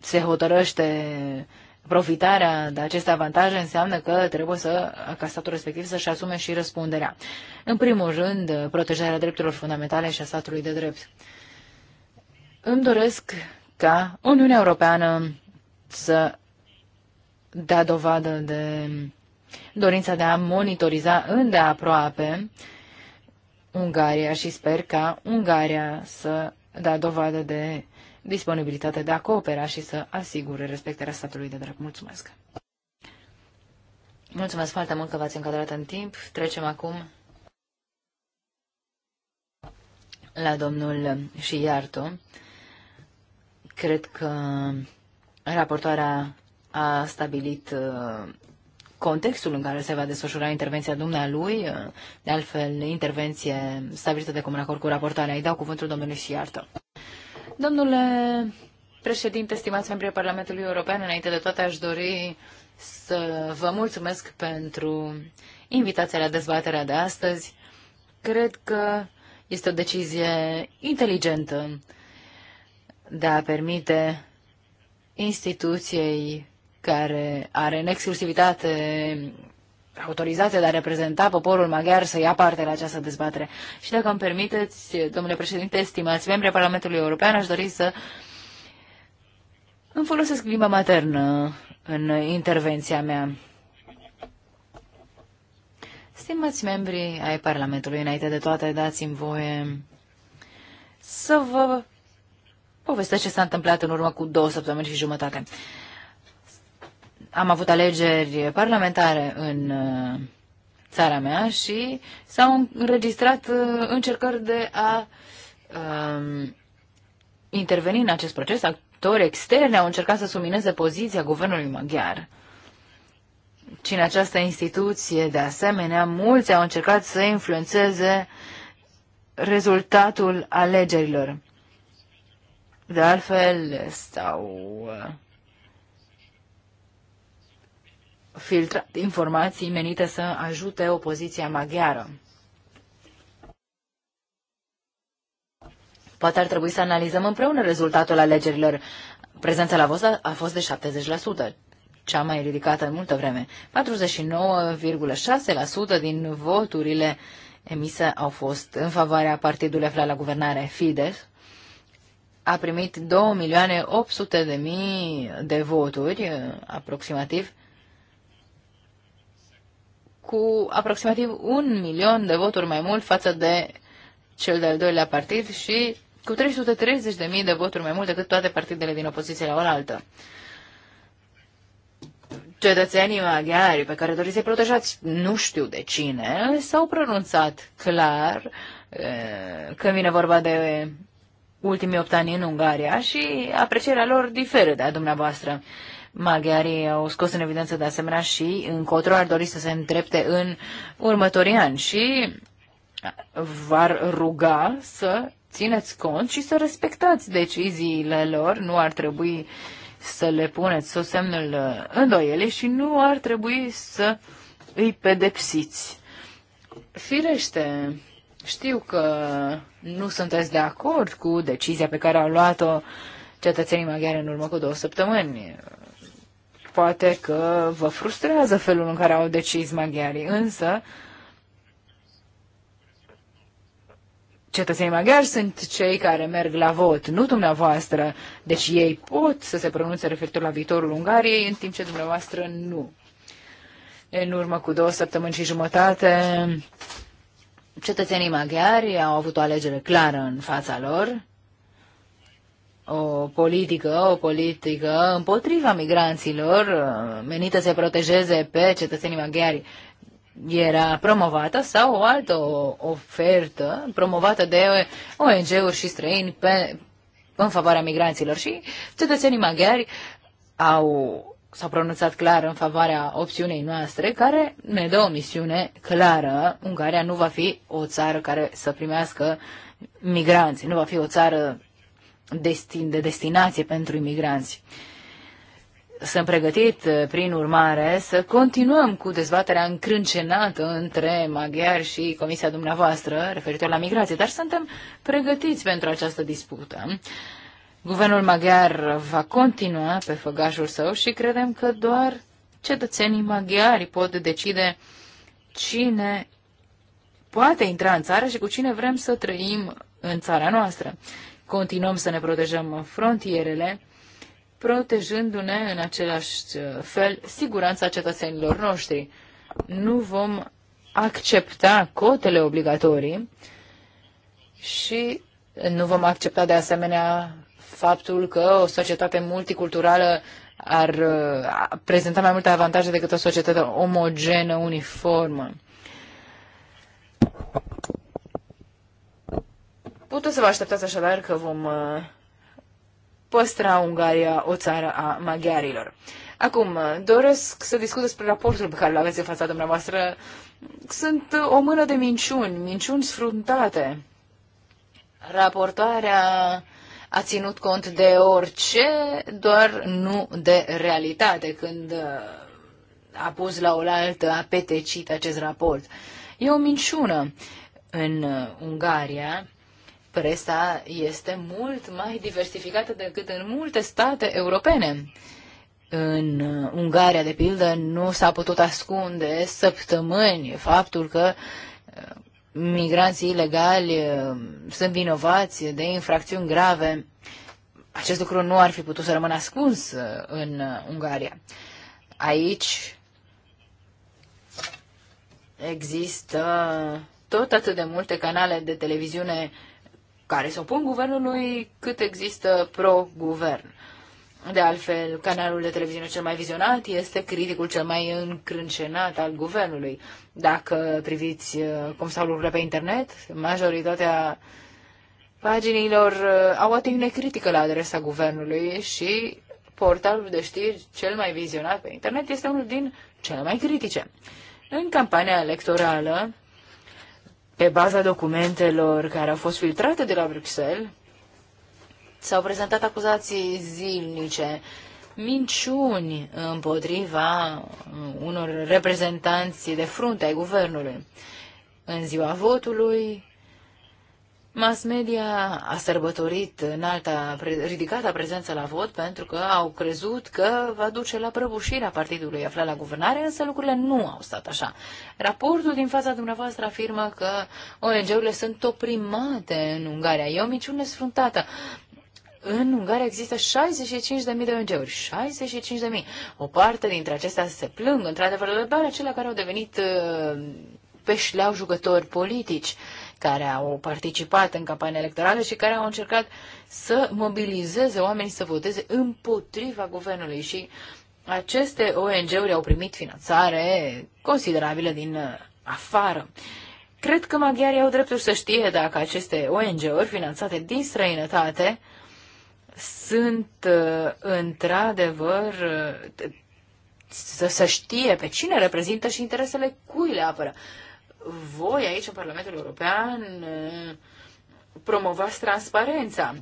C: se hotărăște profitarea de aceste avantaje înseamnă că trebuie să, ca statul respectiv să-și asume și răspunderea. În primul rând, protejarea drepturilor fundamentale și a statului de drept. Îmi doresc ca Uniunea Europeană să dea dovadă de dorința de a monitoriza îndeaproape Ungaria și sper ca Ungaria să da dovadă de disponibilitate de a coopera și să asigure respectarea statului de drept. Mulțumesc! Mulțumesc foarte mult că v-ați încadrat în timp. Trecem acum la domnul Șiarto. Cred că raportoarea a stabilit uh, contextul în care se va desfășura intervenția dumnealui, de altfel intervenție stabilită de comun acord cu raportarea. Îi dau cuvântul domnului iartă. Domnule președinte, stimați membri ai Parlamentului European, înainte de toate aș dori să vă mulțumesc pentru invitația la dezbaterea de astăzi. Cred că este o decizie inteligentă de a permite instituției care are în exclusivitate autorizația de a reprezenta poporul maghiar să ia parte la această dezbatere. Și dacă îmi permiteți, domnule președinte, stimați membri Parlamentului European, aș dori să îmi folosesc limba maternă în intervenția mea. Stimați membri ai Parlamentului, înainte de toate, dați-mi voie să vă povestesc ce s-a întâmplat în urmă cu două săptămâni și jumătate am avut alegeri parlamentare în uh, țara mea și s-au înregistrat uh, încercări de a um, interveni în acest proces. Actori externi au încercat să sumineze poziția guvernului maghiar. Și în această instituție, de asemenea, mulți au încercat să influențeze rezultatul alegerilor. De altfel, stau uh, filtrat informații menite să ajute opoziția maghiară. Poate ar trebui să analizăm împreună rezultatul alegerilor. Prezența la vot a fost de 70%, cea mai ridicată în multă vreme. 49,6% din voturile emise au fost în favoarea partidului aflat la guvernare Fides. A primit 2.800.000 de voturi, aproximativ, cu aproximativ un milion de voturi mai mult față de cel de-al doilea partid și cu 330.000 de voturi mai mult decât toate partidele din opoziție la oaltă. Cetățenii maghiari pe care doriți să-i protejați nu știu de cine s-au pronunțat clar când vine vorba de ultimii opt ani în Ungaria și aprecierea lor diferă de a dumneavoastră maghiarii au scos în evidență de asemenea și încotro ar dori să se îndrepte în următorii ani și v-ar ruga să țineți cont și să respectați deciziile lor, nu ar trebui să le puneți sub semnul îndoiele și nu ar trebui să îi pedepsiți. Firește, știu că nu sunteți de acord cu decizia pe care au luat-o cetățenii maghiari în urmă cu două săptămâni. Poate că vă frustrează felul în care au decis maghiarii, însă cetățenii maghiari sunt cei care merg la vot, nu dumneavoastră. Deci ei pot să se pronunțe referitor la viitorul Ungariei, în timp ce dumneavoastră nu. În urmă cu două săptămâni și jumătate, cetățenii maghiari au avut o alegere clară în fața lor o politică, o politică împotriva migranților, menită să protejeze pe cetățenii maghiari, era promovată sau o altă ofertă promovată de ONG-uri și străini pe, în favoarea migranților și cetățenii maghiari au s-au pronunțat clar în favoarea opțiunei noastre, care ne dă o misiune clară. Ungaria nu va fi o țară care să primească migranți, nu va fi o țară destin, de destinație pentru imigranți. Sunt pregătit, eh, prin urmare, să continuăm cu dezbaterea încrâncenată între maghiari și comisia dumneavoastră referitor la migrație, dar suntem pregătiți pentru această dispută. Guvernul maghiar va continua pe făgașul său și credem că doar cetățenii maghiari pot decide cine poate intra în țară și cu cine vrem să trăim în țara noastră continuăm să ne protejăm frontierele, protejându-ne în același uh, fel siguranța cetățenilor noștri. Nu vom accepta cotele obligatorii și nu vom accepta de asemenea faptul că o societate multiculturală ar uh, prezenta mai multe avantaje decât o societate omogenă, uniformă. Puteți să vă așteptați așadar că vom uh, păstra Ungaria o țară a maghiarilor. Acum, uh, doresc să discut despre raportul pe care îl aveți în fața dumneavoastră. Sunt uh, o mână de minciuni, minciuni sfruntate. Raportarea a ținut cont de orice, doar nu de realitate, când a pus la oaltă, a petecit acest raport. E o minciună. În Ungaria, presa este mult mai diversificată decât în multe state europene. În Ungaria, de pildă, nu s-a putut ascunde săptămâni faptul că uh, migranții ilegali uh, sunt vinovați de infracțiuni grave. Acest lucru nu ar fi putut să rămână ascuns uh, în Ungaria. Aici există tot atât de multe canale de televiziune care se opun guvernului, cât există pro-guvern. De altfel, canalul de televiziune cel mai vizionat este criticul cel mai încrâncenat al guvernului. Dacă priviți uh, cum stau lucrurile pe internet, majoritatea paginilor uh, au atingere critică la adresa guvernului și portalul de știri cel mai vizionat pe internet este unul din cele mai critice. În campania electorală, pe baza documentelor care au fost filtrate de la Bruxelles, s-au prezentat acuzații zilnice, minciuni împotriva unor reprezentanți de frunte ai guvernului. În ziua votului, Mass media a sărbătorit alta ridicata prezență la vot pentru că au crezut că va duce la prăbușirea partidului aflat la guvernare, însă lucrurile nu au stat așa. Raportul din fața dumneavoastră afirmă că ONG-urile sunt oprimate în Ungaria. E o minciune sfruntată. În Ungaria există 65.000 de ONG-uri, 65.000. O parte dintre acestea se plâng, într-adevăr, doar acelea care au devenit uh, pe șleau jucători politici care au participat în campania electorală și care au încercat să mobilizeze oamenii să voteze împotriva guvernului și aceste ONG-uri au primit finanțare considerabilă din uh, afară. Cred că maghiarii au dreptul să știe dacă aceste ONG-uri finanțate din străinătate sunt uh, într-adevăr uh, să, să știe pe cine reprezintă și interesele cui le apără voi aici în Parlamentul European promovați transparența.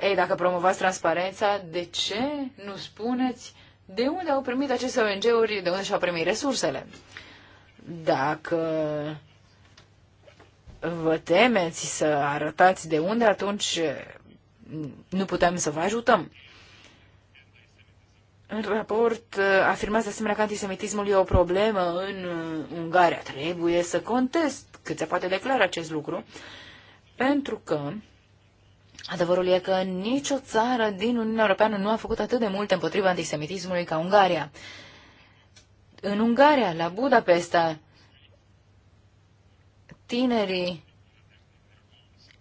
C: Ei, dacă promovați transparența, de ce nu spuneți de unde au primit aceste ONG-uri, de unde și-au primit resursele? Dacă vă temeți să arătați de unde, atunci nu putem să vă ajutăm. În raport uh, afirmați de asemenea că antisemitismul e o problemă în uh, Ungaria. Trebuie să contest cât se poate declara acest lucru, pentru că adevărul e că nicio țară din Uniunea Europeană nu a făcut atât de mult împotriva antisemitismului ca Ungaria. În Ungaria, la Budapesta, tinerii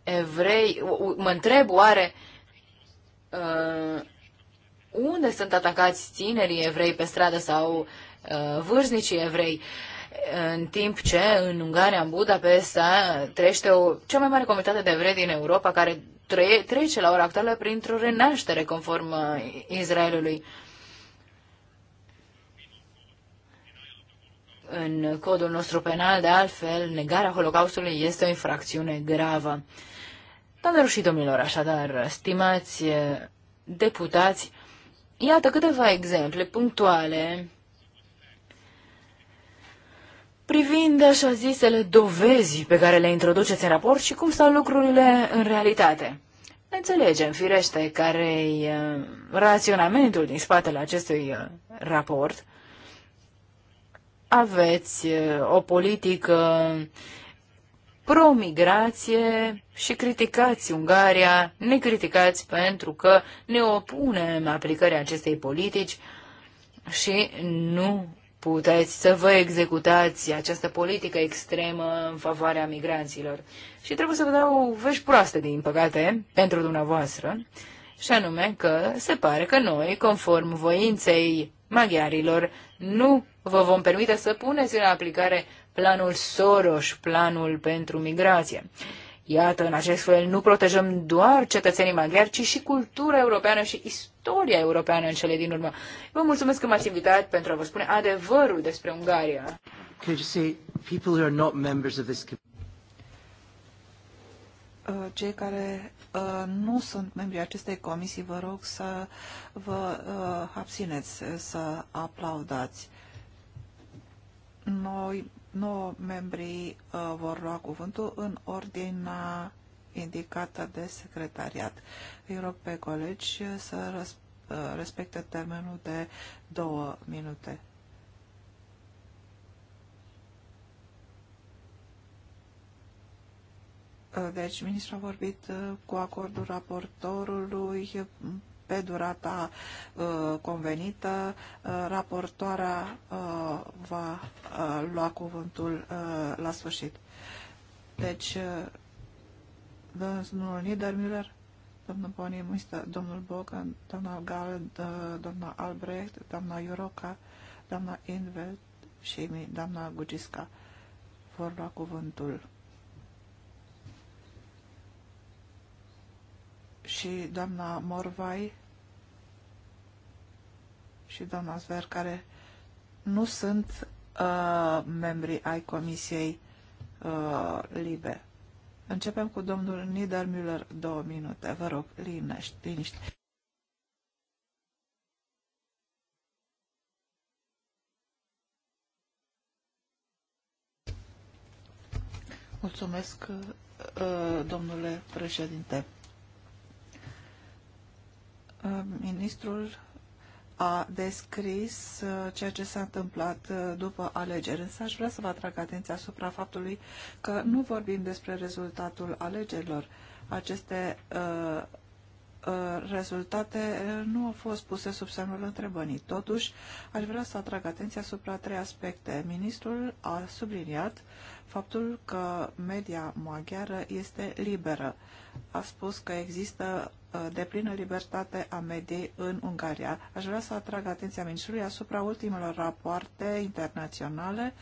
C: evrei, mă întreb oare uh, unde sunt atacați tinerii evrei pe stradă sau uh, vârznicii evrei, în timp ce în Ungaria, în Budapesta, trăiește o, cea mai mare comunitate de evrei din Europa care trece la ora actuală printr-o renaștere conform uh, Israelului. În codul nostru penal, de altfel, negarea Holocaustului este o infracțiune gravă. Doamnelor și domnilor, așadar, stimați uh, deputați, Iată câteva exemple punctuale privind așa zisele dovezi pe care le introduceți în raport și cum stau lucrurile în realitate. Înțelegem, firește, care e uh, raționamentul din spatele acestui uh, raport. Aveți uh, o politică promigrație și criticați Ungaria, ne criticați pentru că ne opunem aplicării acestei politici și nu puteți să vă executați această politică extremă în favoarea migranților. Și trebuie să vă dau vești proaste, din păcate, pentru dumneavoastră, și anume că se pare că noi, conform voinței maghiarilor, nu vă vom permite să puneți în aplicare planul Soros, planul pentru migrație. Iată, în acest fel nu protejăm doar cetățenii maghiari, ci și cultura europeană și istoria europeană în cele din urmă. Vă mulțumesc că m-ați invitat pentru a vă spune adevărul despre Ungaria.
D: Uh, cei care uh, nu sunt membri acestei comisii, vă rog să vă uh, abțineți, să aplaudați. Noi 9 membri uh, vor lua cuvântul în ordinea indicată de secretariat. Îi rog pe colegi să uh, respecte termenul de două minute. Uh, deci, ministrul a vorbit cu acordul raportorului, pe durata uh, convenită. Uh, raportoarea uh, va lua cuvântul la sfârșit. Deci, domnul Niedermüller, domnul Bonim, domnul Bogan, doamna Gal, doamna Albrecht, doamna Iuroca, doamna Invelt și doamna Gugisca vor lua cuvântul. și doamna Morvai și doamna Zver, care nu sunt uh, membri ai Comisiei uh, Libe. Începem cu domnul Niedermüller, două minute. Vă rog, liniști, liniști. Mulțumesc, uh, domnule președinte. Uh, ministrul a descris uh, ceea ce s-a întâmplat uh, după alegeri, însă aș vrea să vă atrag atenția asupra faptului că nu vorbim despre rezultatul alegerilor. Aceste rezultate nu au fost puse sub semnul întrebării. Totuși, aș vrea să atrag atenția asupra trei aspecte. Ministrul a subliniat faptul că media maghiară este liberă. A spus că există Uh, de plină libertate a mediei în Ungaria. Aș vrea să atrag atenția Ministrului asupra ultimelor rapoarte internaționale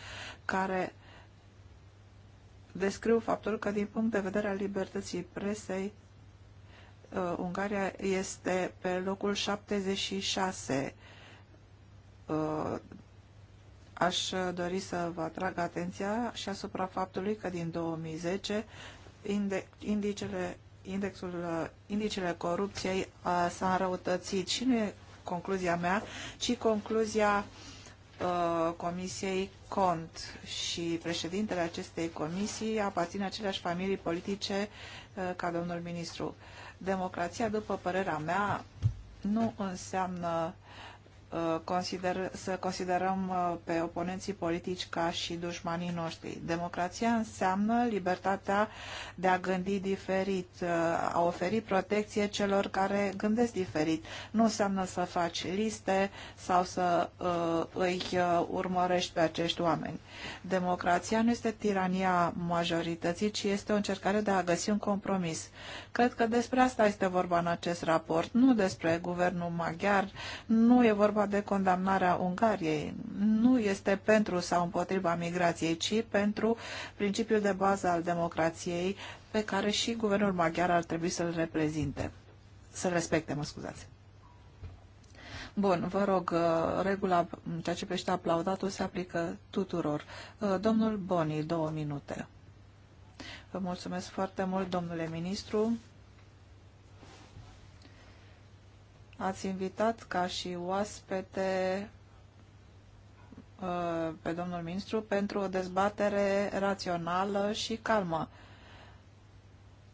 D: care descriu faptul că, din punct de vedere al libertății presei, uh, Ungaria este pe locul 76 uh, aș dori să vă atrag atenția și asupra faptului că din 2010 indicele indexul, uh, indicele corupției uh, s-a înrăutățit și nu e concluzia mea, ci concluzia uh, Comisiei Cont și președintele acestei comisii aparține aceleași familii politice ca domnul ministru. Democrația, după părerea mea, nu înseamnă uh, Uh, consider, să considerăm uh, pe oponenții politici ca și dușmanii noștri. Democrația înseamnă libertatea de a gândi diferit, uh, a oferi protecție celor care gândesc diferit. Nu înseamnă să faci liste sau să îi urmărești pe acești oameni. Democrația nu este tirania majorității, ci este o încercare de a găsi un compromis. Cred că despre asta este vorba în acest raport, nu despre guvernul maghiar, nu e vorba vorba de condamnarea Ungariei. Nu este pentru sau împotriva migrației, ci pentru principiul de bază al democrației pe care și guvernul maghiar ar trebui să-l reprezinte, să-l respecte, mă scuzați. Bun, vă rog, uh, regula ceea ce privește aplaudatul se aplică tuturor. Uh, domnul Boni, două minute. Vă mulțumesc foarte mult, domnule ministru. ați invitat ca și oaspete uh, pe domnul ministru pentru o dezbatere rațională și calmă.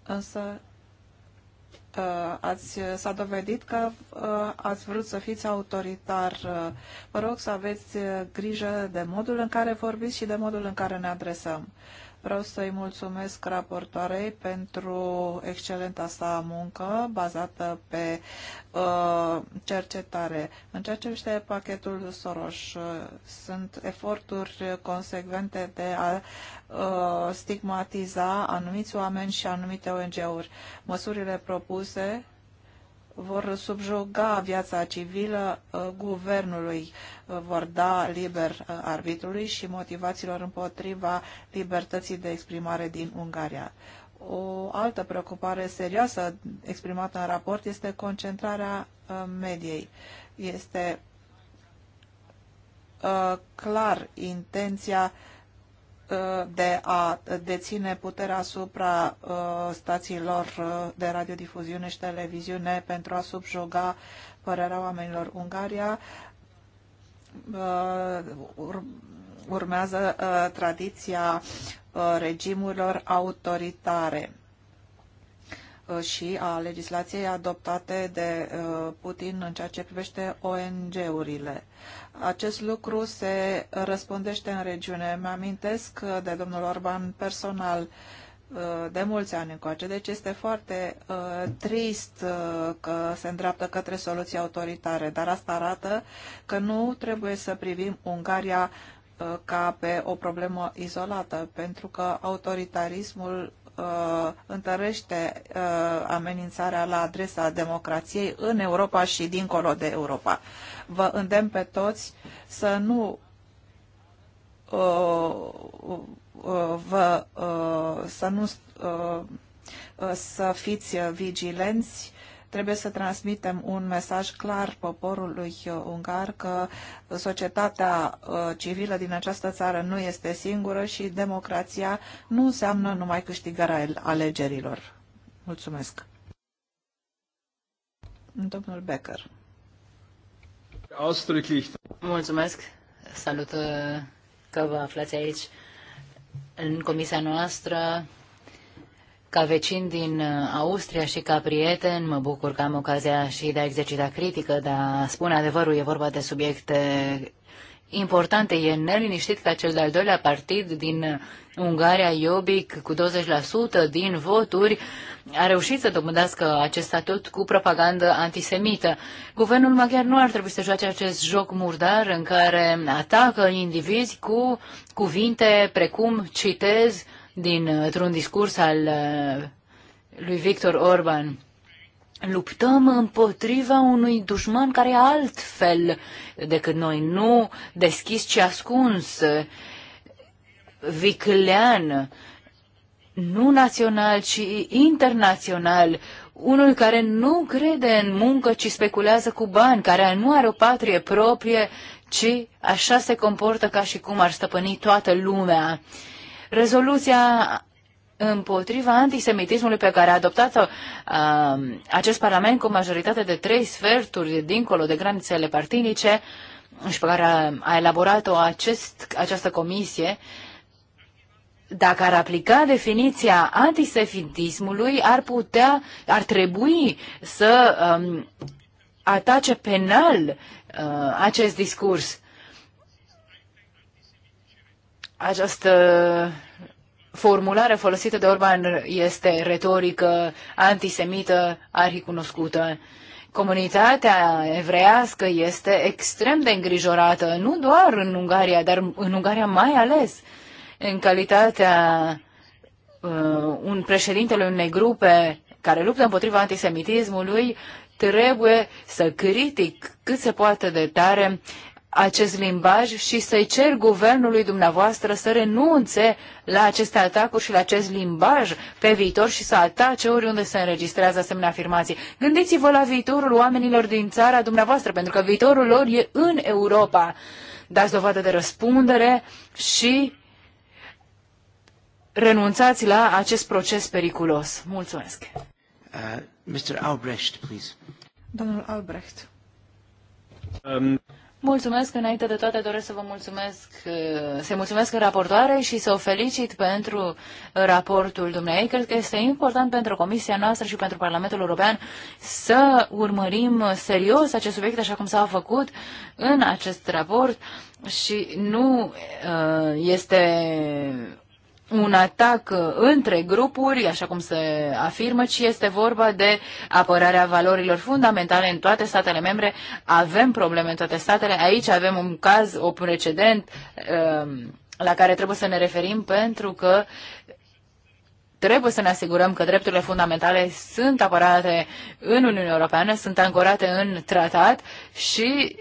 D: Însă uh, ați, s-a dovedit că uh, ați vrut să fiți autoritar. Vă rog să aveți grijă de modul în care vorbiți și de modul în care ne adresăm. Vreau să-i mulțumesc raportoarei pentru excelenta sa muncă bazată pe uh, cercetare. În ceea ce este pachetul Soros, uh, sunt eforturi consecvente de a uh, stigmatiza anumiți oameni și anumite ONG-uri. Măsurile propuse vor subjuga viața civilă uh, guvernului, uh, vor da liber uh, arbitrului și motivațiilor împotriva libertății de exprimare din Ungaria. O altă preocupare serioasă exprimată în raport este concentrarea mediei. Este clar intenția uh, Uh, de a deține puterea asupra uh, stațiilor uh, de radiodifuziune și televiziune pentru a subjuga părerea oamenilor. Ungaria urmează tradiția regimurilor autoritare și a legislației adoptate de Putin în ceea ce privește ONG-urile. Acest lucru se răspundește în regiune. Mă amintesc de domnul Orban personal uh, de mulți ani încoace. Deci este foarte uh, trist uh, că se îndreaptă către soluții autoritare, dar asta arată că nu trebuie să privim Ungaria ca pe o problemă izolată, pentru că autoritarismul Uh, întărește uh, amenințarea la adresa democrației în Europa și dincolo de Europa. Vă îndemn pe toți să nu uh, vă, să nu să fiți vigilenți Trebuie să transmitem un mesaj clar poporului uh, ungar că societatea uh, civilă din această țară nu este singură și democrația nu înseamnă numai câștigarea alegerilor. Mulțumesc. Domnul Becker.
C: Mulțumesc. Salut uh, că vă aflați aici în comisia noastră ca vecin din uh, Austria și ca prieten, mă bucur că am ocazia și de a exercita critică, de a spune adevărul, e vorba de subiecte importante. E neliniștit ca cel de-al doilea partid din uh, Ungaria, Iobic, cu 20% din voturi, a reușit să dobândească acest statut cu propagandă antisemită. Guvernul maghiar nu ar trebui să joace acest joc murdar în care atacă indivizi cu cuvinte precum, citez, din uh, un discurs al uh, lui Victor Orban. Luptăm împotriva unui dușman care e altfel decât noi, nu deschis, ci ascuns, viclean, nu național, ci internațional, unul care nu crede în muncă, ci speculează cu bani, care nu are o patrie proprie, ci așa se comportă ca și cum ar stăpâni toată lumea. Uh, Rezoluția împotriva antisemitismului pe care a adoptat-o uh, acest Parlament cu majoritate de trei sferturi dincolo de granițele partinice și pe care a, a elaborat-o această comisie, dacă ar aplica definiția antisemitismului, ar putea, ar trebui să um, atace penal uh, acest discurs. Această formulare folosită de Orban este retorică antisemită, arhicunoscută. Comunitatea evreiască este extrem de îngrijorată, nu doar în Ungaria, dar în Ungaria mai ales, în calitatea uh, un președintele unei grupe care luptă împotriva antisemitismului, trebuie să critic cât se poate de tare acest limbaj și să-i cer guvernului dumneavoastră să renunțe la aceste atacuri și la acest limbaj pe viitor și să atace oriunde se înregistrează asemenea afirmații. Gândiți-vă la viitorul oamenilor din țara dumneavoastră, pentru că viitorul lor e în Europa. Dați dovadă de răspundere și renunțați la acest proces periculos. Mulțumesc.
B: Uh, Mr. Albrecht, please.
C: Domnul Albrecht. Um... Mulțumesc, înainte de toate doresc să vă mulțumesc, uh, să mulțumesc raportoare și să o felicit pentru raportul dumneavoastră. Cred că este important pentru Comisia noastră și pentru Parlamentul European să urmărim serios acest subiect, așa cum s-a făcut în acest raport și nu uh, este un atac între grupuri, așa cum se afirmă, ci este vorba de apărarea valorilor fundamentale în toate statele membre. Avem probleme în toate statele. Aici avem un caz, o precedent um, la care trebuie să ne referim pentru că trebuie să ne asigurăm că drepturile fundamentale sunt apărate în Uniunea Europeană, sunt ancorate în tratat și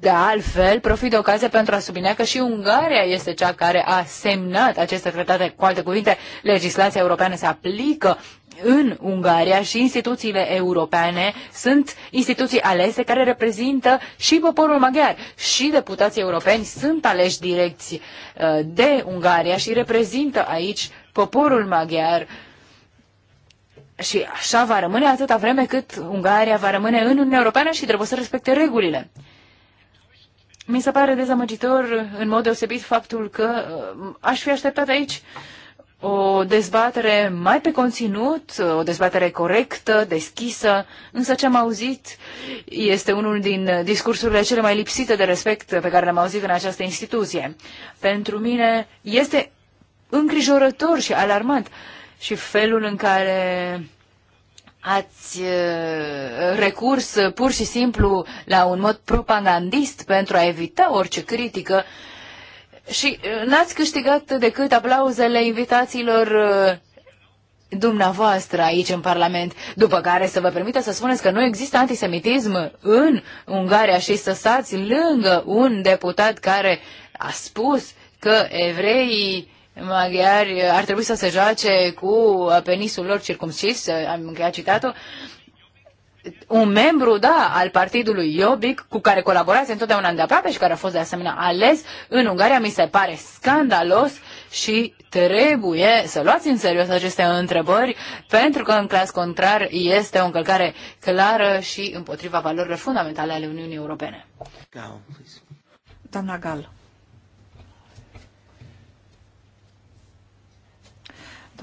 C: de altfel, profit de ocazie pentru a sublinia că și Ungaria este cea care a semnat aceste tratate. Cu alte cuvinte, legislația europeană se aplică în Ungaria și instituțiile europene sunt instituții alese care reprezintă și poporul maghiar. Și deputații europeni sunt aleși direcții uh, de Ungaria și reprezintă aici poporul maghiar. Și așa va rămâne atâta vreme cât Ungaria va rămâne în Uniunea Europeană și trebuie să respecte regulile. Mi se pare dezamăgitor în mod deosebit faptul că uh, aș fi așteptat aici o dezbatere mai pe conținut, o dezbatere corectă, deschisă, însă ce am auzit este unul din discursurile cele mai lipsite de respect pe care le-am auzit în această instituție. Pentru mine este îngrijorător și alarmant și felul în care ați uh, recurs uh, pur și simplu la un mod propagandist pentru a evita orice critică și uh, n-ați câștigat decât aplauzele invitațiilor dumneavoastră aici în Parlament, după care să vă permită să spuneți că nu există antisemitism în Ungaria și să stați lângă un deputat care a spus că evreii maghiari ar trebui să se joace cu penisul lor circumcis, am încheiat citatul, un membru, da, al partidului Iobic, cu care colaborați întotdeauna aproape și care a fost de asemenea ales în Ungaria, mi se pare scandalos și trebuie să luați în serios aceste întrebări, pentru că, în clas contrar, este o încălcare clară și împotriva valorilor fundamentale ale Uniunii Europene.
D: Doamna Gal.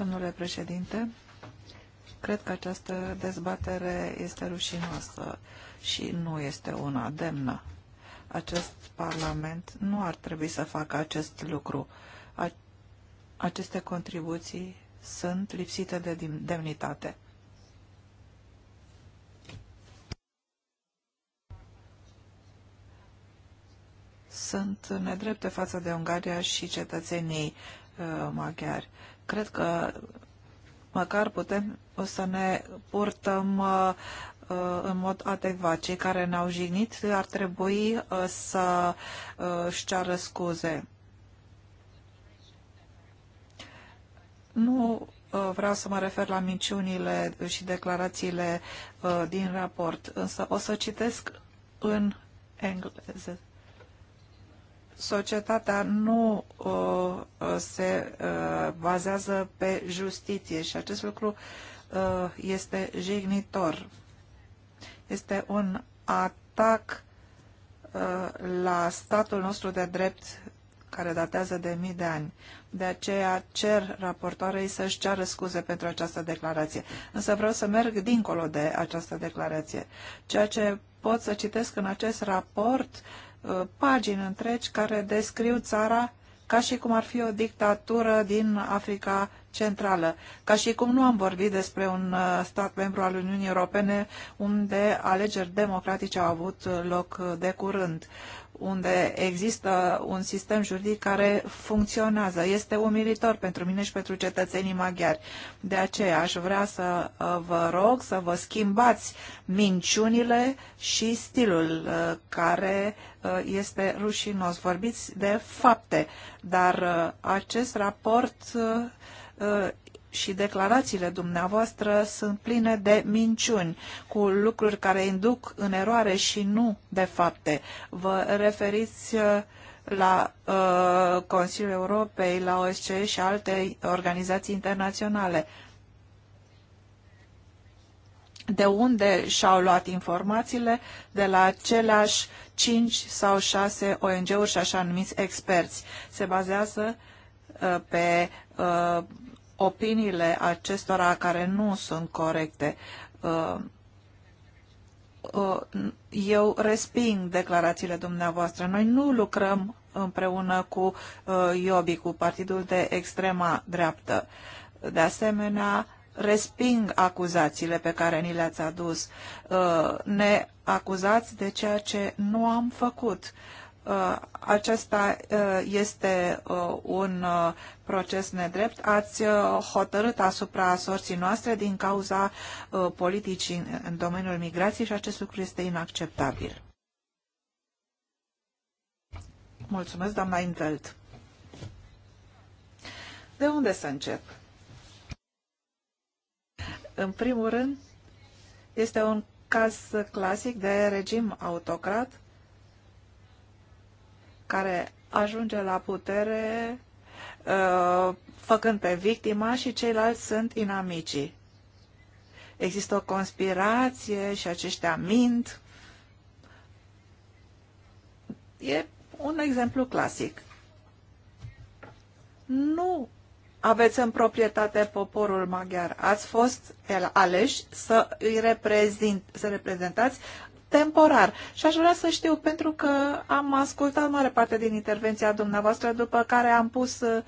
D: domnule președinte. Cred că această dezbatere este rușinoasă și nu este una demnă. Acest Parlament nu ar trebui să facă acest lucru. Aceste contribuții sunt lipsite de demnitate. Sunt nedrepte față de Ungaria și cetățenii uh, maghiari. Cred că măcar putem să ne purtăm uh, uh, în mod adecvat. Cei care ne-au jignit ar trebui uh, să își ceară scuze. Nu vreau să mă refer la minciunile și declarațiile din raport, însă o să citesc în engleză societatea nu uh, se uh, bazează pe justiție și acest lucru uh, este jignitor. Este un atac uh, la statul nostru de drept care datează de mii de ani. De aceea cer raportoarei să-și ceară scuze pentru această declarație. Însă vreau să merg dincolo de această declarație. Ceea ce pot să citesc în acest raport uh, Uh, pagini întregi care descriu țara ca și cum ar fi o dictatură din Africa Centrală, ca și cum nu am vorbit despre un uh, stat membru al Uniunii Europene unde alegeri democratice au avut loc uh, de curând unde există un sistem juridic care funcționează. Este umilitor pentru mine și pentru cetățenii maghiari. De aceea aș vrea să uh, vă rog să vă schimbați minciunile și stilul uh, care uh, este rușinos. Vorbiți de fapte, dar acest raport și declarațiile dumneavoastră sunt pline de minciuni, cu lucruri care induc în eroare și nu de fapte. Vă referiți uh, la uh, Consiliul Europei, la OSCE și alte organizații internaționale. De unde și-au luat informațiile? De la aceleași 5 sau 6 ONG-uri și așa numiți experți. Se bazează uh, pe uh, opiniile acestora care nu sunt corecte. Uh, uh, eu resping declarațiile dumneavoastră. Noi nu lucrăm împreună cu uh, Iobi, cu partidul de extrema dreaptă. De asemenea, resping acuzațiile pe care ni le-ați adus. Ne acuzați de ceea ce nu am făcut. Uh, acesta uh, este uh, un proces nedrept. Ați hotărât asupra sorții noastre din cauza politicii în domeniul migrației și acest lucru este inacceptabil. Mulțumesc, doamna Intelt. De unde să încep? În primul rând, este un caz clasic de regim autocrat care ajunge la putere uh, făcând pe victima și ceilalți sunt inamicii. Există o conspirație și aceștia mint. E un exemplu clasic. Nu aveți în proprietate poporul maghiar. Ați fost aleși să îi reprezint, să reprezentați temporar. Și aș vrea să știu, pentru că am ascultat mare parte din intervenția dumneavoastră, după care am pus uh,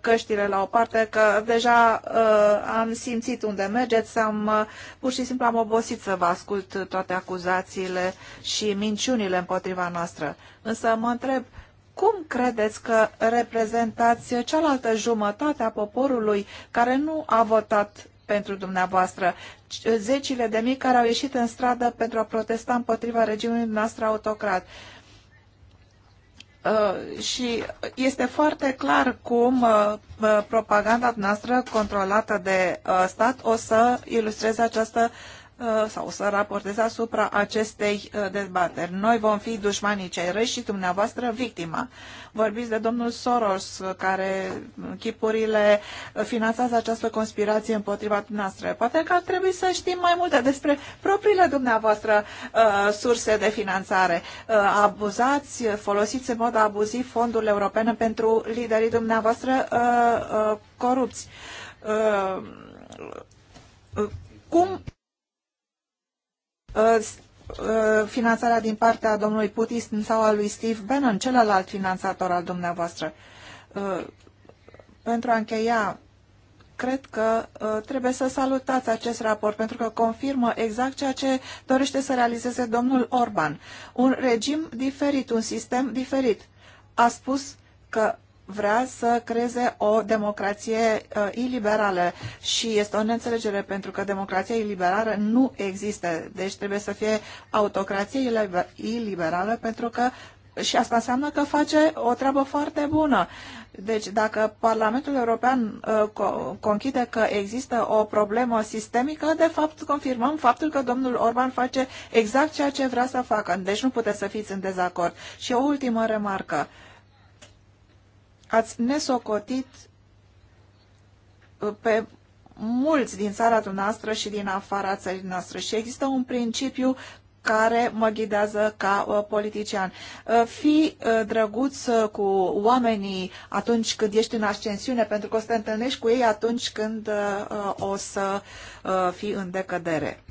D: căștile la o parte, că deja uh, am simțit unde mergeți, am, uh, pur și simplu am obosit să vă ascult toate acuzațiile și minciunile împotriva noastră. Însă mă întreb, cum credeți că reprezentați cealaltă jumătate a poporului care nu a votat pentru dumneavoastră. Zecile de mii care au ieșit în stradă pentru a protesta împotriva regimului noastră autocrat. Uh, și este foarte clar cum uh, uh propaganda noastră controlată de uh, stat o să ilustreze această Uh, sau să raportez asupra acestei uh, dezbateri. Noi vom fi dușmanii cei răi și dumneavoastră victima. Vorbiți de domnul Soros, uh, care chipurile finanțează această conspirație împotriva dumneavoastră. Poate că ar trebui să știm mai multe despre propriile dumneavoastră uh, surse de finanțare. Uh, abuzați, folosiți în mod abuziv fondurile europene pentru liderii dumneavoastră uh, uh, corupți. Uh, uh, cum Uh, uh, finanțarea din partea domnului Putin sau a lui Steve Bannon, celălalt finanțator al dumneavoastră. Uh, pentru a încheia, cred că trebuie să salutați acest raport, pentru că confirmă exact ceea ce dorește să realizeze domnul Orban. Un regim diferit, un sistem diferit. A spus că vrea să creeze o democrație uh, iliberală și este o neînțelegere pentru că democrația iliberală nu există. Deci trebuie să fie autocrație iliberală pentru că și asta înseamnă că face o treabă foarte bună. Deci dacă Parlamentul European uh, conchide că există o problemă sistemică, de fapt confirmăm faptul că domnul Orban face exact ceea ce vrea să facă. Deci nu puteți să fiți în dezacord. Și o ultimă remarcă. Uh, ați nesocotit uh, pe mulți din țara dumneavoastră și din afara țării noastre și există un principiu care mă ghidează ca uh, politician. Uh, fi uh, drăguț uh, cu oamenii atunci când ești în ascensiune, pentru că o să te întâlnești cu ei atunci când uh, uh o să uh, fii în decădere.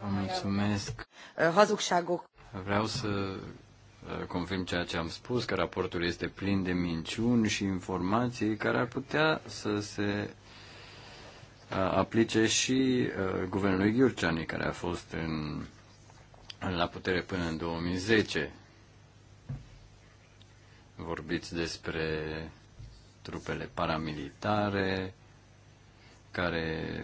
A: Vă mulțumesc.
C: Hazugságok.
A: Vreau să uh, confirm ceea ce am spus, că raportul este plin de minciuni și informații care ar putea să se uh, aplice și uh, guvernului Ghiurciani, care a fost în, la putere până în 2010. Vorbiți despre trupele paramilitare care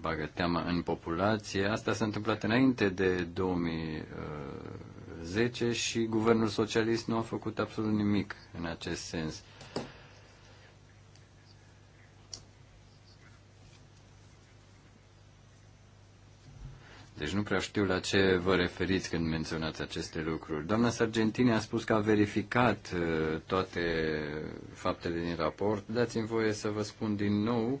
A: bagă teama în populație. Asta s-a întâmplat înainte de 2010 uh, și guvernul socialist nu a făcut absolut nimic în acest sens. Deci nu prea știu la ce vă referiți când menționați aceste lucruri. Doamna Sargentini a spus că a verificat uh, toate faptele din raport. Dați-mi voie să vă spun din nou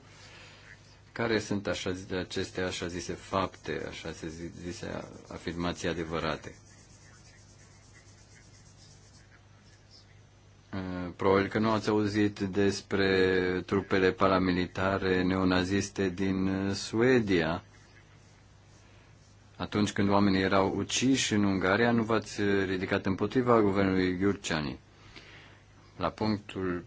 A: care sunt așa, zise aceste așa zise fapte, așa zise afirmații adevărate. Eh, probabil că nu ați auzit despre trupele paramilitare neonaziste din eh, Suedia. Atunci când oamenii erau uciși în Ungaria, nu v-ați eh, ridicat împotriva guvernului Iurceanii. La punctul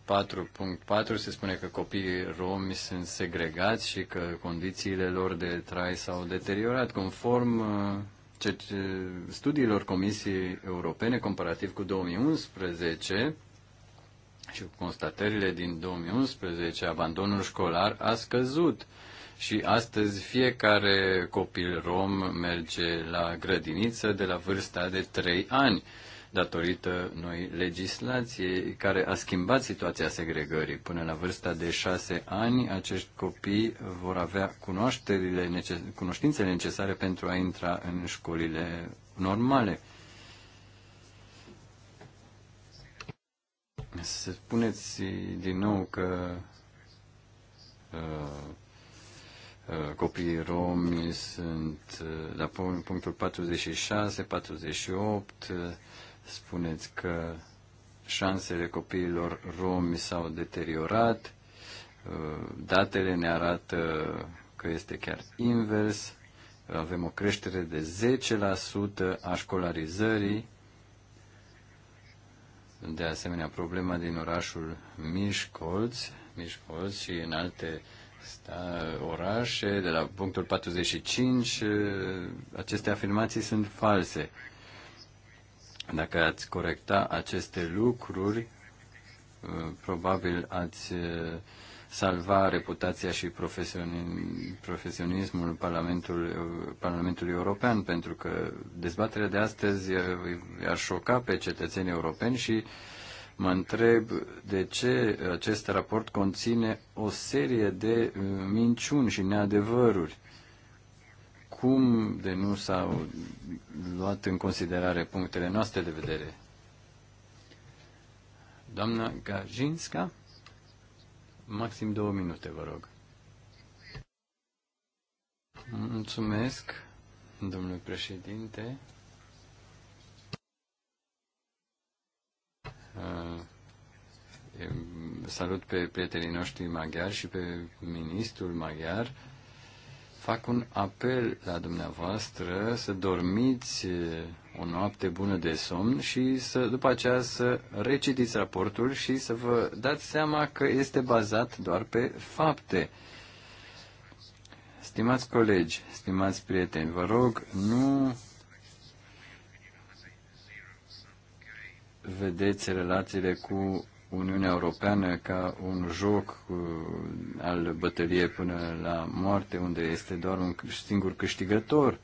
A: 4.4 se spune că copiii romi sunt segregați și că condițiile lor de trai s-au deteriorat conform uh, studiilor Comisiei Europene comparativ cu 2011 și constatările din 2011, abandonul școlar a scăzut și astăzi fiecare copil rom merge la grădiniță de la vârsta de 3 ani datorită noi legislației care a schimbat situația segregării. Până la vârsta de șase ani, acești copii vor avea cunoașterile, cunoștințele necesare pentru a intra în școlile normale. Să spuneți din nou că uh, uh copiii romi sunt uh, la punctul 46, 48, spuneți că șansele copiilor romi s-au deteriorat, uh, datele ne arată că este chiar invers, avem o creștere de 10% a școlarizării, de asemenea problema din orașul Mișcolț, Mișcolț și în alte sta, orașe, de la punctul 45, uh, aceste afirmații sunt false. Dacă ați corecta aceste lucruri, uh, probabil ați uh, salva reputația și profesionismul Parlamentului, uh, Parlamentului European, pentru că dezbaterea de astăzi ar șoca pe cetățenii europeni și mă întreb de ce acest raport conține o serie de minciuni și neadevăruri cum de nu s-au luat în considerare punctele noastre de vedere. Doamna Gajinska, maxim două minute, vă rog. Mulțumesc, domnule președinte. Salut pe prietenii noștri maghiari și pe ministrul maghiar fac un apel la dumneavoastră să dormiți o noapte bună de somn și să, după aceea să recitiți raportul și să vă dați seama că este bazat doar pe fapte. Stimați colegi, stimați prieteni, vă rog, nu vedeți relațiile cu Uniunea Europeană ca un joc uh, al bătăliei până la moarte, unde este doar un singur câștigător.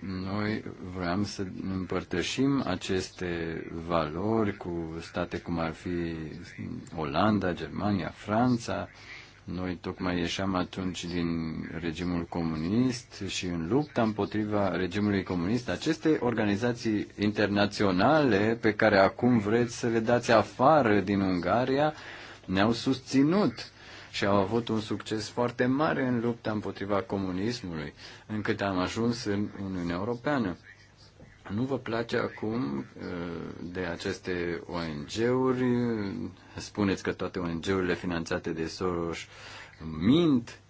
A: Noi vrem să împărtășim aceste valori cu state cum ar fi Olanda, Germania, Franța, noi tocmai ieșeam atunci din regimul comunist și în lupta împotriva regimului comunist. Aceste organizații internaționale pe care acum vreți să le dați afară din Ungaria ne-au susținut și au avut un succes foarte mare în lupta împotriva comunismului, încât am ajuns în Uniunea Europeană nu vă place acum uh, de aceste ONG-uri? Spuneți că toate ONG-urile finanțate de Soros mint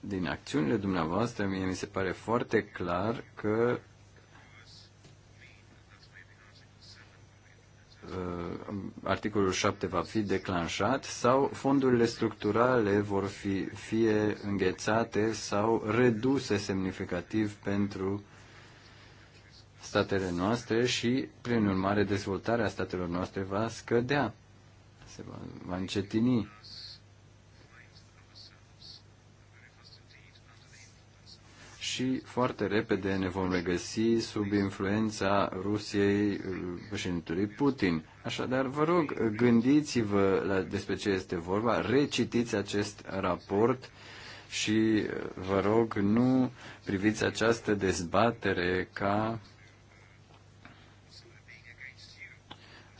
A: din acțiunile dumneavoastră, mie mi se pare foarte clar că Uh, articolul 7 va fi declanșat sau fondurile structurale vor fi fie înghețate sau reduse semnificativ pentru statele noastre și, prin urmare, dezvoltarea statelor noastre va scădea, se va, va încetini. și foarte repede ne vom regăsi sub influența Rusiei președintelui Putin. Așadar, vă rog, gândiți-vă la despre ce este vorba, recitiți acest raport și vă rog, nu priviți această dezbatere ca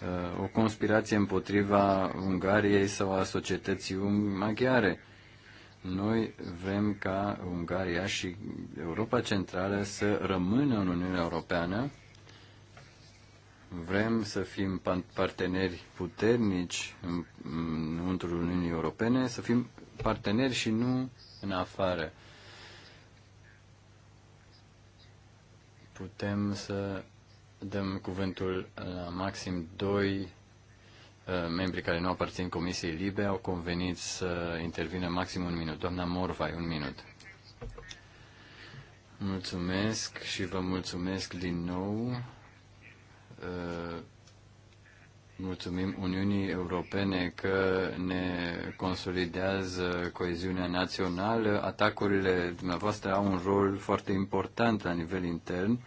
A: uh, o conspirație împotriva Ungariei sau a societății maghiare noi vrem ca Ungaria și Europa Centrală să rămână în Uniunea Europeană. Vrem să fim parteneri puternici în, într Uniunii Europene, să fim parteneri și nu în afară. Putem să dăm cuvântul la maxim 2 Uh, membrii care nu aparțin Comisiei Libe au convenit să intervină maxim un minut. Doamna Morvai, un minut. Mulțumesc și vă mulțumesc din nou. Uh, mulțumim Uniunii Europene că ne consolidează coeziunea națională. Atacurile dumneavoastră au un rol foarte important la nivel intern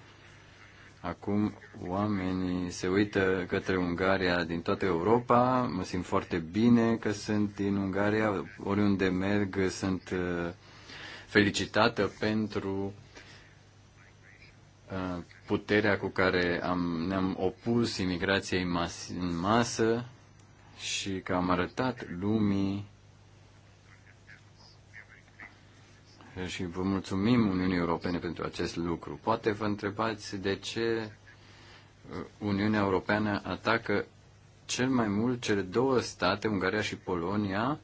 A: Acum oamenii se uită către Ungaria din toată Europa, mă simt foarte bine că sunt din Ungaria, oriunde merg sunt uh, felicitată pentru uh, puterea cu care am, ne-am opus imigrației mas- în masă și că am arătat lumii și vă mulțumim Uniunii Europene pentru acest lucru. Poate vă întrebați de ce uh, Uniunea Europeană atacă cel mai mult cele două state, Ungaria și Polonia,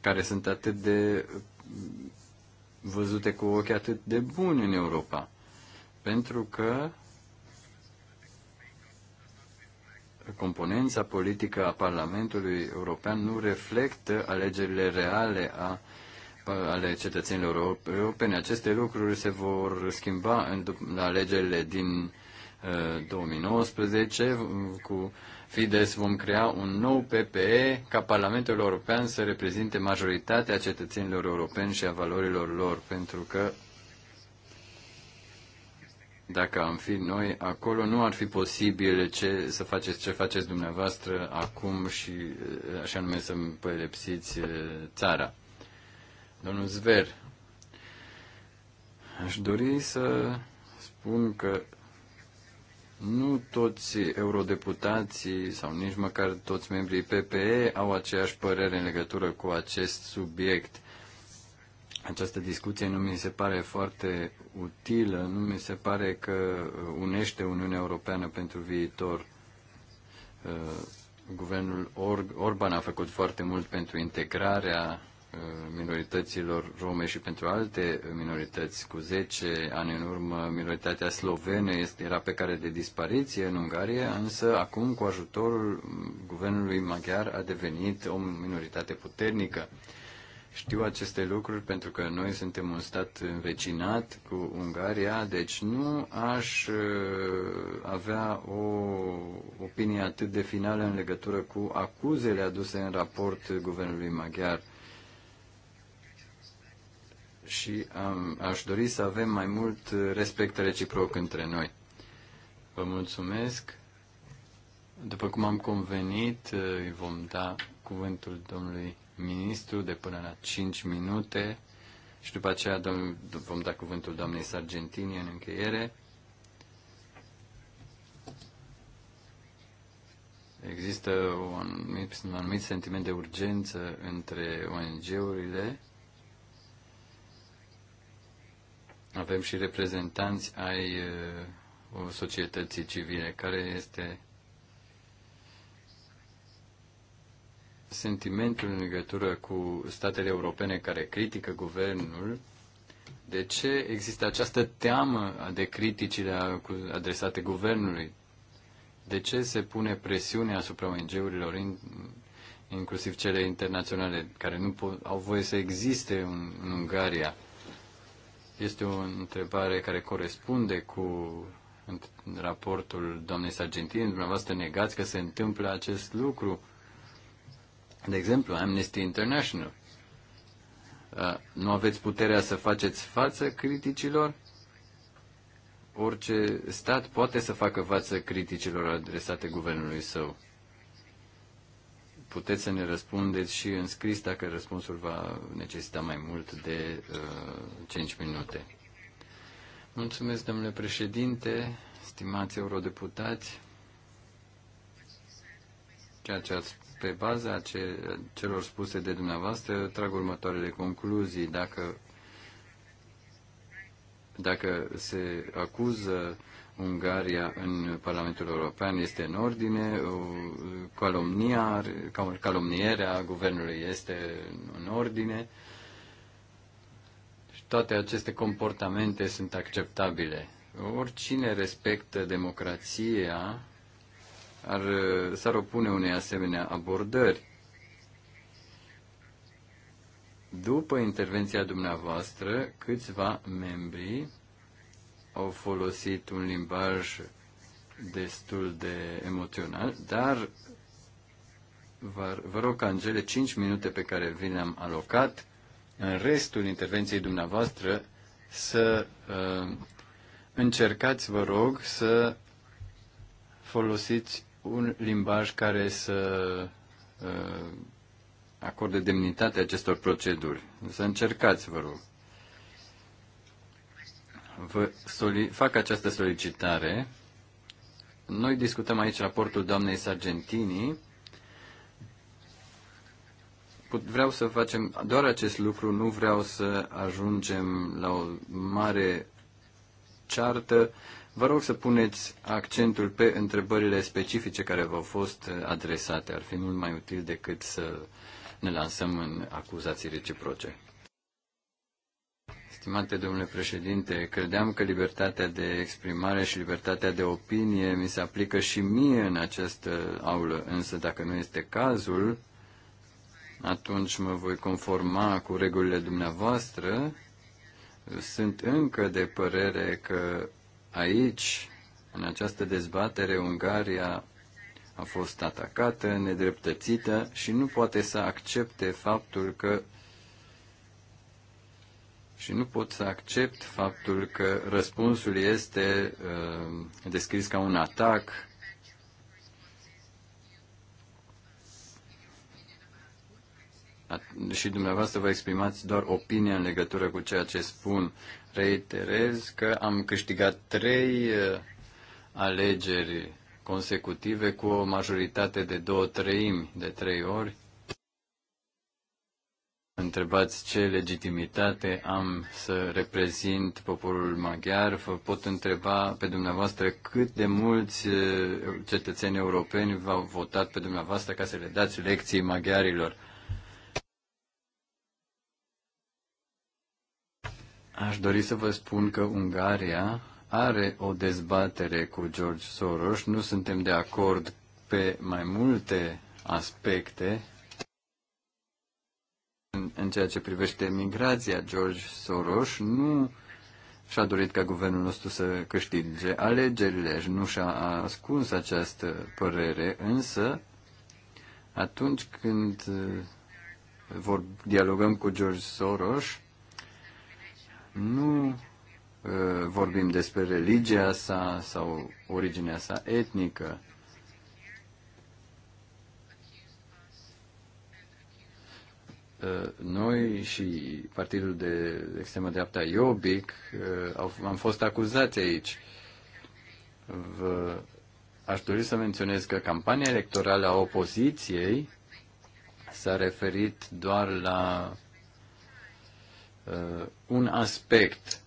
A: care sunt atât de uh, văzute cu ochi atât de buni în Europa. Pentru că componența politică a Parlamentului European nu reflectă alegerile reale a, ale cetățenilor europene. Aceste lucruri se vor schimba în, la alegerile din 2019 uh, cu Fides vom crea un nou PPE ca Parlamentul European să reprezinte majoritatea cetățenilor europeni și a valorilor lor, pentru că dacă am fi noi acolo, nu ar fi posibil ce, să faceți ce faceți dumneavoastră acum și uh, așa nume să părepsiți uh, țara. Domnul Zver, aș dori să spun că nu toți eurodeputații sau nici măcar toți membrii PPE au aceeași părere în legătură cu acest subiect. Această discuție nu mi se pare foarte utilă, nu mi se pare că unește Uniunea Europeană pentru viitor. Uh, guvernul Or- Orban a făcut foarte mult pentru integrarea uh, minorităților rome și pentru alte minorități. Cu 10 ani în urmă, minoritatea slovenă era pe care de dispariție în Ungaria, însă acum, cu ajutorul guvernului maghiar, a devenit o minoritate puternică. Știu aceste lucruri pentru că noi suntem un stat învecinat cu Ungaria, deci nu aș uh, avea o opinie atât de finală în legătură cu acuzele aduse în raport guvernului maghiar. Și am, aș dori să avem mai mult respect reciproc între noi. Vă mulțumesc. După cum am convenit, uh, îi vom da cuvântul domnului ministru de până la 5 minute și după aceea vom da cuvântul doamnei Sargentini în încheiere. Există un anumit, un anumit sentiment de urgență între ONG-urile. Avem și reprezentanți ai uh, societății civile. Care este sentimentul în legătură cu statele europene care critică guvernul, de ce există această teamă de criticile adresate guvernului? De ce se pune presiune asupra ONG-urilor, inclusiv cele internaționale, care nu au voie să existe în, în Ungaria? Este o întrebare care corespunde cu raportul doamnei Sargentini. Dumneavoastră negați că se întâmplă acest lucru de exemplu, Amnesty International. Nu aveți puterea să faceți față criticilor? Orice stat poate să facă față criticilor adresate guvernului său. Puteți să ne răspundeți și în scris dacă răspunsul va necesita mai mult de uh, 5 minute. Mulțumesc, domnule președinte, stimați eurodeputați. Ceea ce ați pe baza ce, celor spuse de dumneavoastră, trag următoarele concluzii. Dacă, dacă se acuză Ungaria în Parlamentul European este în ordine, calomnia, calomnierea guvernului este în ordine și toate aceste comportamente sunt acceptabile. Oricine respectă democrația ar, s-ar opune unei asemenea abordări. După intervenția dumneavoastră, câțiva membri au folosit un limbaj destul de emoțional, dar vă, vă rog ca în cele 5 minute pe care vi le-am alocat, în restul intervenției dumneavoastră, să uh, încercați, vă rog, să folosiți un limbaj care să uh, acorde demnitate acestor proceduri. Să încercați, vă rog. Vă fac această solicitare. Noi discutăm aici raportul doamnei Sargentini. Vreau să facem doar acest lucru, nu vreau să ajungem la o mare ceartă Vă rog să puneți accentul pe întrebările specifice care v-au fost uh, adresate. Ar fi mult mai util decât să ne lansăm în acuzații reciproce. Stimate domnule președinte, credeam că libertatea de exprimare și libertatea de opinie mi se aplică și mie în această aulă, însă dacă nu este cazul, atunci mă voi conforma cu regulile dumneavoastră. Sunt încă de părere că Aici, în această dezbatere, Ungaria a fost atacată, nedreptățită și nu poate să accepte faptul că și nu pot să accept faptul că răspunsul este uh, descris ca un atac. At- și dumneavoastră vă exprimați doar opinia în legătură cu ceea ce spun. Terez că am câștigat trei uh, alegeri consecutive cu o majoritate de două treimi, de trei ori. Întrebați ce legitimitate am să reprezint poporul maghiar. Vă pot întreba pe dumneavoastră cât de mulți uh, cetățeni europeni v-au votat pe dumneavoastră ca să le dați lecții maghiarilor. Aș dori să vă spun că Ungaria are o dezbatere cu George Soros. Nu suntem de acord pe mai multe aspecte în, în ceea ce privește migrația. George Soros nu și-a dorit ca guvernul nostru să câștige alegerile și nu și-a ascuns această părere, însă atunci când eh, vor, dialogăm cu George Soros, nu uh, vorbim despre religia sa sau originea sa etnică. Uh, noi și partidul de extremă dreapta Iobic uh, am fost acuzați aici. Vă aș dori să menționez că campania electorală a opoziției s-a referit doar la Uh, un aspect.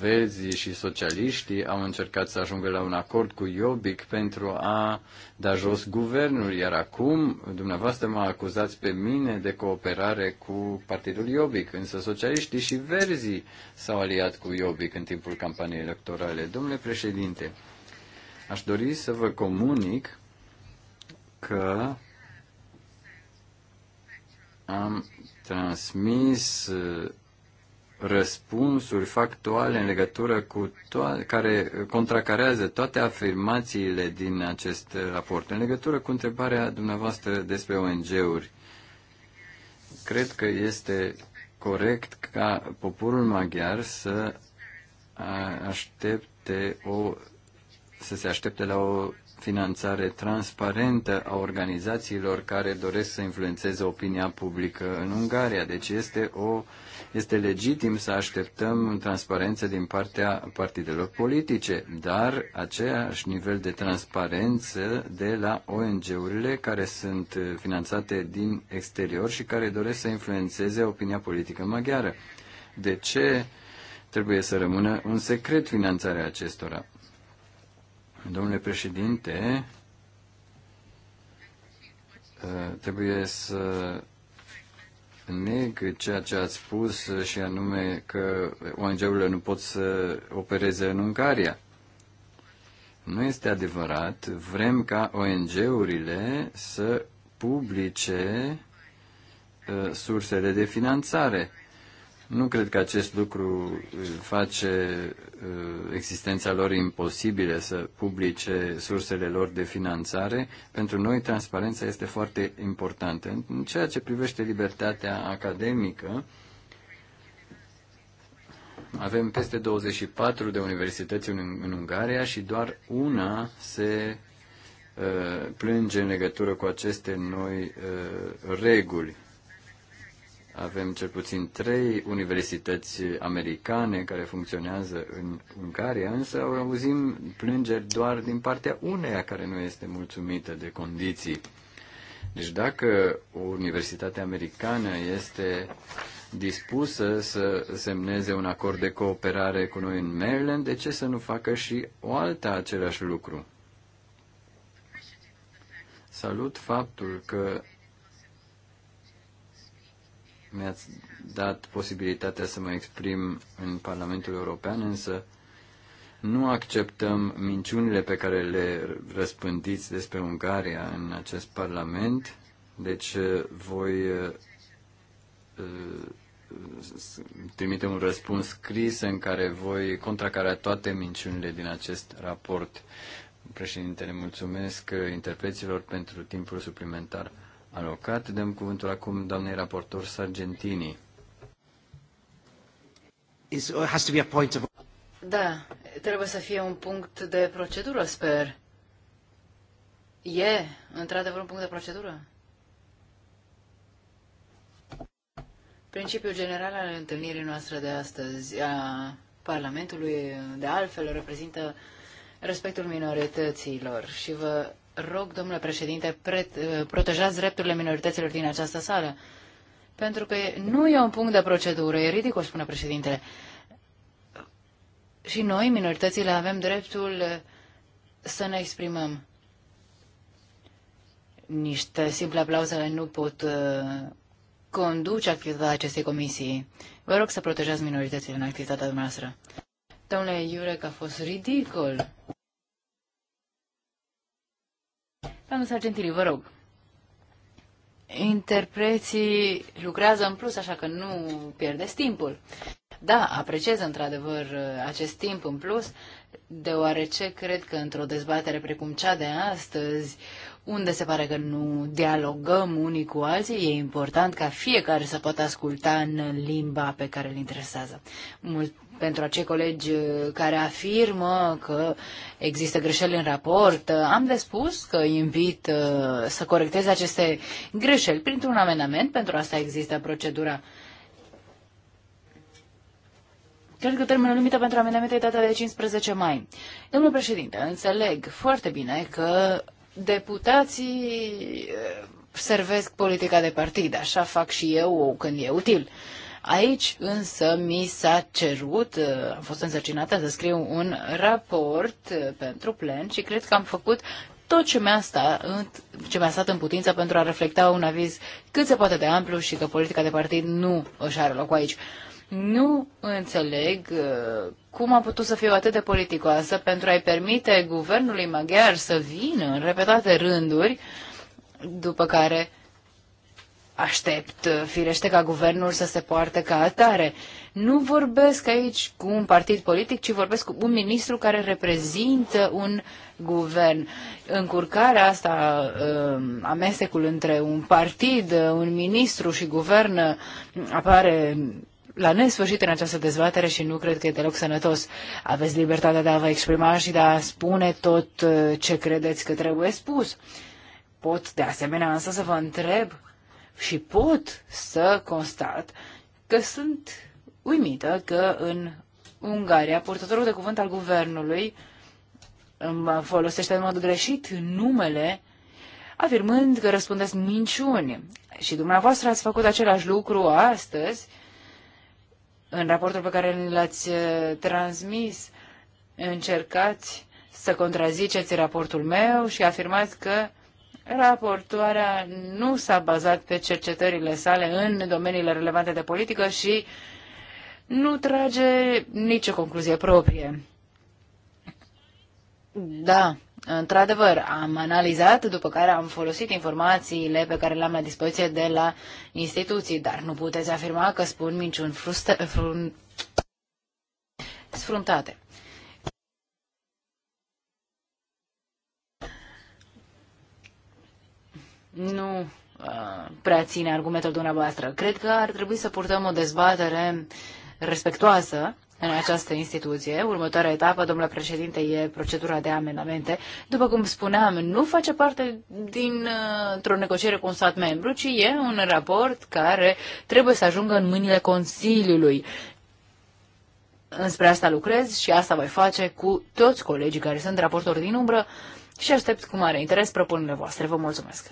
A: Verzii și socialiștii au încercat să ajungă la un acord cu Iobic pentru a da jos guvernul, iar acum dumneavoastră mă acuzați pe mine de cooperare cu partidul Iobic, însă socialiștii și verzii s-au aliat cu Iobic în timpul campaniei electorale. Domnule președinte, aș dori să vă comunic că am transmis uh, răspunsuri factuale în legătură cu toate, care contracarează toate afirmațiile din acest raport. În legătură cu întrebarea dumneavoastră despre ONG-uri, cred că este corect ca poporul maghiar să aștepte o să se aștepte la o finanțare transparentă a organizațiilor care doresc să influențeze opinia publică în Ungaria. Deci este, o, este legitim să așteptăm transparență din partea partidelor politice, dar aceeași nivel de transparență de la ONG-urile care sunt finanțate din exterior și care doresc să influențeze opinia politică maghiară. De ce trebuie să rămână un secret finanțarea acestora? Domnule președinte, uh, trebuie să neg ceea ce ați spus și anume că ONG-urile nu pot să opereze în Ungaria. Nu este adevărat. Vrem ca ONG-urile să publice uh, sursele de finanțare. Nu cred că acest lucru uh, face uh, existența lor imposibilă să publice sursele lor de finanțare. Pentru noi transparența este foarte importantă. În ceea ce privește libertatea academică, avem peste 24 de universități în, în Ungaria și doar una se uh, plânge în legătură cu aceste noi uh, reguli. Avem cel puțin trei universități americane care funcționează în Ungaria, însă auzim plângeri doar din partea uneia care nu este mulțumită de condiții. Deci dacă o universitate americană este dispusă să semneze un acord de cooperare cu noi în Maryland, de ce să nu facă și o alta același lucru? Salut faptul că mi-ați dat posibilitatea să mă exprim în Parlamentul European, însă nu acceptăm minciunile pe care le răspândiți despre Ungaria în acest Parlament, deci uh, voi uh, trimite un răspuns scris în care voi contracara toate minciunile din acest raport. Președintele, mulțumesc uh, interpreților pentru timpul suplimentar alocat. Dăm cuvântul acum doamnei raportor Sargentini. Uh,
C: da, trebuie să fie un punct de procedură, sper. E, într-adevăr, un punct de procedură? Principiul general al întâlnirii noastre de astăzi a Parlamentului, de altfel, reprezintă respectul minorităților și vă rog, domnule președinte, protejați drepturile minorităților din această sală. Pentru că nu e un punct de procedură, e ridicol, spune președintele. Și noi, minoritățile, avem dreptul să ne exprimăm. Niște simple aplauze nu pot uh, conduce activitatea acestei comisii. Vă rog să protejați minoritățile în activitatea noastră. Domnule Iurec, a fost ridicol. Domnul Sargentini, vă rog. Interpreții lucrează în plus, așa că nu pierdeți timpul. Da, apreciez într-adevăr uh, acest timp în plus, deoarece cred că într-o dezbatere precum cea de astăzi, uh, unde se pare că nu dialogăm unii cu alții, e important ca fiecare să poată asculta în limba pe care îl interesează. Mult pentru acei colegi uh, care afirmă că există greșeli în raport, uh, am de spus că invit uh, să corecteze aceste greșeli printr-un amendament, pentru asta există procedura Cred că termenul limită pentru amendamente e data de 15 mai. Domnul președinte, înțeleg foarte bine că deputații eh, servesc politica de partid, așa fac și eu când e util. Aici însă mi s-a cerut, eh, am fost însărcinată să scriu un raport eh, pentru plen și cred că am făcut tot ce mi-a stat, ce mi-a stat în putință pentru a reflecta un aviz cât se poate de amplu și că politica de partid nu își are loc aici. Nu înțeleg uh, cum a putut să fiu atât de politicoasă pentru a-i permite guvernului maghiar să vină în repetate rânduri, după care aștept, uh, firește, ca guvernul să se poarte ca atare. Nu vorbesc aici cu un partid politic, ci vorbesc cu un ministru care reprezintă un guvern. Încurcarea asta, um, amestecul între un partid, uh, un ministru și guvern apare la nesfârșit în această dezbatere și nu cred că e deloc sănătos. Aveți libertatea de a vă exprima și de a spune tot uh, ce credeți că trebuie spus. Pot de asemenea însă să vă întreb și pot să constat că sunt uimită că în Ungaria purtătorul de cuvânt al guvernului folosește în mod greșit numele afirmând că răspundeți minciuni. Și dumneavoastră ați făcut același lucru astăzi în raportul pe care l-ați eh, transmis, încercați să contraziceți raportul meu și afirmați că raportoarea nu s-a bazat pe cercetările sale în domeniile relevante de politică și nu trage nicio concluzie proprie. Da, Într-adevăr, am analizat, după care am folosit informațiile pe care le-am la dispoziție de la instituții, dar nu puteți afirma că spun minciuni sfruntate. Nu uh, prea ține argumentul dumneavoastră. Cred că ar trebui să purtăm o dezbatere respectoasă în această instituție. Următoarea etapă, domnule președinte, e procedura de amendamente. După cum spuneam, nu face parte dintr-o uh, negociere cu un stat membru, ci e un raport care trebuie să ajungă în mâinile Consiliului. Înspre asta lucrez și asta voi face cu toți colegii care sunt raportori din umbră și aștept cu mare interes propunerile voastre. Vă mulțumesc!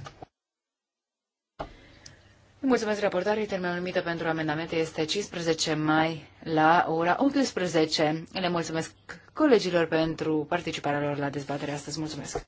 C: Mulțumesc raportoarei. Termenul limită pentru amendamente este 15 mai la ora 18. Le mulțumesc colegilor pentru participarea lor la dezbatere astăzi. Mulțumesc!